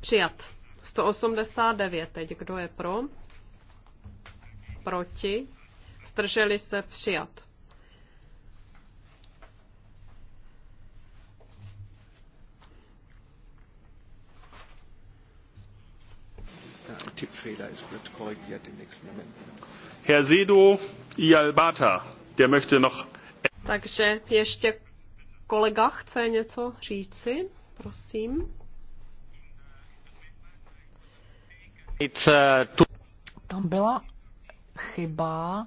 Přijat. 189 teď. Kdo je pro? Proti? Strželi se přijat. Herr Sedo Ialbata, der möchte noch... Takže ještě kolega chce něco říci, prosím. Uh, tam byla chyba.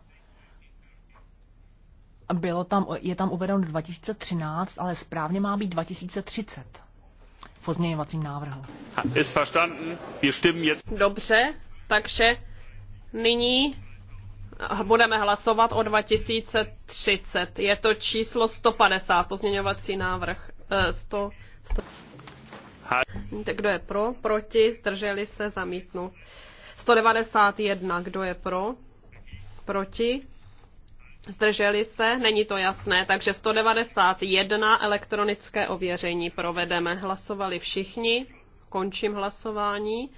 Bylo tam, je tam uvedeno 2013, ale správně má být 2030 v pozměňovacím návrhu. Dobře, takže nyní budeme hlasovat o 2030. Je to číslo 150, pozměňovací návrh. 100, eh, 100. Kdo je pro? Proti? Zdrželi se? Zamítnu. 191. Kdo je pro? Proti? Zdrželi se? Není to jasné. Takže 191 elektronické ověření provedeme. Hlasovali všichni. Končím hlasování.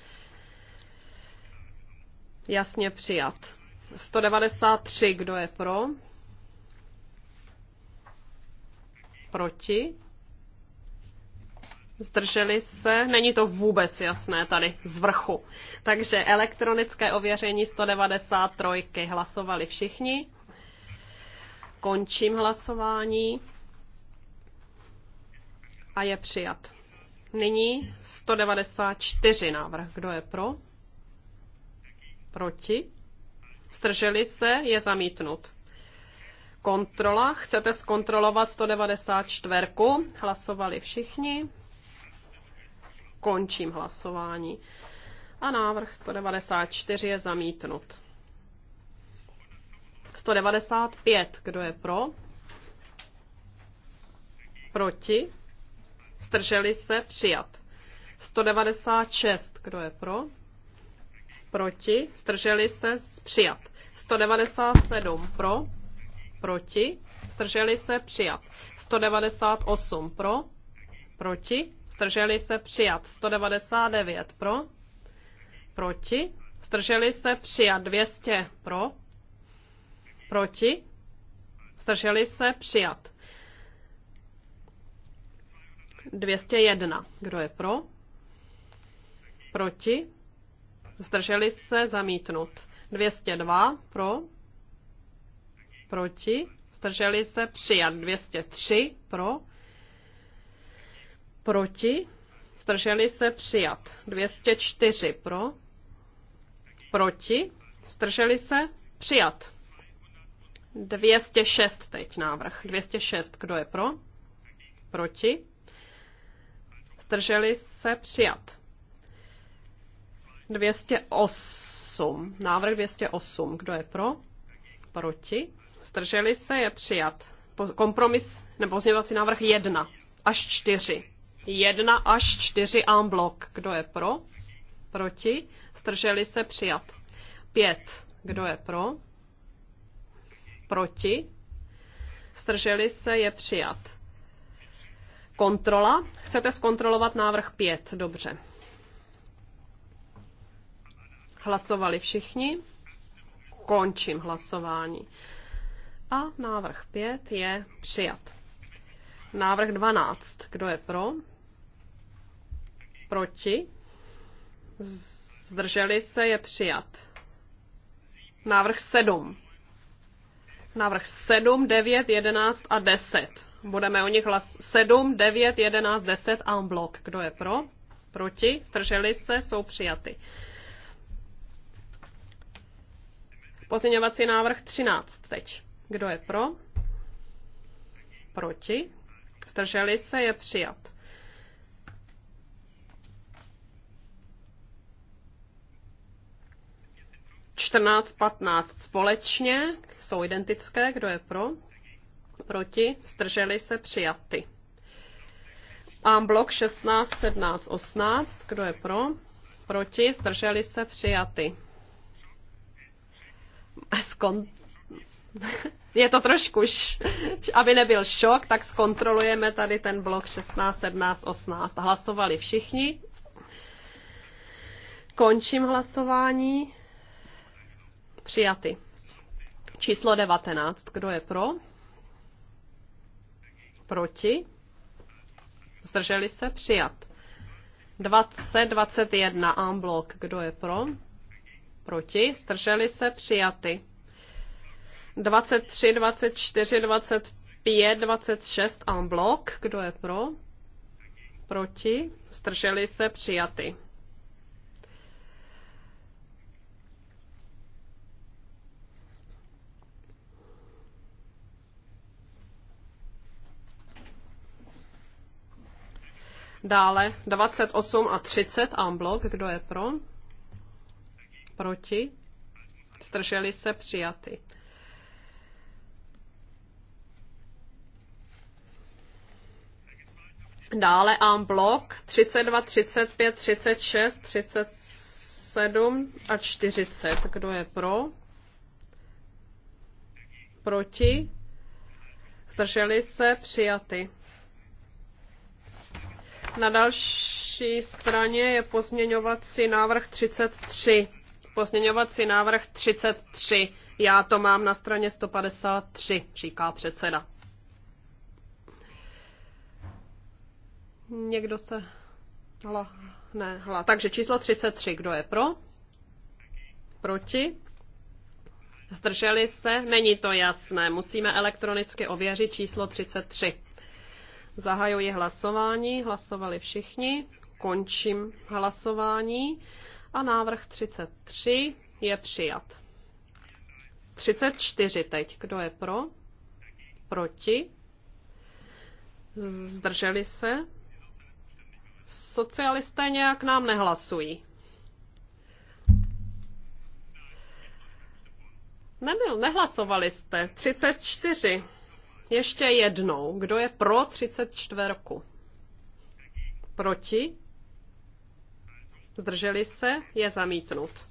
Jasně přijat. 193. Kdo je pro? Proti? Zdrželi se? Není to vůbec jasné tady z vrchu. Takže elektronické ověření 193. Hlasovali všichni. Končím hlasování. A je přijat. Nyní 194 návrh. Kdo je pro? Proti? Zdrželi se? Je zamítnut kontrola. Chcete zkontrolovat 194. Hlasovali všichni. Končím hlasování. A návrh 194 je zamítnut. 195. Kdo je pro? Proti? Strželi se? Přijat. 196. Kdo je pro? Proti? Strželi se? Přijat. 197. Pro? Proti? Strželi se? Přijat. 198. Pro? Proti? Zdrželi se přijat 199 pro. Proti. Zdrželi se přijat 200 pro. Proti. Zdrželi se přijat 201. Kdo je pro? Proti. Zdrželi se zamítnut. 202 pro. Proti. Zdrželi se přijat 203 pro proti, strželi se přijat. 204 pro, proti, strželi se přijat. 206 teď návrh. 206, kdo je pro? Proti. strželi se přijat. 208. Návrh 208. Kdo je pro? Proti. strželi se je přijat. Kompromis nebo pozměňovací návrh 1 až 4. 1 až 4 en blok. Kdo je pro? Proti? Strželi se přijat. 5. Kdo je pro? Proti? Strželi se je přijat. Kontrola. Chcete zkontrolovat návrh 5. Dobře. Hlasovali všichni. Končím hlasování. A návrh 5 je přijat. Návrh 12. Kdo je pro? Proti? Zdrželi se je přijat. Návrh 7. Návrh 7, 9, 11 a 10. Budeme o nich hlas 7, 9, 11, 10 a blok. Kdo je pro? Proti? Zdrželi se? Jsou přijaty. Pozměňovací návrh 13 teď. Kdo je pro? Proti? Zdrželi se? Je přijat. 14, 15 společně, jsou identické, kdo je pro, proti, zdrželi se, přijaty. A blok 16, 17, 18, kdo je pro, proti, zdrželi se, přijaty. Skon... je to trošku, aby nebyl šok, tak zkontrolujeme tady ten blok 16, 17, 18. Hlasovali všichni. Končím hlasování. Přijaty. Číslo 19. Kdo je pro? Proti? Zdrželi se? Přijat. 20, 21 en blok. Kdo je pro? Proti? Zdrželi se? Přijaty. 23, 24, 25, 26 en blok. Kdo je pro? Proti? Zdrželi se? Přijaty. Dále 28 a 30 amblok, kdo je pro? Proti? Strželi se přijaty. Dále amblok 32, 35, 36, 37 a 40. Kdo je pro? Proti? Zdrželi se přijaty. Na další straně je pozměňovací návrh 33. Pozměňovací návrh 33. Já to mám na straně 153, říká předseda. Někdo se... Hla, ne, hla. Takže číslo 33, kdo je pro? Proti? Zdrželi se? Není to jasné. Musíme elektronicky ověřit číslo 33. Zahajuji hlasování, hlasovali všichni, končím hlasování a návrh 33 je přijat. 34 teď, kdo je pro? Proti? Zdrželi se? Socialisté nějak nám nehlasují. Nebyl, nehlasovali jste. 34. Ještě jednou, kdo je pro 34? Proti? Zdrželi se? Je zamítnut.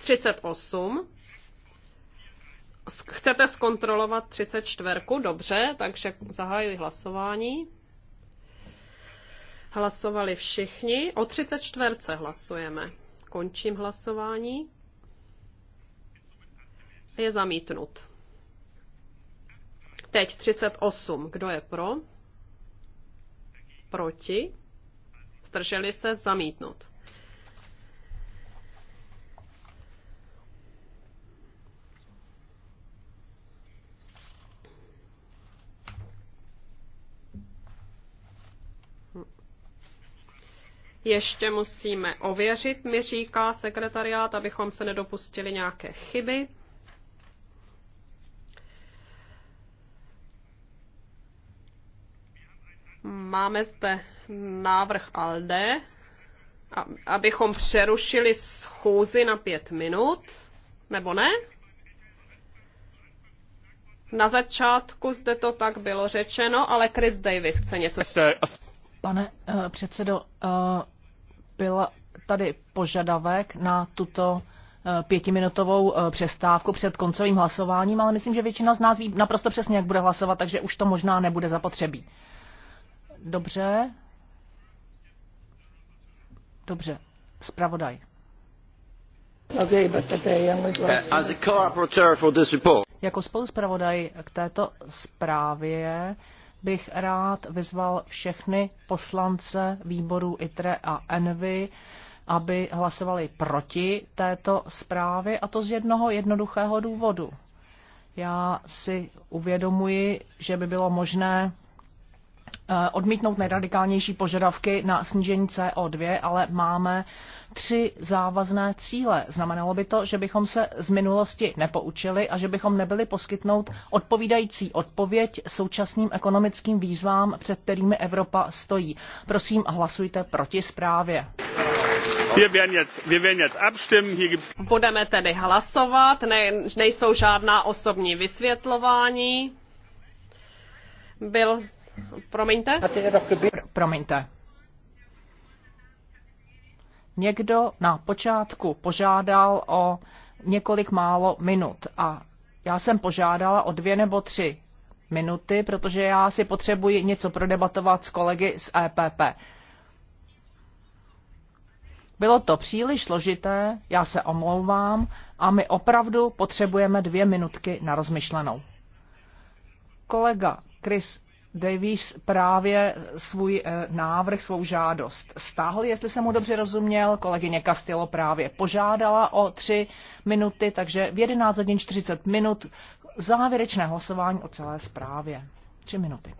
38. Chcete zkontrolovat 34? Dobře, takže zahajuji hlasování. Hlasovali všichni. O 34 hlasujeme. Končím hlasování. Je zamítnut. Teď 38. Kdo je pro? Proti? Zdrželi se zamítnout. Ještě musíme ověřit, mi říká sekretariát, abychom se nedopustili nějaké chyby. Máme zde návrh ALDE, abychom přerušili schůzi na pět minut, nebo ne? Na začátku zde to tak bylo řečeno, ale Chris Davis chce něco. Pane uh, předsedo, uh, eh, byl tady požadavek na tuto eh, pětiminutovou přestávku před koncovým hlasováním, ale myslím, že většina z nás ví naprosto přesně, jak bude hlasovat, takže už to možná nebude zapotřebí. Dobře. Dobře. Spravodaj. Uh, uh, jako spoluzpravodaj k této zprávě bych rád vyzval všechny poslance výborů ITRE a ENVY, aby hlasovali proti této zprávě, a to z jednoho jednoduchého důvodu. Já si uvědomuji, že by bylo možné Eh, odmítnout nejradikálnější požadavky na snížení CO2, ale máme tři závazné cíle. Znamenalo by to, že bychom se z minulosti nepoučili a že bychom nebyli poskytnout odpovídající odpověď současným ekonomickým výzvám, před kterými Evropa stojí. Prosím, hlasujte proti zprávě. Budeme tedy hlasovat, ne, nejsou žádná osobní vysvětlování. Byl Promiňte? Promiňte. Někdo na počátku požádal o několik málo minut a já jsem požádala o dvě nebo tři minuty, protože já si potřebuji něco prodebatovat s kolegy z EPP. Bylo to příliš složité, já se omlouvám a my opravdu potřebujeme dvě minutky na rozmyšlenou. Kolega Chris Davies právě svůj eh, návrh, svou žádost stáhl, jestli jsem mu dobře rozuměl. Kolegyně Castillo právě požádala o tři minuty, takže v 11 hodin 40 minut závěrečné hlasování o celé zprávě. Tři minuty.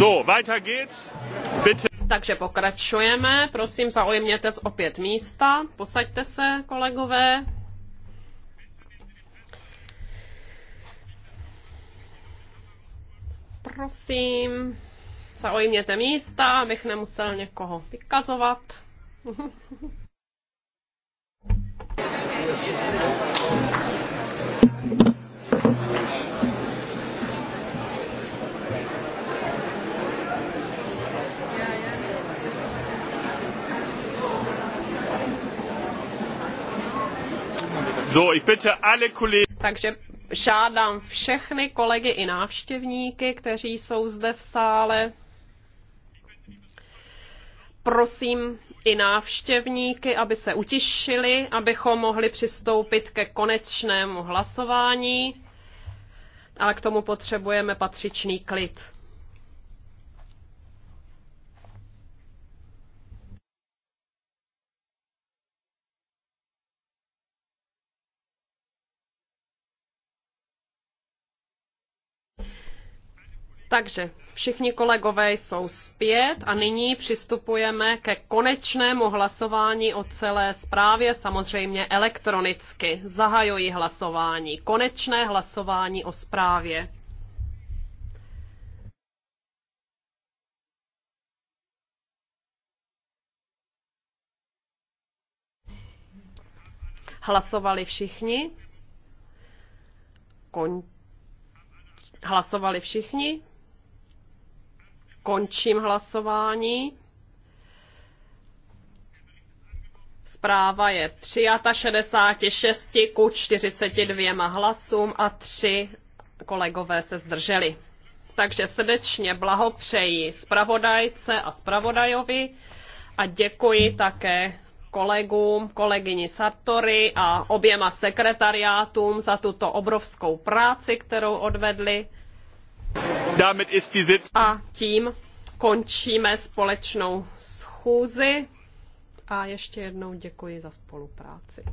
So, weiter geht's. Bitte. Takže pokračujeme. Prosím, zaujměte opět místa. Posaďte se, kolegové. Prosím, zaujměte místa, abych nemusel někoho vykazovat. So, ich bitte alle Kollegen. Takže žádám všechny kolegy i návštěvníky, kteří jsou zde v sále. Prosím i návštěvníky, aby se utišili, abychom mohli přistoupit ke konečnému hlasování, ale k tomu potřebujeme patřičný klid. Takže všichni kolegové jsou zpět a nyní přistupujeme ke konečnému hlasování o celé zprávě, samozřejmě elektronicky. Zahajuji hlasování. Konečné hlasování o zprávě. Hlasovali všichni? Kon... Hlasovali všichni? Končím hlasování. Zpráva je přijata 66 ku 42 hlasům a tři kolegové se zdrželi. Takže srdečně blahopřeji zpravodajce a zpravodajovi a děkuji také kolegům, kolegyni Sartory a oběma sekretariátům za tuto obrovskou práci, kterou odvedli. A tím končíme společnou schůzi a ještě jednou děkuji za spolupráci.